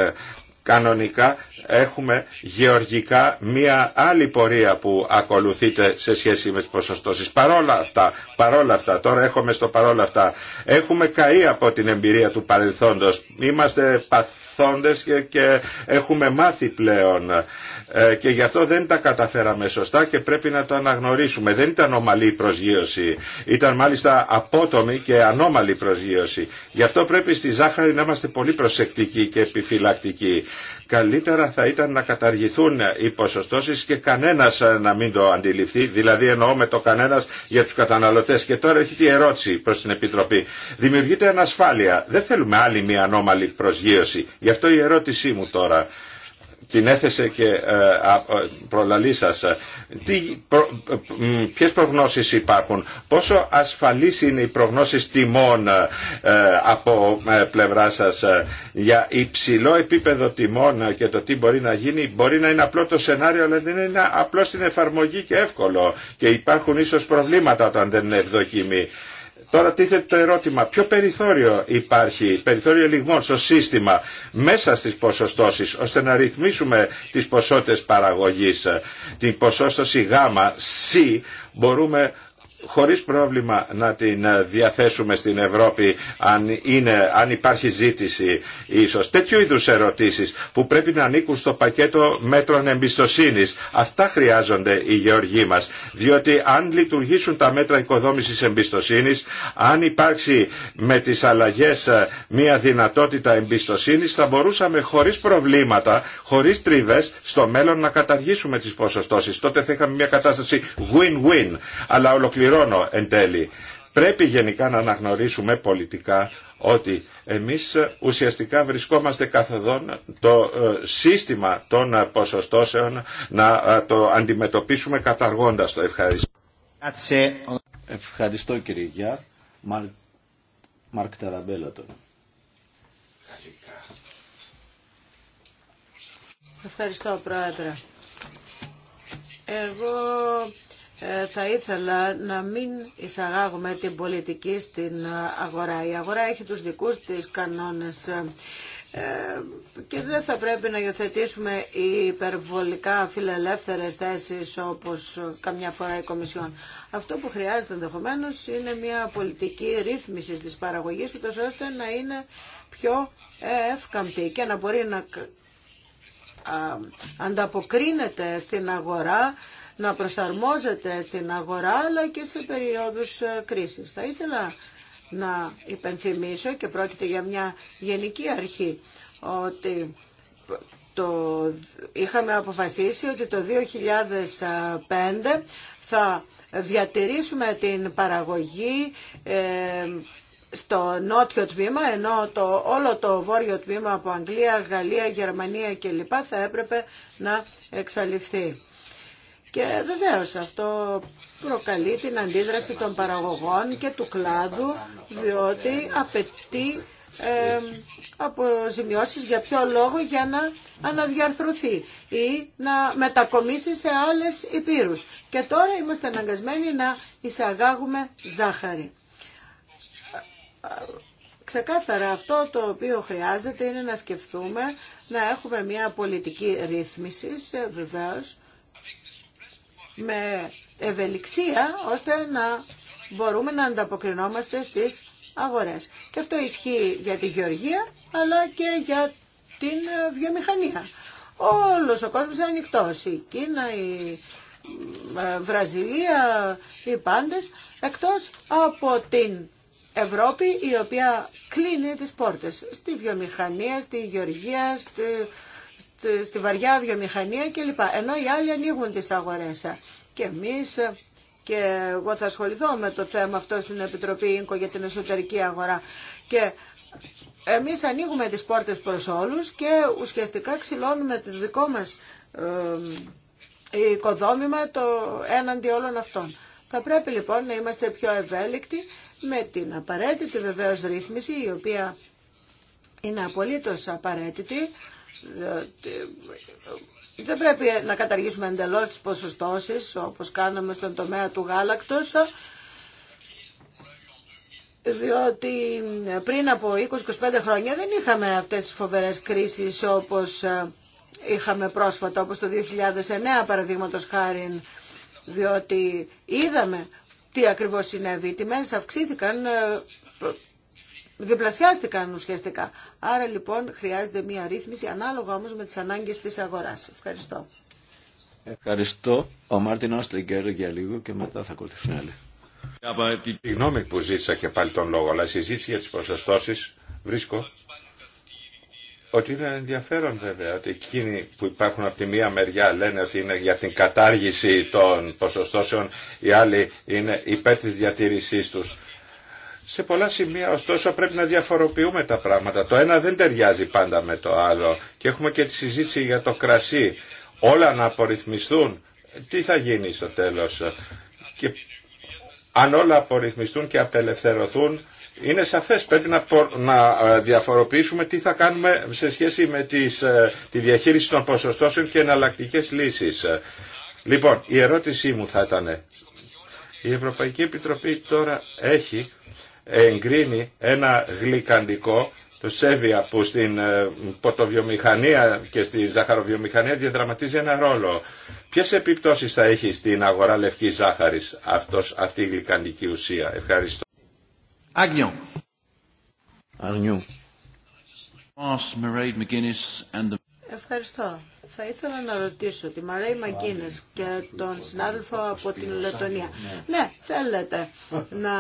κανονικά έχουμε γεωργικά μία άλλη πορεία που ακολουθείται σε σχέση με τις ποσοστώσεις. Παρόλα αυτά, παρόλα αυτά, τώρα έχουμε στο παρόλα αυτά, έχουμε καεί από την εμπειρία του παρελθόντος. Είμαστε και, έχουμε μάθει πλέον ε, και γι' αυτό δεν τα καταφέραμε σωστά και πρέπει να το αναγνωρίσουμε. Δεν ήταν ομαλή η προσγείωση. Ήταν μάλιστα απότομη και ανώμαλη προσγείωση. Γι' αυτό πρέπει στη ζάχαρη να είμαστε πολύ προσεκτικοί και επιφυλακτικοί καλύτερα θα ήταν να καταργηθούν οι ποσοστώσεις και κανένας ε, να μην το αντιληφθεί, δηλαδή εννοώ με το κανένας για τους καταναλωτές. Και τώρα έχει τη ερώτηση προς την Επιτροπή. Δημιουργείται ανασφάλεια. Δεν θέλουμε άλλη μια ανώμαλη προσγείωση. Γι' αυτό η ερώτησή μου τώρα την έθεσε και ε, ε, προλαλή σας. Τι, προ, ποιες προγνώσεις υπάρχουν, πόσο ασφαλής είναι οι προγνώσεις τιμών ε, από πλευρά σας για υψηλό επίπεδο τιμών και το τι μπορεί να γίνει. Μπορεί να είναι απλό το σενάριο αλλά δεν είναι απλό στην εφαρμογή και εύκολο και υπάρχουν ίσως προβλήματα όταν δεν είναι ευδοκιμή. Τώρα τίθεται το ερώτημα, ποιο περιθώριο υπάρχει, περιθώριο λιγμών στο σύστημα μέσα στις ποσοστώσεις, ώστε να ρυθμίσουμε τις ποσότητες παραγωγής. Την ποσόστοση γάμα, C, μπορούμε χωρίς πρόβλημα να την ε, διαθέσουμε στην Ευρώπη αν, είναι, αν υπάρχει ζήτηση ίσως. Τέτοιου είδους ερωτήσεις που πρέπει να ανήκουν στο πακέτο μέτρων εμπιστοσύνης. Αυτά χρειάζονται οι γεωργοί μας. Διότι αν λειτουργήσουν τα μέτρα οικοδόμησης εμπιστοσύνης, αν υπάρξει με τις αλλαγές ε, μια δυνατότητα εμπιστοσύνης, θα μπορούσαμε χωρίς προβλήματα, χωρίς τριβές, στο μέλλον να καταργήσουμε τις ποσοστώσεις. Τότε θα είχαμε μια κατάσταση win-win. Αλλά Πρέπει γενικά να αναγνωρίσουμε πολιτικά ότι εμείς ουσιαστικά βρισκόμαστε καθοδόν το ε, σύστημα των ποσοστώσεων να ε, το αντιμετωπίσουμε καταργώντας το ευχαριστώ. Ευχαριστώ κύριε Γιά. Μαρκ Ευχαριστώ πρόεδρε. Εγώ ε, θα ήθελα να μην εισαγάγουμε την πολιτική στην αγορά. Η αγορά έχει τους δικούς της κανόνες ε, και δεν θα πρέπει να υιοθετήσουμε υπερβολικά φιλελεύθερες θέσεις όπως καμιά φορά η Κομισιόν. Αυτό που χρειάζεται ενδεχομένω είναι μια πολιτική ρύθμιση της παραγωγής ούτως ώστε να είναι πιο εύκαμπτη και να μπορεί να ανταποκρίνεται στην αγορά να προσαρμόζεται στην αγορά αλλά και σε περιόδους ε, κρίσης. Θα ήθελα να υπενθυμίσω και πρόκειται για μια γενική αρχή ότι το, είχαμε αποφασίσει ότι το 2005 θα διατηρήσουμε την παραγωγή ε, στο νότιο τμήμα, ενώ το, όλο το βόρειο τμήμα από Αγγλία, Γαλλία, Γερμανία κλπ. θα έπρεπε να εξαλειφθεί. Και βεβαίως αυτό προκαλεί την αντίδραση των παραγωγών και του κλάδου, διότι απαιτεί ε, αποζημιώσεις για ποιο λόγο για να αναδιαρθρωθεί ή να μετακομίσει σε άλλες υπήρους. Και τώρα είμαστε αναγκασμένοι να εισαγάγουμε ζάχαρη. Ξεκάθαρα αυτό το οποίο χρειάζεται είναι να σκεφτούμε να έχουμε μια πολιτική ρύθμιση βεβαίως με ευελιξία ώστε να μπορούμε να ανταποκρινόμαστε στις αγορές. Και αυτό ισχύει για τη γεωργία αλλά και για την ε, βιομηχανία. Όλος ο κόσμος είναι ανοιχτός. Η Κίνα, η ε, Βραζιλία, οι πάντες, εκτός από την Ευρώπη η οποία κλείνει τις πόρτες στη βιομηχανία, στη γεωργία, στη στη βαριά βιομηχανία κλπ. Ενώ οι άλλοι ανοίγουν τις αγορές. Και εμείς και εγώ θα ασχοληθώ με το θέμα αυτό στην Επιτροπή Ίνκο για την εσωτερική αγορά. Και εμείς ανοίγουμε τις πόρτες προς όλους και ουσιαστικά ξυλώνουμε το δικό μας οικοδόμημα το έναντι όλων αυτών. Θα πρέπει λοιπόν να είμαστε πιο ευέλικτοι με την απαραίτητη βεβαίως ρύθμιση η οποία είναι απολύτως απαραίτητη δεν πρέπει να καταργήσουμε εντελώς τις ποσοστώσεις όπως κάναμε στον τομέα του γάλακτος διότι πριν από 20-25 χρόνια δεν είχαμε αυτές τις φοβερές κρίσεις όπως είχαμε πρόσφατα, όπως το 2009 παραδείγματος χάρη, διότι είδαμε τι ακριβώς συνέβη. Οι τιμές αυξήθηκαν ε, διπλασιάστηκαν ουσιαστικά. Άρα λοιπόν χρειάζεται μια ρύθμιση ανάλογα όμως με τις ανάγκες της αγοράς. Ευχαριστώ. Ευχαριστώ. Ο Μάρτιν Όστριγκερ για λίγο και μετά θα ακολουθήσουν άλλοι. Συγγνώμη που ζήτησα και πάλι τον λόγο, αλλά η συζήτηση για τις προσωστώσεις βρίσκω ότι είναι ενδιαφέρον βέβαια ότι εκείνοι που υπάρχουν από τη μία μεριά λένε ότι είναι για την κατάργηση των ποσοστώσεων, οι άλλοι είναι υπέρ της διατήρησή του. Σε πολλά σημεία ωστόσο πρέπει να διαφοροποιούμε τα πράγματα. Το ένα δεν ταιριάζει πάντα με το άλλο. Και έχουμε και τη συζήτηση για το κρασί. Όλα να απορριθμιστούν. Τι θα γίνει στο τέλος. Και αν όλα απορριθμιστούν και απελευθερωθούν, είναι σαφές πρέπει να, να ε, διαφοροποιήσουμε τι θα κάνουμε σε σχέση με τις, ε, τη διαχείριση των ποσοστώσεων και εναλλακτικέ λύσεις. Λοιπόν, η ερώτησή μου θα ήταν, η Ευρωπαϊκή Επιτροπή τώρα έχει εγκρίνει ένα γλυκαντικό το Σέβια που στην ε, ποτοβιομηχανία και στη ζαχαροβιομηχανία διαδραματίζει ένα ρόλο. Ποιες επιπτώσεις θα έχει στην αγορά λευκής ζάχαρης αυτός, αυτή η γλυκαντική ουσία. Ευχαριστώ. Ευχαριστώ. Θα ήθελα να ρωτήσω τη Μαρέη Μακίνε και τον συνάδελφο από την Λετωνία. Ναι, θέλετε να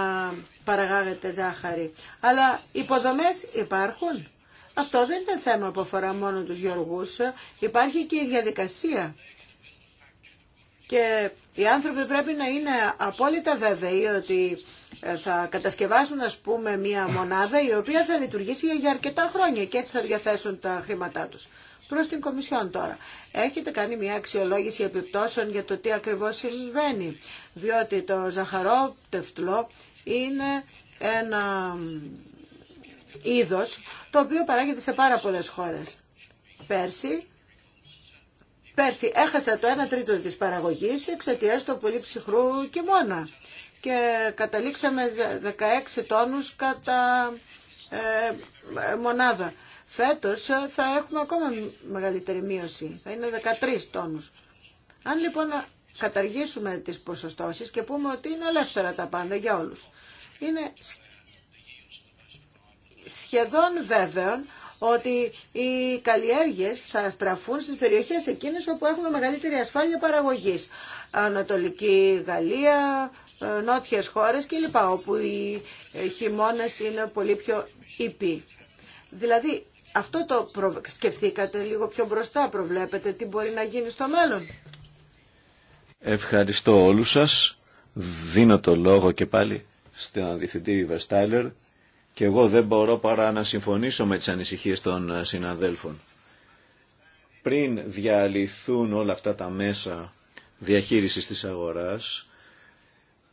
παραγάγετε ζάχαρη, αλλά υποδομές υπάρχουν. Αυτό δεν είναι θέμα που αφορά μόνο τους γεωργού. Υπάρχει και η διαδικασία. Και οι άνθρωποι πρέπει να είναι απόλυτα βέβαιοι ότι ε, θα κατασκευάσουν ας πούμε μια μονάδα η οποία θα λειτουργήσει για αρκετά χρόνια και έτσι θα διαθέσουν τα χρήματά τους. Προ την Κομισιόν τώρα. Έχετε κάνει μια αξιολόγηση επιπτώσεων για το τι ακριβώ συμβαίνει. Διότι το ζαχαρό τεφτλό είναι ένα είδο το οποίο παράγεται σε πάρα πολλές χώρες. Πέρσι Πέρσι έχασα το 1 τρίτο της παραγωγής εξαιτία του πολύ ψυχρού μόνα και καταλήξαμε 16 τόνους κατά ε, μονάδα. Φέτος θα έχουμε ακόμα μεγαλύτερη μείωση, θα είναι 13 τόνους. Αν λοιπόν καταργήσουμε τις ποσοστώσεις και πούμε ότι είναι ελεύθερα τα πάντα για όλους, είναι σχεδόν βέβαιο ότι οι καλλιέργειες θα στραφούν στις περιοχές εκείνες όπου έχουμε μεγαλύτερη ασφάλεια παραγωγής. Ανατολική Γαλλία, ε, νότιες χώρες κλπ. όπου οι ε, χειμώνες είναι πολύ πιο ήπιοι. Δηλαδή αυτό το σκεφτήκατε λίγο πιο μπροστά, προβλέπετε τι μπορεί να γίνει στο μέλλον. Ευχαριστώ όλους σας. Δίνω το λόγο και πάλι στον Διευθυντή Βεστάιλερ και εγώ δεν μπορώ παρά να συμφωνήσω με τις ανησυχίες των συναδέλφων. Πριν διαλυθούν όλα αυτά τα μέσα διαχείρισης της αγοράς,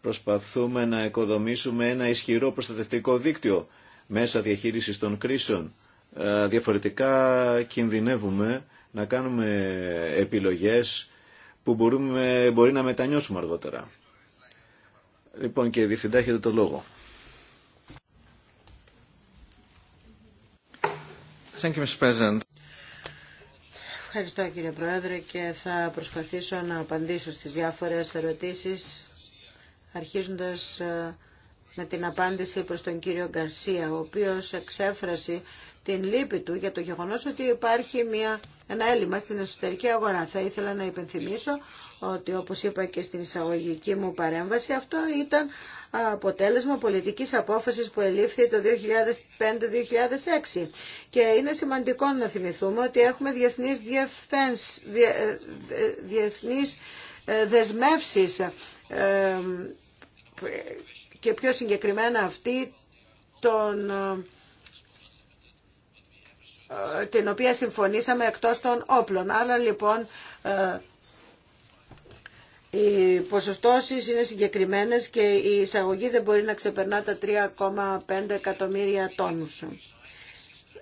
προσπαθούμε να οικοδομήσουμε ένα ισχυρό προστατευτικό δίκτυο μέσα διαχείρισης των κρίσεων ε, διαφορετικά κινδυνεύουμε να κάνουμε επιλογές που μπορούμε, μπορεί να μετανιώσουμε αργότερα. Λοιπόν και διευθυντά έχετε το λόγο. Thank you, Mr. Ευχαριστώ κύριε Πρόεδρε και θα προσπαθήσω να απαντήσω στις διάφορες ερωτήσεις αρχίζοντας ε, με την απάντηση προς τον κύριο Γκαρσία, ο οποίος εξέφρασε την λύπη του για το γεγονός ότι υπάρχει μια, ένα έλλειμμα στην εσωτερική αγορά. Θα ήθελα να υπενθυμίσω ότι όπως είπα και στην εισαγωγική μου παρέμβαση αυτό ήταν αποτέλεσμα πολιτικής απόφασης που ελήφθη το 2005-2006 και είναι σημαντικό να θυμηθούμε ότι έχουμε διεθνείς, διε, διεθνείς ε, δεσμεύσεις ε, και πιο συγκεκριμένα αυτή των ε, ε, την οποία συμφωνήσαμε εκτός των όπλων. Άρα λοιπόν ε, οι ποσοστώσεις είναι συγκεκριμένες και η εισαγωγή δεν μπορεί να ξεπερνά τα 3,5 εκατομμύρια τόνους.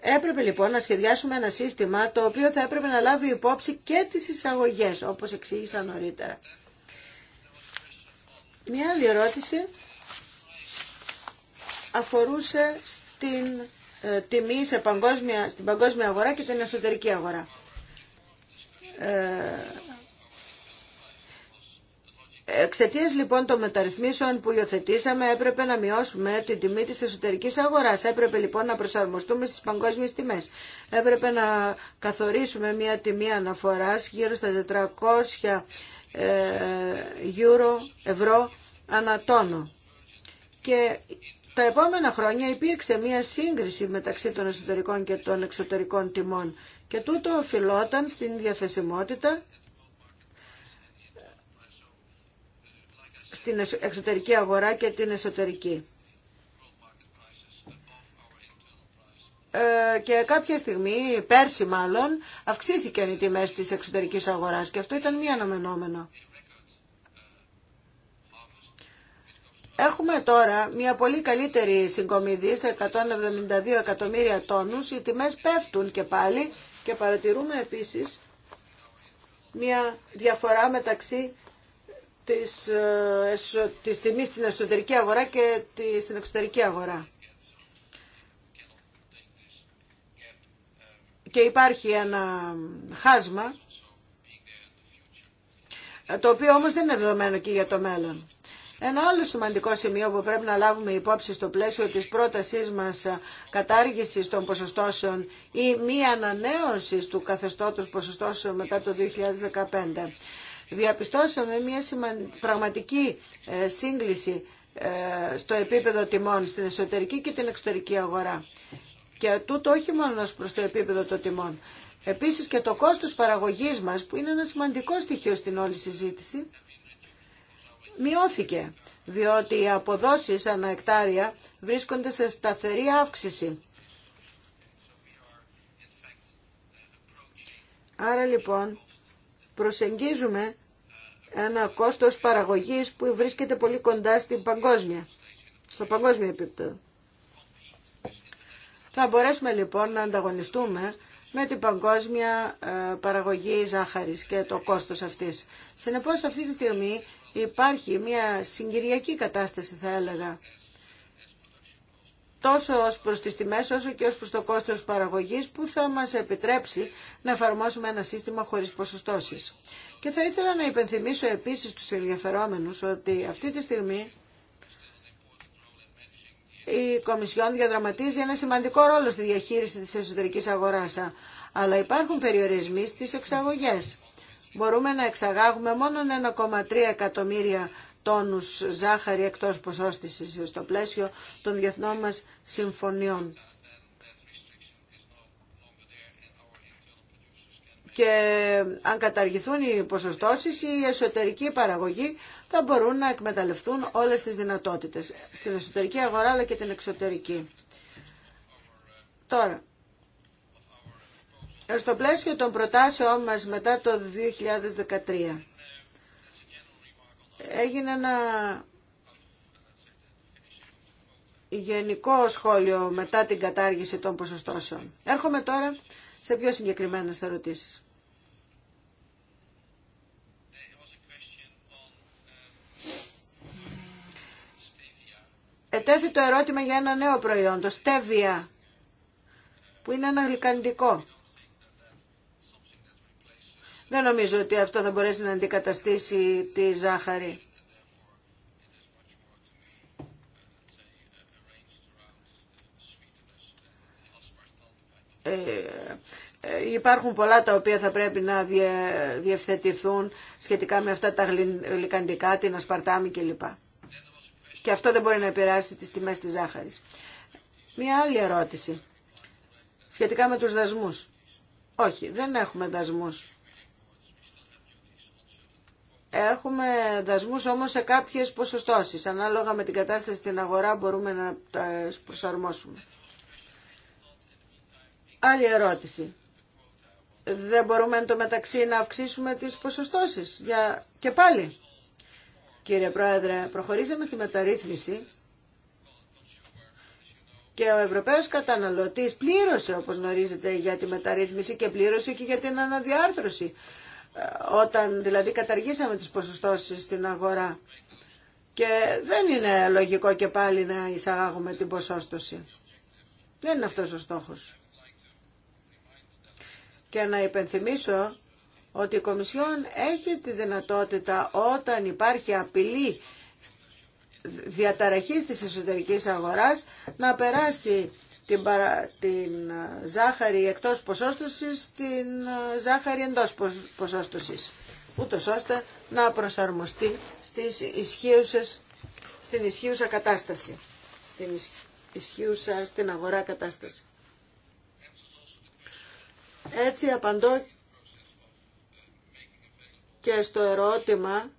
Έπρεπε λοιπόν να σχεδιάσουμε ένα σύστημα το οποίο θα έπρεπε να λάβει υπόψη και τις εισαγωγές, όπως εξήγησα νωρίτερα. Μια άλλη ερώτηση αφορούσε στην ε, τιμή σε παγκόσμια, στην παγκόσμια αγορά και την εσωτερική αγορά. Ε, Εξαιτία λοιπόν των μεταρρυθμίσεων που υιοθετήσαμε έπρεπε να μειώσουμε την τιμή της εσωτερικής αγοράς. Έπρεπε λοιπόν να προσαρμοστούμε στις παγκόσμιες τιμές. Έπρεπε να καθορίσουμε μια τιμή αναφοράς γύρω στα 400 ε, ευρώ ανατόνο. Και τα επόμενα χρόνια υπήρξε μία σύγκριση μεταξύ των εσωτερικών και των εξωτερικών τιμών και τούτο οφειλόταν στην διαθεσιμότητα στην εξωτερική αγορά και την εσωτερική. Ε, και κάποια στιγμή, πέρσι μάλλον, αυξήθηκαν οι τιμές της εξωτερικής αγοράς και αυτό ήταν μία αναμενόμενο. Έχουμε τώρα μια πολύ καλύτερη συγκομιδή σε 172 εκατομμύρια τόνους. Οι τιμές πέφτουν και πάλι και παρατηρούμε επίσης μια διαφορά μεταξύ της, ε, της τιμής στην εσωτερική αγορά και στην εξωτερική αγορά. Και υπάρχει ένα χάσμα, το οποίο όμως δεν είναι δεδομένο και για το μέλλον. Ένα άλλο σημαντικό σημείο που πρέπει να λάβουμε υπόψη στο πλαίσιο της πρότασής μας κατάργησης των ποσοστώσεων ή μη ανανέωση του καθεστώτος ποσοστώσεων μετά το 2015. Διαπιστώσαμε μια πραγματική ε, σύγκληση ε, στο επίπεδο τιμών στην εσωτερική και την εξωτερική αγορά. Και τούτο όχι μόνο προς το επίπεδο των τιμών. Επίσης και το κόστος παραγωγής μας, που είναι ένα σημαντικό στοιχείο στην όλη συζήτηση, μειώθηκε, διότι οι αποδόσεις ανά εκτάρια βρίσκονται σε σταθερή αύξηση. Άρα λοιπόν προσεγγίζουμε ένα κόστος παραγωγής που βρίσκεται πολύ κοντά στην παγκόσμια, στο παγκόσμιο επίπεδο. Θα μπορέσουμε λοιπόν να ανταγωνιστούμε με την παγκόσμια ε, παραγωγή ζάχαρης και το κόστος αυτής. Συνεπώς αυτή τη στιγμή υπάρχει μια συγκυριακή κατάσταση θα έλεγα τόσο ως προς τις τιμές όσο και ως προς το κόστος παραγωγής που θα μας επιτρέψει να εφαρμόσουμε ένα σύστημα χωρίς ποσοστώσεις. Και θα ήθελα να υπενθυμίσω επίσης τους ενδιαφερόμενους ότι αυτή τη στιγμή η Κομισιόν διαδραματίζει ένα σημαντικό ρόλο στη διαχείριση της εσωτερικής αγοράς, αλλά υπάρχουν περιορισμοί στις εξαγωγές μπορούμε να εξαγάγουμε μόνο 1,3 εκατομμύρια τόνους ζάχαρη εκτός ποσόστησης στο πλαίσιο των διεθνών μας συμφωνιών. Και αν καταργηθούν οι ποσοστώσεις, οι εσωτερική παραγωγή θα μπορούν να εκμεταλλευτούν όλες τις δυνατότητες στην εσωτερική αγορά αλλά και την εξωτερική. Τώρα, στο πλαίσιο των προτάσεών μας μετά το 2013 έγινε ένα γενικό σχόλιο μετά την κατάργηση των ποσοστώσεων. Έρχομαι τώρα σε πιο συγκεκριμένες ερωτήσεις. Ετέθη το ερώτημα για ένα νέο προϊόν, το στέβια, που είναι ένα γλυκαντικό. Δεν νομίζω ότι αυτό θα μπορέσει να αντικαταστήσει τη ζάχαρη. Ε, ε υπάρχουν πολλά τα οποία θα πρέπει να διευθετηθούν σχετικά με αυτά τα γλυκαντικά, την ασπαρτάμι κλπ. Και αυτό δεν μπορεί να επηρεάσει τις τιμές της ζάχαρης. Μία άλλη ερώτηση σχετικά με τους δασμούς. Όχι, δεν έχουμε δασμούς. Έχουμε δασμούς όμως σε κάποιες ποσοστώσεις. Ανάλογα με την κατάσταση στην αγορά μπορούμε να τα προσαρμόσουμε. Άλλη ερώτηση. Δεν μπορούμε εν τω μεταξύ να αυξήσουμε τις ποσοστώσεις. Για... Και πάλι. Κύριε Πρόεδρε, προχωρήσαμε στη μεταρρύθμιση και ο Ευρωπαίος καταναλωτής πλήρωσε όπως γνωρίζετε για τη μεταρρύθμιση και πλήρωσε και για την αναδιάρθρωση όταν δηλαδή καταργήσαμε τις ποσοστώσεις στην αγορά. Και δεν είναι λογικό και πάλι να εισαγάγουμε την ποσόστοση. Δεν είναι αυτός ο στόχος. Και να υπενθυμίσω ότι η Κομισιόν έχει τη δυνατότητα όταν υπάρχει απειλή διαταραχής της εσωτερικής αγοράς να περάσει την, την ε, ζάχαρη εκτός ποσόστοσης, την ε, ζάχαρη εντός ποσόστοσης, ούτως ώστε να προσαρμοστεί στις ισχύουσες, στην ισχύουσα κατάσταση, στην ισχύουσα στην αγορά κατάσταση. Έτσι απαντώ και στο ερώτημα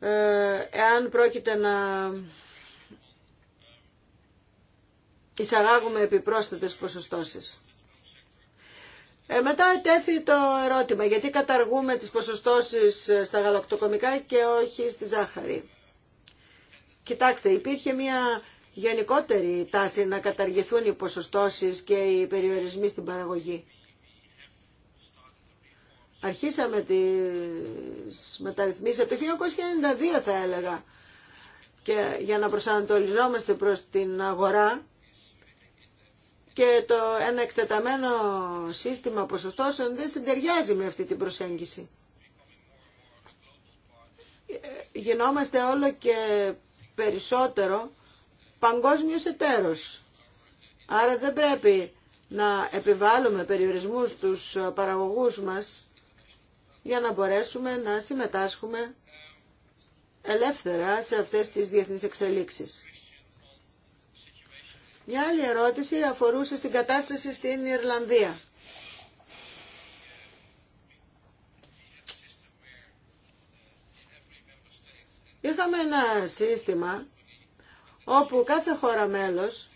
ε, εάν πρόκειται να εισαγάγουμε επιπρόσθετες ποσοστώσεις. Ε, μετά τέθη το ερώτημα γιατί καταργούμε τις ποσοστώσεις στα γαλακτοκομικά και όχι στη ζάχαρη. Κοιτάξτε, υπήρχε μια γενικότερη τάση να καταργηθούν οι ποσοστώσεις και οι περιορισμοί στην παραγωγή. Αρχίσαμε τις μεταρρυθμίσεις από το 1992 θα έλεγα και για να προσανατολιζόμαστε προς την αγορά και το ένα εκτεταμένο σύστημα ποσοστώσεων δεν συντεριάζει με αυτή την προσέγγιση. Γινόμαστε όλο και περισσότερο παγκόσμιος εταίρος. Άρα δεν πρέπει να επιβάλλουμε περιορισμούς στους παραγωγούς μας για να μπορέσουμε να συμμετάσχουμε ελεύθερα σε αυτές τις διεθνείς εξελίξεις. Μια άλλη ερώτηση αφορούσε στην κατάσταση στην Ιρλανδία. Είχαμε ένα σύστημα όπου κάθε χώρα μέλος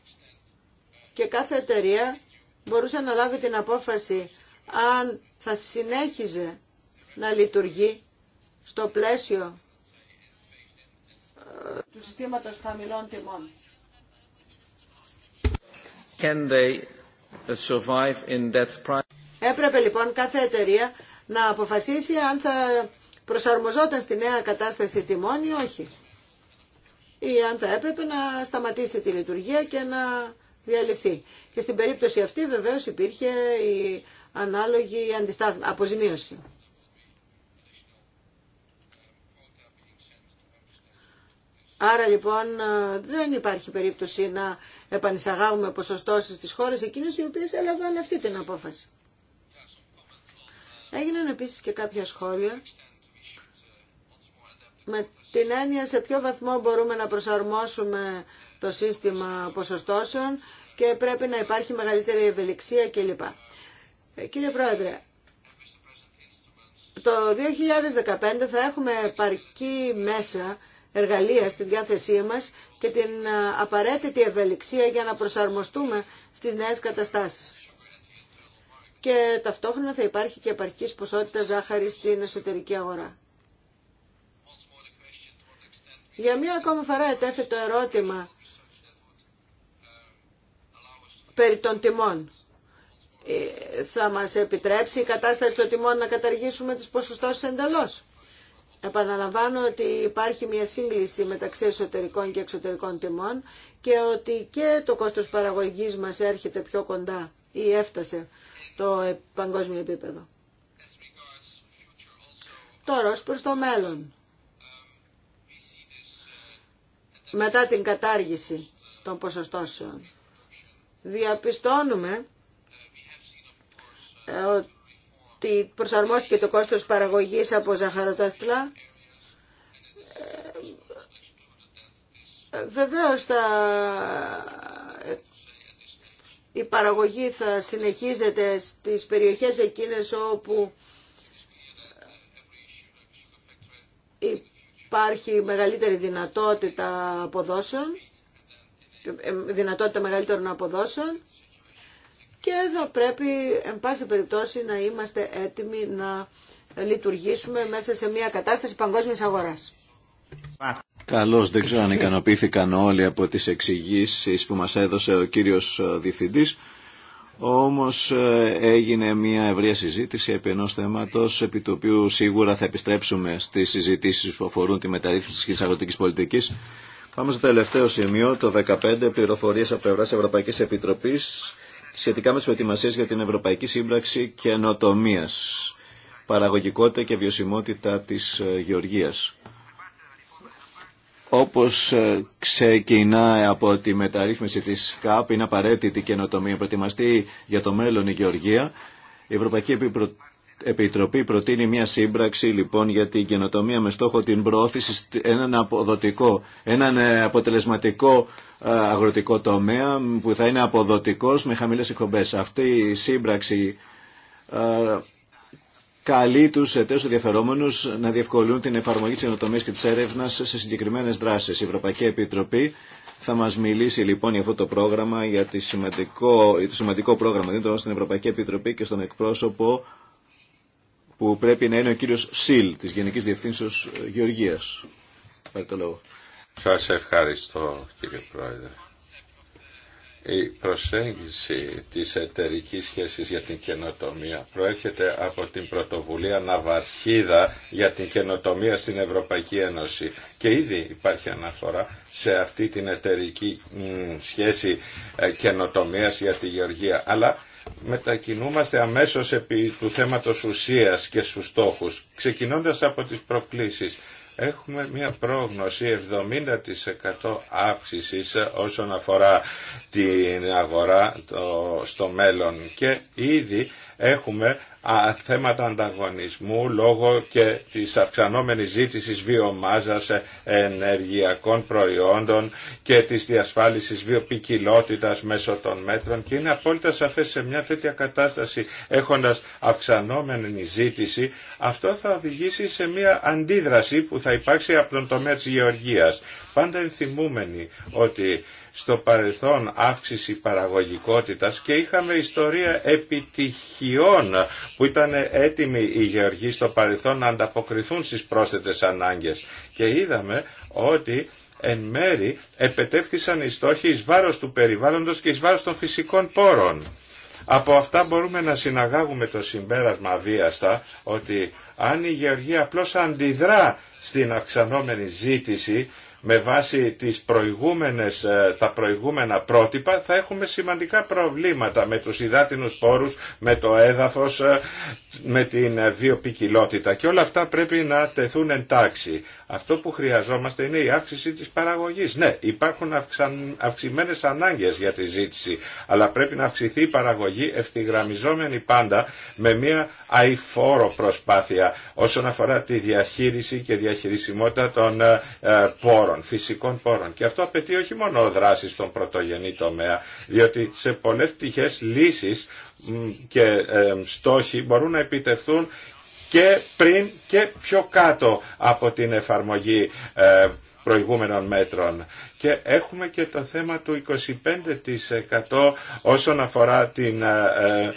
και κάθε εταιρεία μπορούσε να λάβει την απόφαση αν θα συνέχιζε να λειτουργεί στο πλαίσιο ε, του συστήματος χαμηλών τιμών can they uh, survive Έπρεπε λοιπόν κάθε εταιρεία να αποφασίσει αν θα προσαρμοζόταν στη νέα κατάσταση τιμών ή όχι. Ή αν θα έπρεπε να σταματήσει τη λειτουργία και να διαλυθεί. Και στην περίπτωση αυτή βεβαίως υπήρχε η ανάλογη αποζημίωση. Άρα λοιπόν ε, δεν υπάρχει περίπτωση να επανεισαγάγουμε ποσοστώσεις στις χώρες εκείνες οι οποίες έλαβαν αυτή την απόφαση. Έγιναν επίσης και κάποια σχόλια με την έννοια σε ποιο βαθμό μπορούμε να προσαρμόσουμε το σύστημα ποσοστώσεων και πρέπει να υπάρχει μεγαλύτερη ευελιξία κλπ. Ε, κύριε Πρόεδρε, το 2015 θα έχουμε επαρκή μέσα εργαλεία στην διάθεσή μας και την απαραίτητη ευελιξία για να προσαρμοστούμε στις νέες καταστάσεις. Και ταυτόχρονα θα υπάρχει και επαρκής ποσότητα ζάχαρη στην εσωτερική αγορά. Για μία ακόμα φορά ετέθε το ερώτημα περί των τιμών. Ε, θα μας επιτρέψει η κατάσταση των τιμών να καταργήσουμε τις ποσοστώσεις εντελώς. Επαναλαμβάνω ότι υπάρχει μια σύγκληση μεταξύ εσωτερικών και εξωτερικών τιμών και ότι και το κόστος παραγωγής μας έρχεται πιο κοντά ή έφτασε το παγκόσμιο επίπεδο. Τώρα, ως προς το μέλλον, μετά την κατάργηση των ποσοστώσεων, διαπιστώνουμε ότι ε, ότι προσαρμόστηκε το κόστος παραγωγής από ζαχαροτάθλα. Ε, βεβαίως ε, η παραγωγή θα συνεχίζεται στις περιοχές εκείνες όπου υπάρχει μεγαλύτερη δυνατότητα αποδόσεων, ε, δυνατότητα μεγαλύτερων αποδόσεων και εδώ πρέπει, εν πάση περιπτώσει, να είμαστε έτοιμοι να λειτουργήσουμε μέσα σε μια κατάσταση παγκόσμιας αγοράς. Καλώ δεν ξέρω αν ικανοποιήθηκαν όλοι από τι εξηγήσει που μα έδωσε ο κύριο ε, Διευθυντή. Όμω ε, έγινε μια ευρεία συζήτηση επί ενό θέματο, επί του οποίου σίγουρα θα επιστρέψουμε στι συζητήσει που αφορούν τη μεταρρύθμιση τη αγροτική πολιτική. Πάμε στο τελευταίο σημείο, το 15, πληροφορίε από πλευρά Ευρωπαϊκή Επιτροπή σχετικά με τι προετοιμασίες για την Ευρωπαϊκή Σύμπραξη Καινοτομία, παραγωγικότητα και βιωσιμότητα της ε, γεωργία. Όπως ε, ξεκινά από τη μεταρρύθμιση της ΚΑΠ, είναι απαραίτητη η καινοτομία. Προετοιμαστεί για το μέλλον η γεωργία. Η Ευρωπαϊκή Επιτροπή προτείνει μια σύμπραξη λοιπόν για την καινοτομία με στόχο την προώθηση έναν αποδοτικό, έναν ε, αποτελεσματικό ε, αγροτικό τομέα που θα είναι αποδοτικός με χαμηλές εκπομπές. Αυτή η σύμπραξη ε, καλεί τους εταίρους ενδιαφερόμενους να διευκολύνουν την εφαρμογή της ενοτομίας και της έρευνας σε συγκεκριμένες δράσεις. Η Ευρωπαϊκή Επιτροπή θα μας μιλήσει λοιπόν για αυτό το πρόγραμμα, για σημαντικό, το σημαντικό πρόγραμμα δίνοντας στην Ευρωπαϊκή Επιτροπή και στον εκπρόσωπο που πρέπει να είναι ο κύριος Σιλ της Γενικής Διευθύνσεως Γεωργίας. Πάρε το λόγο. Σας ευχαριστώ κύριε Πρόεδρε. Η προσέγγιση της εταιρική σχέσης για την καινοτομία προέρχεται από την πρωτοβουλία Ναυαρχίδα για την καινοτομία στην Ευρωπαϊκή Ένωση και ήδη υπάρχει αναφορά σε αυτή την εταιρική σχέση ε, καινοτομίας για τη γεωργία. Αλλά μετακινούμαστε αμέσως επί του θέματος ουσίας και στους στόχους, ξεκινώντας από τις προκλήσεις έχουμε μια πρόγνωση 70% αύξησης όσον αφορά την αγορά στο μέλλον και ήδη έχουμε θέματα ανταγωνισμού λόγω και της αυξανόμενης ζήτησης βιομάζας ε, ενεργειακών προϊόντων και της διασφάλισης βιοπικιλότητας μέσω των μέτρων και είναι απόλυτα σαφές σε μια τέτοια κατάσταση έχοντας αυξανόμενη ζήτηση αυτό θα οδηγήσει σε μια αντίδραση που θα υπάρξει από τον τομέα της γεωργίας. Πάντα ενθυμούμενοι ότι στο παρελθόν αύξηση παραγωγικότητας και είχαμε ιστορία επιτυχιών που ήταν έτοιμοι οι γεωργοί στο παρελθόν να ανταποκριθούν στις πρόσθετες ανάγκες. Και είδαμε ότι εν μέρη επετέφθησαν οι στόχοι εις βάρος του περιβάλλοντος και εις βάρος των φυσικών πόρων. Από αυτά μπορούμε να συναγάγουμε το συμπέρασμα βίαστα ότι αν η γεωργία απλώς αντιδρά στην αυξανόμενη ζήτηση με βάση τις προηγούμενες, ε, τα προηγούμενα πρότυπα θα έχουμε σημαντικά προβλήματα με τους υδάτινους πόρους, με το έδαφος, ε, με την ε, βιοπικιλότητα και όλα αυτά πρέπει να τεθούν εν τάξη. Αυτό που χρειαζόμαστε είναι η αύξηση της παραγωγής. Ναι, υπάρχουν αυξημένες ανάγκες για τη ζήτηση, αλλά πρέπει να αυξηθεί η παραγωγή ευθυγραμμιζόμενη πάντα με μια αϊφόρο προσπάθεια όσον αφορά τη διαχείριση και διαχειρισιμότητα των ε, ε, πόρων, φυσικών πόρων. Και αυτό απαιτεί όχι μόνο δράση στον πρωτογενή τομέα, διότι σε πολλές πτυχές λύσεις και ε, στόχοι μπορούν να επιτευχθούν και πριν και πιο κάτω από την εφαρμογή ε, προηγούμενων μέτρων. Και έχουμε και το θέμα του 25% όσον αφορά την ε,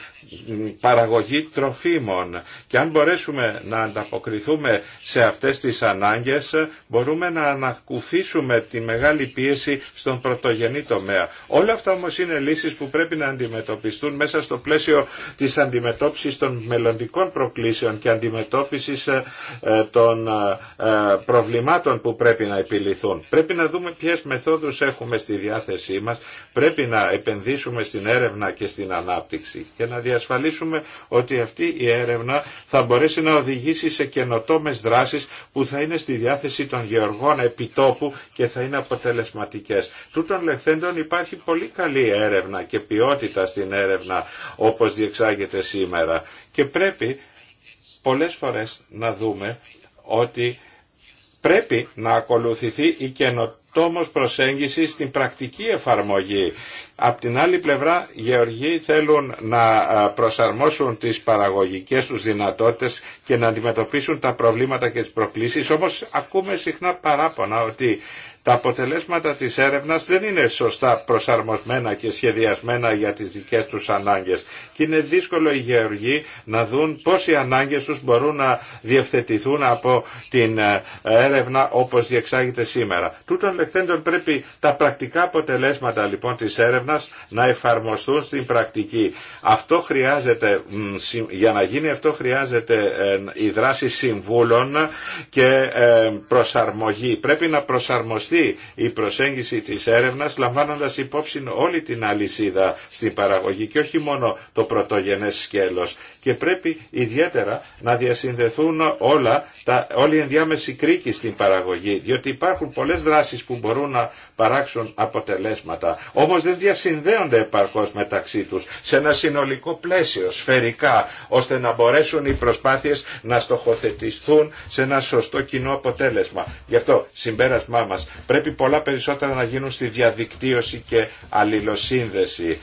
παραγωγή τροφίμων. Και αν μπορέσουμε να ανταποκριθούμε σε αυτές τις ανάγκες, μπορούμε να ανακουφίσουμε τη μεγάλη πίεση στον πρωτογενή τομέα. Όλα αυτά όμως είναι λύσεις που πρέπει να αντιμετωπιστούν μέσα στο πλαίσιο της αντιμετώπισης των μελλοντικών προκλήσεων και αντιμετώπισης ε, ε, των προβλημάτων που πρέπει να επιλύσουμε Πρέπει να δούμε ποιες μεθόδους έχουμε στη διάθεσή μας, πρέπει να επενδύσουμε στην έρευνα και στην ανάπτυξη και να διασφαλίσουμε ότι αυτή η έρευνα θα μπορέσει να οδηγήσει σε καινοτόμες δράσεις που θα είναι στη διάθεση των γεωργών επιτόπου και θα είναι αποτελεσματικές. Τούτων λεχθέντων υπάρχει πολύ καλή έρευνα και ποιότητα στην έρευνα όπως διεξάγεται σήμερα και πρέπει πολλές φορές να δούμε ότι πρέπει να ακολουθηθεί η καινοτόμος προσέγγιση στην πρακτική εφαρμογή. Απ' την άλλη πλευρά, γεωργοί θέλουν να προσαρμόσουν τις παραγωγικές τους δυνατότητες και να αντιμετωπίσουν τα προβλήματα και τις προκλήσεις, όμως ακούμε συχνά παράπονα ότι τα αποτελέσματα της έρευνας δεν είναι σωστά προσαρμοσμένα και σχεδιασμένα για τις δικές τους ανάγκες και είναι δύσκολο οι γεωργοί να δουν πώς οι ανάγκες τους μπορούν να διευθετηθούν από την ε, έρευνα όπως διεξάγεται σήμερα. Τούτων λεχθέντων πρέπει τα πρακτικά αποτελέσματα λοιπόν της έρευνας να εφαρμοστούν στην πρακτική. Αυτό χρειάζεται, για να γίνει αυτό χρειάζεται ε, η δράση συμβούλων και ε, προσαρμογή. Πρέπει να προσαρμοστεί η προσέγγιση της έρευνας λαμβάνοντας υπόψη όλη την αλυσίδα στην παραγωγή και όχι μόνο το πρωτογενές σκέλος. Και πρέπει ιδιαίτερα να διασυνδεθούν όλα, τα, όλοι οι ενδιάμεση κρίκοι στην παραγωγή, διότι υπάρχουν πολλές δράσεις που μπορούν να παράξουν αποτελέσματα. Όμως δεν διασυνδέονται επαρκώς μεταξύ τους σε ένα συνολικό πλαίσιο, σφαιρικά, ώστε να μπορέσουν οι προσπάθειες να στοχοθετηθούν σε ένα σωστό κοινό αποτέλεσμα. Γι' αυτό συμπέρασμά μας πρέπει πολλά περισσότερα να γίνουν στη διαδικτύωση και αλληλοσύνδεση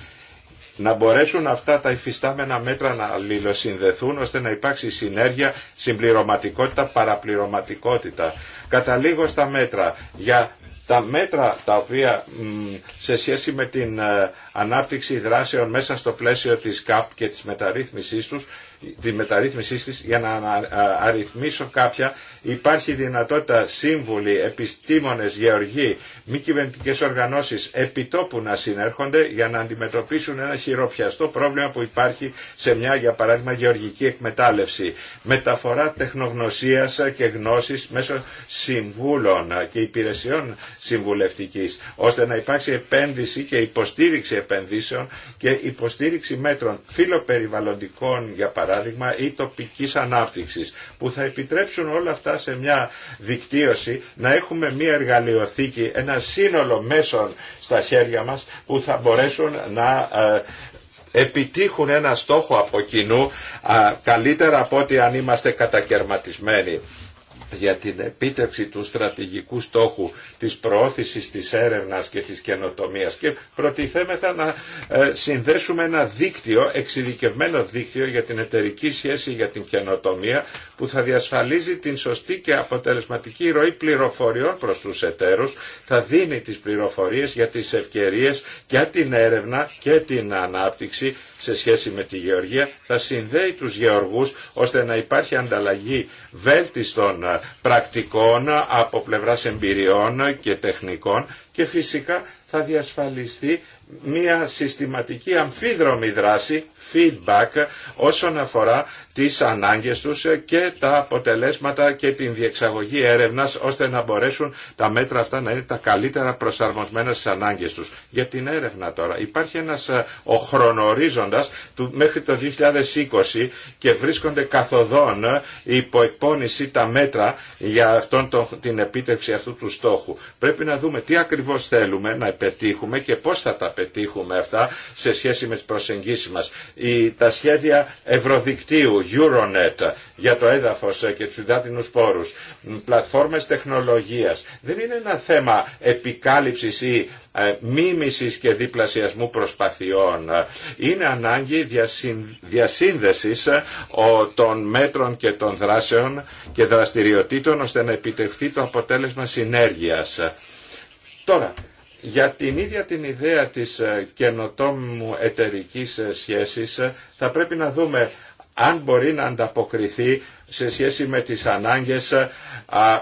να μπορέσουν αυτά τα υφιστάμενα μέτρα να αλληλοσυνδεθούν ώστε να υπάρξει συνέργεια, συμπληρωματικότητα, παραπληρωματικότητα. Καταλήγω στα μέτρα για τα μέτρα τα οποία σε σχέση με την ε, ανάπτυξη δράσεων μέσα στο πλαίσιο της ΚΑΠ και της μεταρρύθμισής τους, τη μεταρρύθμισής της για να ε, αριθμίσω κάποια υπάρχει δυνατότητα σύμβουλοι, επιστήμονες, γεωργοί μη κυβερνητικέ οργανώσεις επιτόπου να συνέρχονται για να αντιμετωπίσουν ένα χειροπιαστό πρόβλημα που υπάρχει σε μια για παράδειγμα γεωργική εκμετάλλευση. Μεταφορά τεχνογνωσίας και γνώσης μέσω συμβούλων και υπηρεσιών συμβουλευτική, ώστε να υπάρξει επένδυση και υποστήριξη επενδύσεων και υποστήριξη μέτρων φιλοπεριβαλλοντικών για παράδειγμα ή τοπική ανάπτυξη, που θα επιτρέψουν όλα αυτά σε μια δικτύωση να έχουμε μια εργαλειοθήκη, ένα σύνολο μέσων στα χέρια μας που θα μπορέσουν να ε, επιτύχουν ένα στόχο από κοινού καλύτερα από ότι αν είμαστε κατακαιρματισμένοι για την επίτευξη του στρατηγικού στόχου της προώθησης της έρευνας και της καινοτομίας και προτιθέμεθα να ε, συνδέσουμε ένα δίκτυο, εξειδικευμένο δίκτυο για την εταιρική σχέση για την καινοτομία που θα διασφαλίζει την σωστή και αποτελεσματική ροή πληροφοριών προς τους εταίρους, θα δίνει τις πληροφορίες για τις ευκαιρίες για την έρευνα και την ανάπτυξη σε σχέση με τη γεωργία θα συνδέει τους γεωργούς ώστε να υπάρχει ανταλλαγή βέλτιστων ε, πρακτικών ε, από πλευράς εμπειριών και τεχνικών και φυσικά θα διασφαλιστεί μια συστηματική αμφίδρομη δράση, feedback, ε, όσον αφορά τις ανάγκες τους ε, και τα αποτελέσματα και την διεξαγωγή έρευνας ώστε να μπορέσουν τα μέτρα αυτά να είναι τα καλύτερα προσαρμοσμένα στις ανάγκες τους. Για την έρευνα τώρα υπάρχει ένας ε, ο χρονορίζοντας του μέχρι το 2020 και βρίσκονται καθοδόν ε, υπό εκπόνηση τα μέτρα για αυτόν τον, την επίτευξη αυτού του στόχου. Πρέπει να δούμε τι ακριβώς θέλουμε να πετύχουμε και πώς θα τα πετύχουμε αυτά σε σχέση με τις προσεγγίσεις μας. Η, τα σχέδια ευρωδικτύου Euronet για το έδαφος ε, και τους υδάτινους πόρους, πλατφόρμες τεχνολογίας. Δεν είναι ένα θέμα επικάλυψης ή ε, μίμησης και διπλασιασμού προσπαθειών. Είναι ανάγκη διασύνδεσης ε, των μέτρων και των δράσεων και δραστηριοτήτων ώστε να επιτευχθεί το αποτέλεσμα συνέργειας. Τώρα, για την ίδια την ιδέα της καινοτόμου εταιρικής σχέσης θα πρέπει να δούμε αν μπορεί να ανταποκριθεί σε σχέση με τις ανάγκες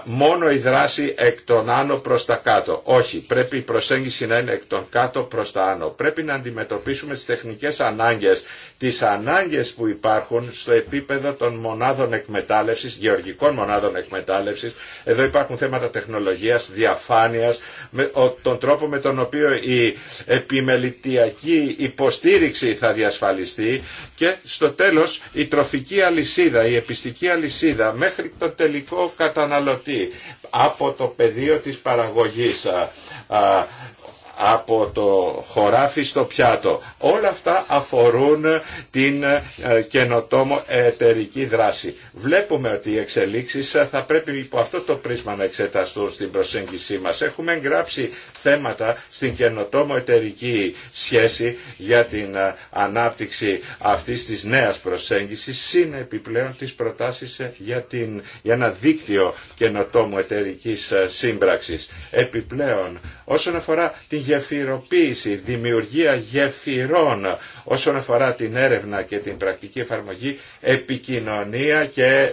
μόνο η δράση εκ των άνω προς τα κάτω. Όχι, πρέπει η προσέγγιση να είναι εκ των κάτω προς τα άνω. Πρέπει να αντιμετωπίσουμε τις τεχνικές ανάγκες, τις ανάγκες που υπάρχουν στο επίπεδο των μονάδων εκμετάλλευσης, γεωργικών μονάδων εκμετάλλευσης. Εδώ υπάρχουν θέματα τεχνολογίας, διαφάνειας, τον τρόπο με τον οποίο η επιμελητιακή υποστήριξη θα διασφαλιστεί και στο τέλος η τροφική αλυσίδα, η επιστική αλυσίδα μέχρι το τελικό καταναλωτή από το πεδίο της παραγωγής από το χωράφι στο πιάτο. Όλα αυτά αφορούν την ε, καινοτόμο εταιρική δράση. Βλέπουμε ότι οι εξελίξεις ε, θα πρέπει υπό αυτό το πρίσμα να εξεταστούν στην προσέγγισή μας. Έχουμε εγγράψει θέματα στην καινοτόμο εταιρική σχέση για την ε, ανάπτυξη αυτής της νέας προσέγγισης συν επιπλέον τις προτάσεις ε, για, την, για ένα δίκτυο καινοτόμο εταιρικής ε, σύμπραξης. Επιπλέον όσον αφορά την γεφυροποίηση, δημιουργία γεφυρών όσον αφορά την έρευνα και την πρακτική εφαρμογή, επικοινωνία και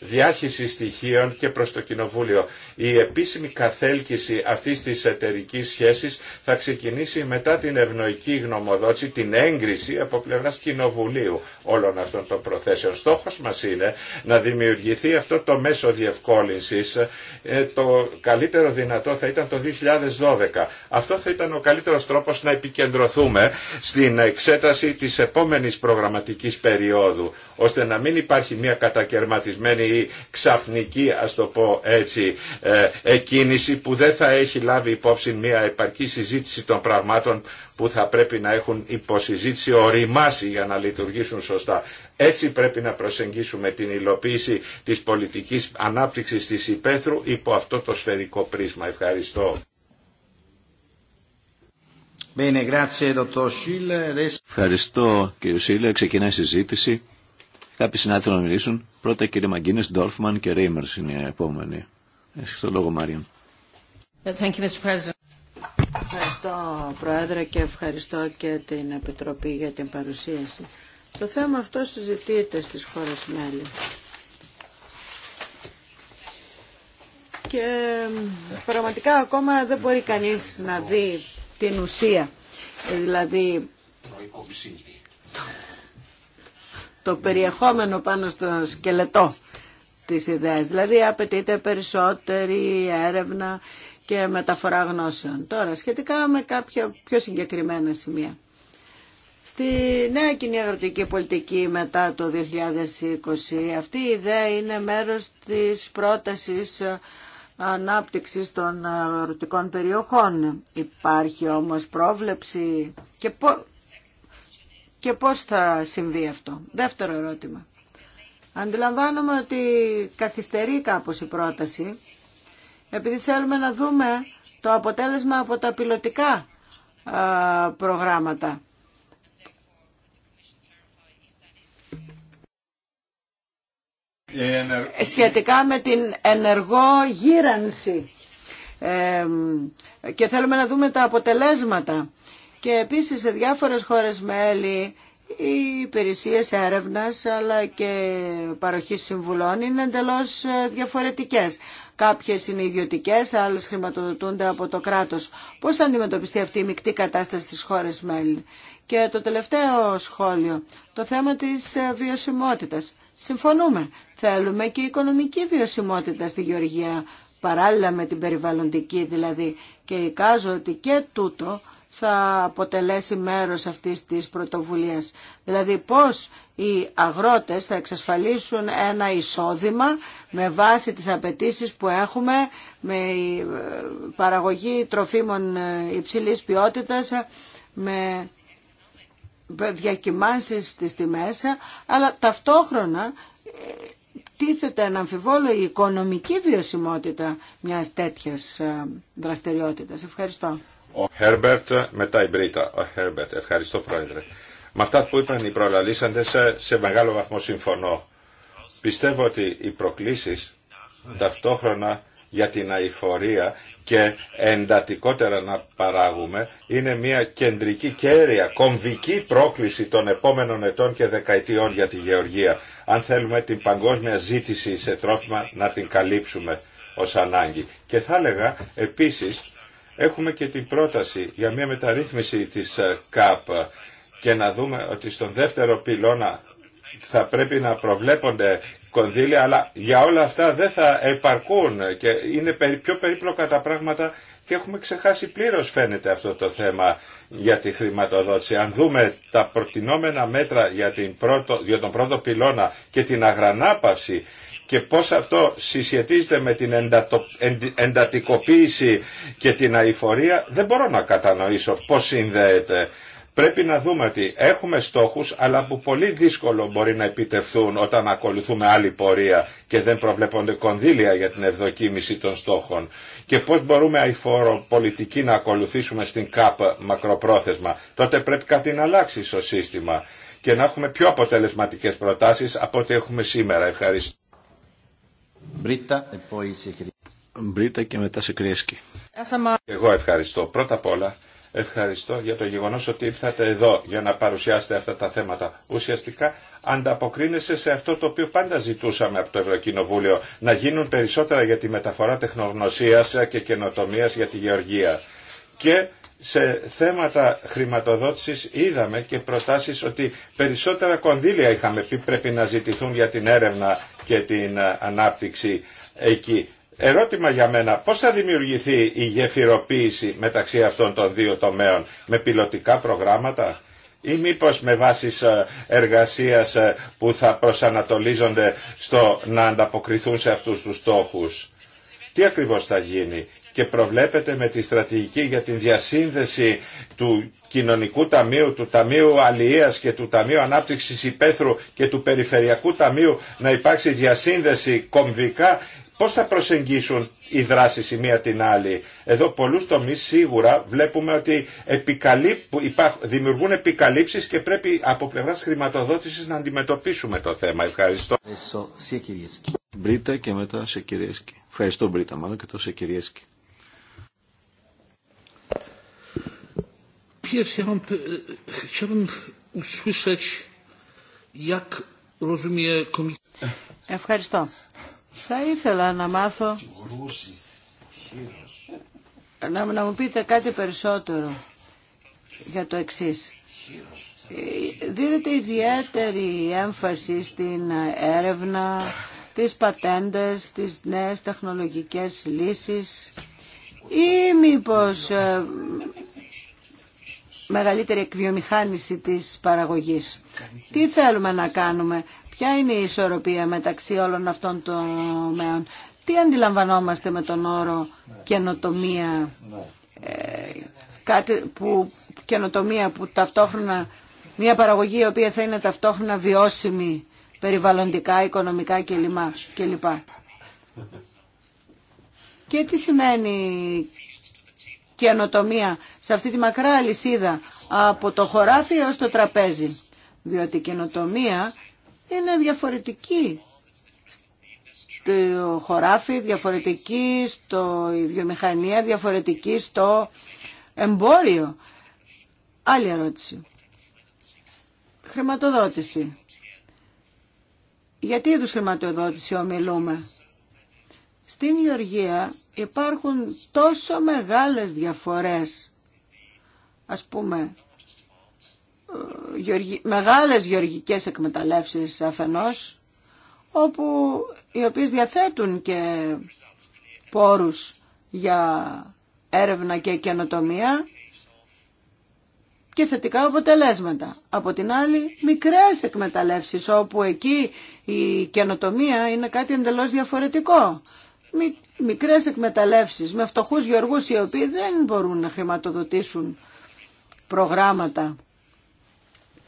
διάχυση στοιχείων και προς το Κοινοβούλιο. Η επίσημη καθέλκυση αυτής της εταιρική σχέσης θα ξεκινήσει μετά την ευνοϊκή γνωμοδότηση, την έγκριση από πλευράς Κοινοβουλίου όλων αυτών των προθέσεων. Στόχος μας είναι να δημιουργηθεί αυτό το μέσο διευκόλυνσης. Ε, το καλύτερο δυνατό θα ήταν το 2012. Αυτό θα ήταν ο καλύτερος τρόπος να επικεντρωθούμε στην εξέταση εξέταση της επόμενης προγραμματικής περίοδου, ώστε να μην υπάρχει μια κατακαιρματισμένη ή ξαφνική, ας το πω έτσι, ε, εκκίνηση που δεν θα έχει λάβει υπόψη μια επαρκή συζήτηση των πραγμάτων που θα πρέπει να έχουν υποσυζήτηση οριμάσει για να λειτουργήσουν σωστά. Έτσι πρέπει να προσεγγίσουμε την υλοποίηση της πολιτικής ανάπτυξης της υπαίθρου υπό αυτό το σφαιρικό πρίσμα. Ευχαριστώ. Ευχαριστώ κύριε Σίλε. Ξεκινάει η συζήτηση. Κάποιοι συνάδελφοι να μιλήσουν. Πρώτα κύριε Μαγκίνε, Ντόρφμαν και Ρέιμερ είναι οι επόμενοι. Έχει το λόγο, Μάριον. Ευχαριστώ, Πρόεδρε, και ευχαριστώ και την Επιτροπή για την παρουσίαση. Το θέμα αυτό συζητείται στις χώρες μέλη. Και πραγματικά ακόμα δεν μπορεί κανείς να δει την ουσία. Δηλαδή, το, το περιεχόμενο πάνω στο σκελετό της ιδέας. Δηλαδή, απαιτείται περισσότερη έρευνα και μεταφορά γνώσεων. Τώρα, σχετικά με κάποια πιο συγκεκριμένα σημεία. Στη νέα κοινή αγροτική πολιτική μετά το 2020, αυτή η ιδέα είναι μέρος της πρότασης ανάπτυξης των αγροτικών περιοχών. Υπάρχει όμως πρόβλεψη και, πο... και πώς θα συμβεί αυτό. Δεύτερο ερώτημα. Αντιλαμβάνομαι ότι καθυστερεί κάπως η πρόταση επειδή θέλουμε να δούμε το αποτέλεσμα από τα πιλωτικά προγράμματα. σχετικά με την ενεργό γύρανση και θέλουμε να δούμε τα αποτελέσματα. Και επίσης σε διάφορες χώρες μέλη οι υπηρεσίε έρευνα αλλά και παροχή συμβουλών είναι εντελώς ε, διαφορετικές. Κάποιες είναι ιδιωτικέ, άλλε χρηματοδοτούνται από το κράτος. Πώ θα αντιμετωπιστεί αυτή η μεικτή κατάσταση στις χώρε μέλη. Και το τελευταίο σχόλιο, το θέμα της ε, βιωσιμότητα. Συμφωνούμε, θέλουμε και οικονομική βιωσιμότητα στη Γεωργία, παράλληλα με την περιβαλλοντική δηλαδή. Και εικάζω ότι και τούτο θα αποτελέσει μέρος αυτής της πρωτοβουλίας. Δηλαδή πώς οι αγρότες θα εξασφαλίσουν ένα εισόδημα με βάση τις απαιτήσεις που έχουμε με ε, παραγωγή τροφίμων ε, υψηλής ποιότητας, ε, με διακυμάνσεις στις τιμές, αλλά ταυτόχρονα τίθεται να αμφιβόλω η οικονομική βιωσιμότητα μιας τέτοιας δραστηριότητας. Ευχαριστώ. Ο Χέρμπερτ, μετά η Μπρίτα. Ο Χέρμπερτ, ευχαριστώ πρόεδρε. Με αυτά που είπαν οι προλαλήσαντες ε, σε μεγάλο βαθμό συμφωνώ. Πιστεύω ότι οι προκλήσεις ταυτόχρονα για την αηφορία και εντατικότερα να παράγουμε είναι μια κεντρική κέρια, κομβική πρόκληση των επόμενων ετών και δεκαετιών για τη γεωργία. Αν θέλουμε την παγκόσμια ζήτηση σε τρόφιμα να την καλύψουμε ως ανάγκη. Και θα έλεγα επίσης Έχουμε και την πρόταση για μια μεταρρύθμιση της ε, ΚΑΠ και να δούμε ότι στον δεύτερο πυλώνα θα πρέπει να προβλέπονται κονδύλια, αλλά για όλα αυτά δεν θα επαρκούν και είναι πιο περίπλοκα τα πράγματα και έχουμε ξεχάσει πλήρως φαίνεται αυτό το θέμα για τη χρηματοδότηση. Αν δούμε τα προτινόμενα μέτρα για, την πρώτο, για τον πρώτο πυλώνα και την αγρανάπαυση και πώς αυτό συσχετίζεται με την εντατο, εν, εντατικοποίηση και την αηφορία δεν μπορώ να κατανοήσω πώς συνδέεται. Πρέπει να δούμε ότι έχουμε στόχους αλλά που πολύ δύσκολο μπορεί να επιτευθούν όταν ακολουθούμε άλλη πορεία και δεν προβλέπονται κονδύλια για την ευδοκίμηση των στόχων και πώς μπορούμε αηφόρο να ακολουθήσουμε στην ΚΑΠ μακροπρόθεσμα. Τότε πρέπει κάτι να αλλάξει στο σύστημα και να έχουμε πιο αποτελεσματικές προτάσεις από ό,τι έχουμε σήμερα. Ευχαριστώ. Ε, Μπρίτα, και μετά σε κρίσκι. Εγώ ευχαριστώ. Πρώτα απ' όλα ευχαριστώ για το γεγονός ότι ήρθατε εδώ για να παρουσιάσετε αυτά τα θέματα. Ουσιαστικά ανταποκρίνεσαι σε αυτό το οποίο πάντα ζητούσαμε από το Ευρωκοινοβούλιο, να γίνουν περισσότερα για τη μεταφορά τεχνογνωσίας και καινοτομίας για τη γεωργία. Και σε θέματα χρηματοδότησης είδαμε και προτάσεις ότι περισσότερα κονδύλια είχαμε πει πρέπει να ζητηθούν για την έρευνα και την ε, ανάπτυξη εκεί. Ερώτημα για μένα, πώς θα δημιουργηθεί η γεφυροποίηση μεταξύ αυτών των δύο τομέων, με πιλωτικά προγράμματα ή μήπως με βάση ε, εργασίας ε, που θα προσανατολίζονται στο να ανταποκριθούν σε αυτούς τους στόχους. Τι ακριβώς θα γίνει και προβλέπεται με τη στρατηγική για την διασύνδεση του Κοινωνικού Ταμείου, του Ταμείου Αλληλείας και του Ταμείου Ανάπτυξης υπαίθρου και του Περιφερειακού Ταμείου να υπάρξει διασύνδεση κομβικά Πώς θα προσεγγίσουν οι δράσεις η μία την άλλη. Εδώ πολλούς τομείς σίγουρα βλέπουμε ότι δημιουργούν επικαλύψεις και πρέπει από πλευράς χρηματοδότησης να αντιμετωπίσουμε το θέμα. Ευχαριστώ. Μπρίτα και μετά Ευχαριστώ Μπρίτα μάλλον και το Σεκυριέσκη. Ευχαριστώ. Θα ήθελα να μάθω να, μου πείτε κάτι περισσότερο για το εξή. Ε, Δίνεται ιδιαίτερη έμφαση στην έρευνα, τις πατέντες, τις νέες τεχνολογικές λύσεις ή μήπως ε, μεγαλύτερη εκβιομηχάνηση της παραγωγής. Τι θέλουμε να κάνουμε, ποια είναι η ισορροπία μεταξύ όλων αυτών των μέων. Τι αντιλαμβανόμαστε με τον όρο καινοτομία, ε, κάτι που, καινοτομία που ταυτόχρονα, μια παραγωγή η οποία θα είναι ταυτόχρονα βιώσιμη περιβαλλοντικά, οικονομικά κλπ. Και τι σημαίνει καινοτομία σε αυτή τη μακρά αλυσίδα από το χωράφι έως το τραπέζι. Διότι η καινοτομία είναι διαφορετική στο χωράφι, διαφορετική στο βιομηχανία, διαφορετική στο εμπόριο. Άλλη ερώτηση. Χρηματοδότηση. Γιατί είδους χρηματοδότηση ομιλούμε στην Γεωργία υπάρχουν τόσο μεγάλες διαφορές, ας πούμε, ε, μεγάλες γεωργικές εκμεταλλεύσεις αφενός, όπου οι οποίες διαθέτουν και πόρους για έρευνα και καινοτομία και θετικά αποτελέσματα. Από την άλλη, μικρές εκμεταλλεύσεις, όπου εκεί η καινοτομία είναι κάτι εντελώς διαφορετικό μικρές εκμεταλλεύσεις με φτωχούς γεωργούς οι οποίοι δεν μπορούν να χρηματοδοτήσουν προγράμματα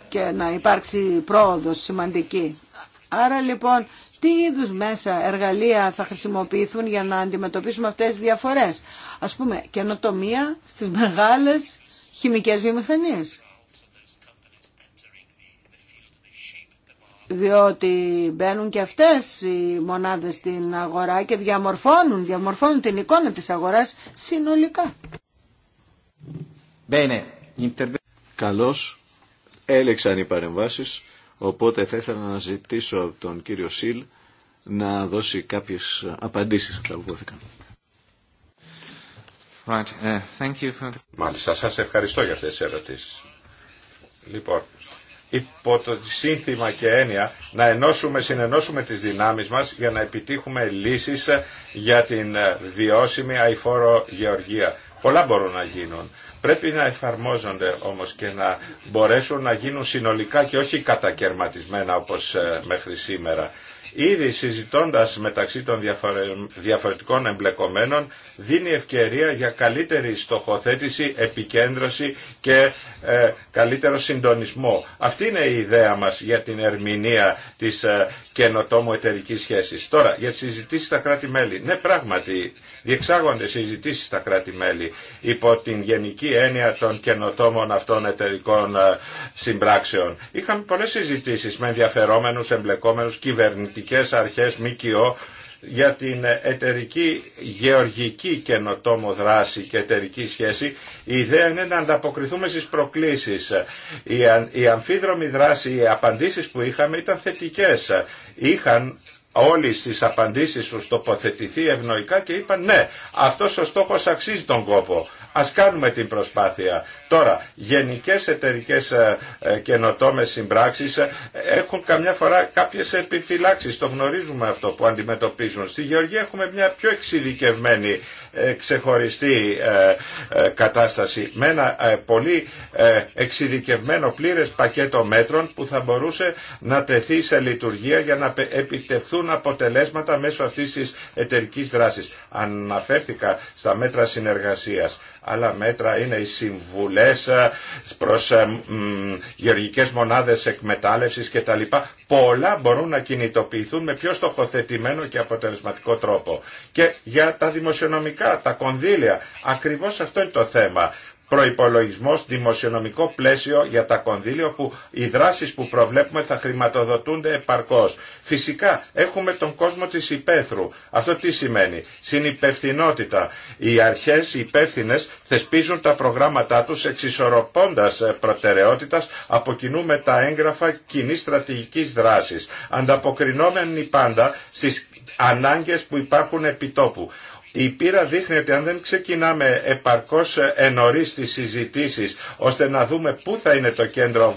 και να υπάρξει πρόοδος σημαντική. Άρα λοιπόν τι είδους μέσα εργαλεία θα χρησιμοποιηθούν για να αντιμετωπίσουμε αυτές τις διαφορές. Ας πούμε καινοτομία στις μεγάλες χημικές βιομηχανίες. διότι μπαίνουν και αυτές οι μονάδες στην αγορά και διαμορφώνουν, διαμορφώνουν την εικόνα της αγοράς συνολικά. Καλώς έλεξαν οι παρεμβάσεις, οπότε θα ήθελα να ζητήσω από τον κύριο Σιλ να δώσει κάποιες απαντήσεις που uh, Thank you for... Μάλιστα, σας ευχαριστώ για αυτές τις ερωτήσεις. Λοιπόν, υπό το σύνθημα και έννοια να ενώσουμε, συνενώσουμε τις δυνάμεις μας για να επιτύχουμε λύσεις για την βιώσιμη αηφόρο γεωργία. Πολλά μπορούν να γίνουν. Πρέπει να εφαρμόζονται όμως και να μπορέσουν να γίνουν συνολικά και όχι κατακαιρματισμένα όπως ε, μέχρι σήμερα ήδη συζητώντας μεταξύ των διαφορετικών εμπλεκομένων δίνει ευκαιρία για καλύτερη στοχοθέτηση, επικέντρωση και ε, καλύτερο συντονισμό. Αυτή είναι η ιδέα μας για την ερμηνεία της ε, καινοτόμου εταιρική σχέση. Τώρα, για τι συζητήσει στα κράτη-μέλη. Ναι, πράγματι, διεξάγονται συζητήσει στα κράτη-μέλη υπό την γενική έννοια των καινοτόμων αυτών εταιρικών ε, συμπράξεων. Είχαμε πολλέ συζητήσει με ενδιαφερόμενου, εμπλεκόμενου, κυβερνητικέ αρχέ, ΜΚΟ, για την εταιρική γεωργική καινοτόμο δράση και εταιρική σχέση, η ιδέα είναι να ανταποκριθούμε στις προκλήσεις. Η αμφίδρομη δράση, οι απαντήσεις που είχαμε ήταν θετικές. Είχαν όλοι στις απαντήσεις τους τοποθετηθεί ευνοϊκά και είπαν ναι, αυτός ο στόχος αξίζει τον κόπο. Ας κάνουμε την προσπάθεια. Τώρα, γενικές εταιρικές ε, ε, καινοτόμες συμπράξεις ε, έχουν καμιά φορά κάποιες επιφυλάξεις. Το γνωρίζουμε αυτό που αντιμετωπίζουν. Στη Γεωργία έχουμε μια πιο εξειδικευμένη ξεχωριστή κατάσταση με ένα πολύ εξειδικευμένο πλήρες πακέτο μέτρων που θα μπορούσε να τεθεί σε λειτουργία για να επιτευχθούν αποτελέσματα μέσω αυτής της εταιρικής δράσης. Αναφέρθηκα στα μέτρα συνεργασίας. Άλλα μέτρα είναι οι συμβουλές ε, προς ε, γεωργικές μονάδες εκμετάλλευσης κτλ. Πολλά μπορούν να κινητοποιηθούν με πιο στοχοθετημένο και αποτελεσματικό τρόπο. Και για τα δημοσιονομικά, τα κονδύλια, ακριβώς αυτό είναι το θέμα. Προπολογισμό, δημοσιονομικό πλαίσιο για τα κονδύλια που οι δράσεις που προβλέπουμε θα χρηματοδοτούνται επαρκώς. Φυσικά έχουμε τον κόσμο της υπαίθρου. Αυτό τι σημαίνει. Συνυπευθυνότητα. Οι αρχές, οι υπεύθυνε θεσπίζουν τα προγράμματά τους εξισορροπώντας ε, προτεραιότητας από κοινού με τα έγγραφα κοινή στρατηγικής δράσης. Ανταποκρινόμενοι πάντα στις ανάγκες που υπάρχουν επιτόπου. Η πείρα δείχνει ότι αν δεν ξεκινάμε επαρκώς ε, ενωρίς τις συζητήσεις ώστε να δούμε πού θα είναι το κέντρο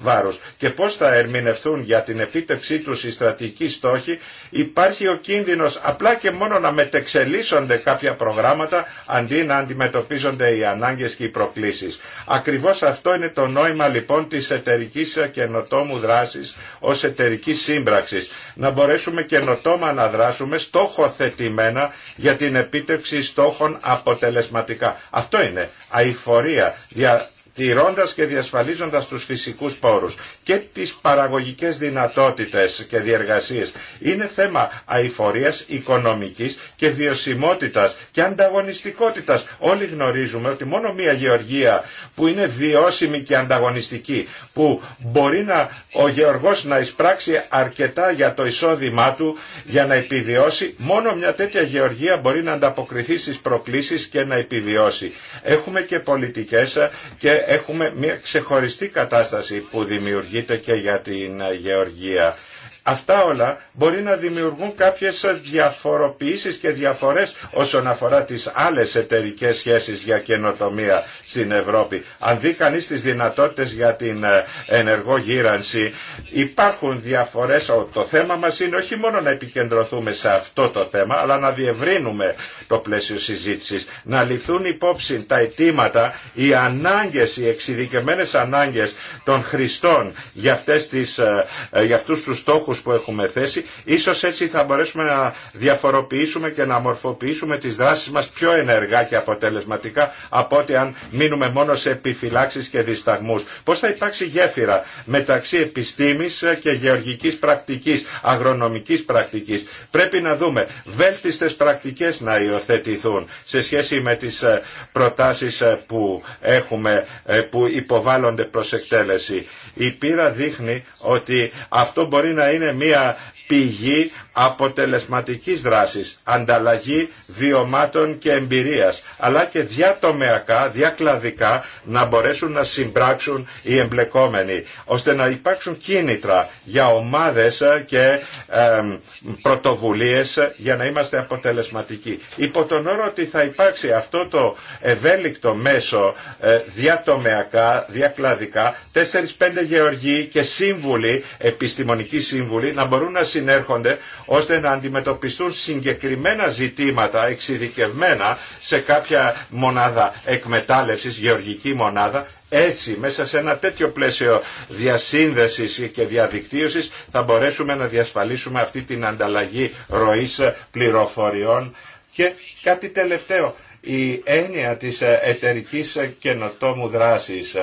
βάρος, και πώς θα ερμηνευθούν για την επίτευξή τους οι στρατηγικοί στόχοι υπάρχει ο κίνδυνος απλά και μόνο να μετεξελίσσονται κάποια προγράμματα αντί να αντιμετωπίζονται οι ανάγκες και οι προκλήσεις. Ακριβώς αυτό είναι το νόημα λοιπόν της εταιρική καινοτόμου δράσης ως εταιρική σύμπραξης. Να μπορέσουμε καινοτόμα να δράσουμε στόχοθετημένα για την επίτευξη στόχων αποτελεσματικά. Αυτό είναι αηφορία, δια, τηρώντας και διασφαλίζοντας τους φυσικούς πόρους και τις παραγωγικές δυνατότητες και διεργασίες. Είναι θέμα αηφορίας, οικονομικής και βιωσιμότητας και ανταγωνιστικότητας. Όλοι γνωρίζουμε ότι μόνο μια γεωργία που είναι βιώσιμη και ανταγωνιστική, που μπορεί να, ο γεωργός να εισπράξει αρκετά για το εισόδημά του για να επιβιώσει, μόνο μια τέτοια γεωργία μπορεί να ανταποκριθεί στις προκλήσεις και να επιβιώσει. Έχουμε και πολιτικές και έχουμε μια ξεχωριστή κατάσταση που δημιουργείται και για την ε, γεωργία Αυτά όλα μπορεί να δημιουργούν κάποιες διαφοροποιήσεις και διαφορές όσον αφορά τις άλλες εταιρικές σχέσεις για καινοτομία στην Ευρώπη. Αν δει κανείς τις δυνατότητες για την ε, ενεργό γύρανση υπάρχουν διαφορές. Το θέμα μας είναι όχι μόνο να επικεντρωθούμε σε αυτό το θέμα αλλά να διευρύνουμε το πλαίσιο συζήτησης. Να ληφθούν υπόψη τα αιτήματα, οι ανάγκες, οι εξειδικευμένες ανάγκες των χρηστών για, αυτές τις, ε, ε, για αυτούς τους που έχουμε θέσει. Ίσως έτσι θα μπορέσουμε να διαφοροποιήσουμε και να μορφοποιήσουμε τις δράσεις μας πιο ενεργά και αποτελεσματικά από ότι αν μείνουμε μόνο σε επιφυλάξεις και δισταγμούς. Πώς θα υπάρξει γέφυρα μεταξύ επιστήμης και γεωργικής πρακτικής, αγρονομικής πρακτικής. Πρέπει να δούμε βέλτιστες πρακτικές να υιοθετηθούν σε σχέση με τις ε, προτάσεις ε, που έχουμε, ε, που υποβάλλονται προς εκτέλεση. Η πείρα δείχνει ότι αυτό μπορεί να είναι είναι μια πηγή αποτελεσματικής δράσης, ανταλλαγή βιωμάτων και εμπειρίας, αλλά και διατομεακά, διακλαδικά να μπορέσουν να συμπράξουν οι εμπλεκόμενοι, ώστε να υπάρξουν κίνητρα για ομάδες και ε, πρωτοβουλίες για να είμαστε αποτελεσματικοί. Υπό τον όρο ότι θα υπάρξει αυτό το ευέλικτο μέσο ε, διατομεακά, διακλαδικά, 4-5 γεωργοί και σύμβουλοι, επιστημονικοί σύμβουλοι, να μπορούν να συνέρχονται ώστε να αντιμετωπιστούν συγκεκριμένα ζητήματα εξειδικευμένα σε κάποια μονάδα εκμετάλλευσης, γεωργική μονάδα, έτσι, μέσα σε ένα τέτοιο πλαίσιο διασύνδεσης και διαδικτύωσης θα μπορέσουμε να διασφαλίσουμε αυτή την ανταλλαγή ροής πληροφοριών και κάτι τελευταίο, η έννοια της εταιρικής καινοτόμου δράσης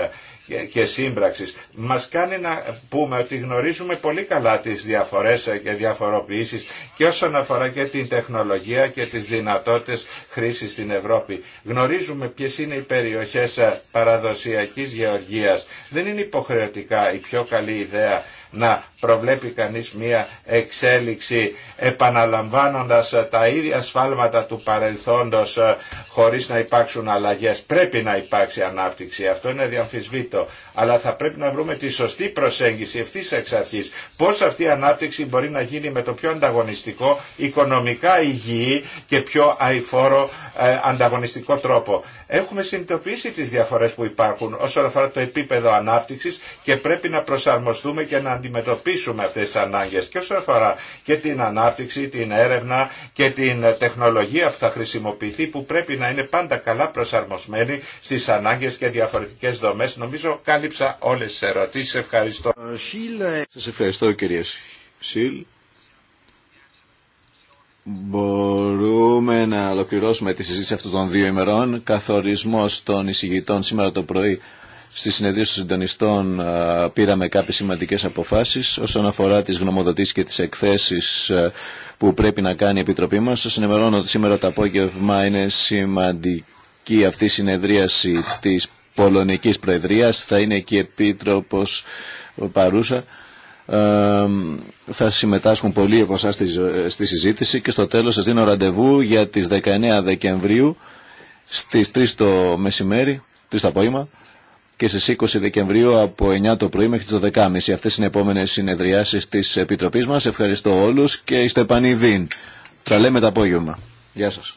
και σύμπραξης. Μας κάνει να πούμε ότι γνωρίζουμε πολύ καλά τις διαφορές και διαφοροποιήσεις και όσον αφορά και την τεχνολογία και τις δυνατότητες χρήσης στην Ευρώπη. Γνωρίζουμε ποιες είναι οι περιοχές παραδοσιακής γεωργίας. Δεν είναι υποχρεωτικά η πιο καλή ιδέα να προβλέπει κανείς μία εξέλιξη επαναλαμβάνοντας ε, τα ίδια σφάλματα του παρελθόντος ε, χωρίς να υπάρξουν αλλαγές. Πρέπει να υπάρξει ανάπτυξη, αυτό είναι διαμφισβήτο. Αλλά θα πρέπει να βρούμε τη σωστή προσέγγιση ευθύ εξ αρχής. Πώς αυτή η ανάπτυξη μπορεί να γίνει με το πιο ανταγωνιστικό, οικονομικά υγιή και πιο αηφόρο ε, ανταγωνιστικό τρόπο. Έχουμε συνειδητοποιήσει τις διαφορές που υπάρχουν όσον αφορά το επίπεδο ανάπτυξης και πρέπει να προσαρμοστούμε και να αντιμετωπίσουμε εντοπίσουμε αυτές τις ανάγκες και όσον αφορά και την ανάπτυξη, την έρευνα και την τεχνολογία που θα χρησιμοποιηθεί που πρέπει να είναι πάντα καλά προσαρμοσμένη στις ανάγκες και διαφορετικές δομές. Νομίζω κάλυψα όλες τις ερωτήσεις. Ευχαριστώ. Σας ευχαριστώ κυρία Σιλ. Μπορούμε να ολοκληρώσουμε τη συζήτηση αυτών των δύο ημερών. Καθορισμός των εισηγητών σήμερα το πρωί Στη συνεδρία των συντονιστών πήραμε κάποιες σημαντικές αποφάσεις όσον αφορά τις γνωμοδοτήσεις και τις εκθέσεις που πρέπει να κάνει η Επιτροπή μας. Σας ενημερώνω ότι σήμερα το απόγευμα είναι σημαντική αυτή η συνεδρίαση της Πολωνικής Προεδρίας. Θα είναι εκεί επίτροπος παρούσα. θα συμμετάσχουν πολλοί από εσά στη, συζήτηση και στο τέλος σας δίνω ραντεβού για τις 19 Δεκεμβρίου στις 3 το μεσημέρι, 3 το απόγευμα και στις 20 Δεκεμβρίου από 9 το πρωί μέχρι τις 12.30. Αυτές είναι οι επόμενες συνεδριάσεις της Επιτροπής μας. Ευχαριστώ όλους και είστε επανειδήν. Θα λέμε το απόγευμα. Γεια σας.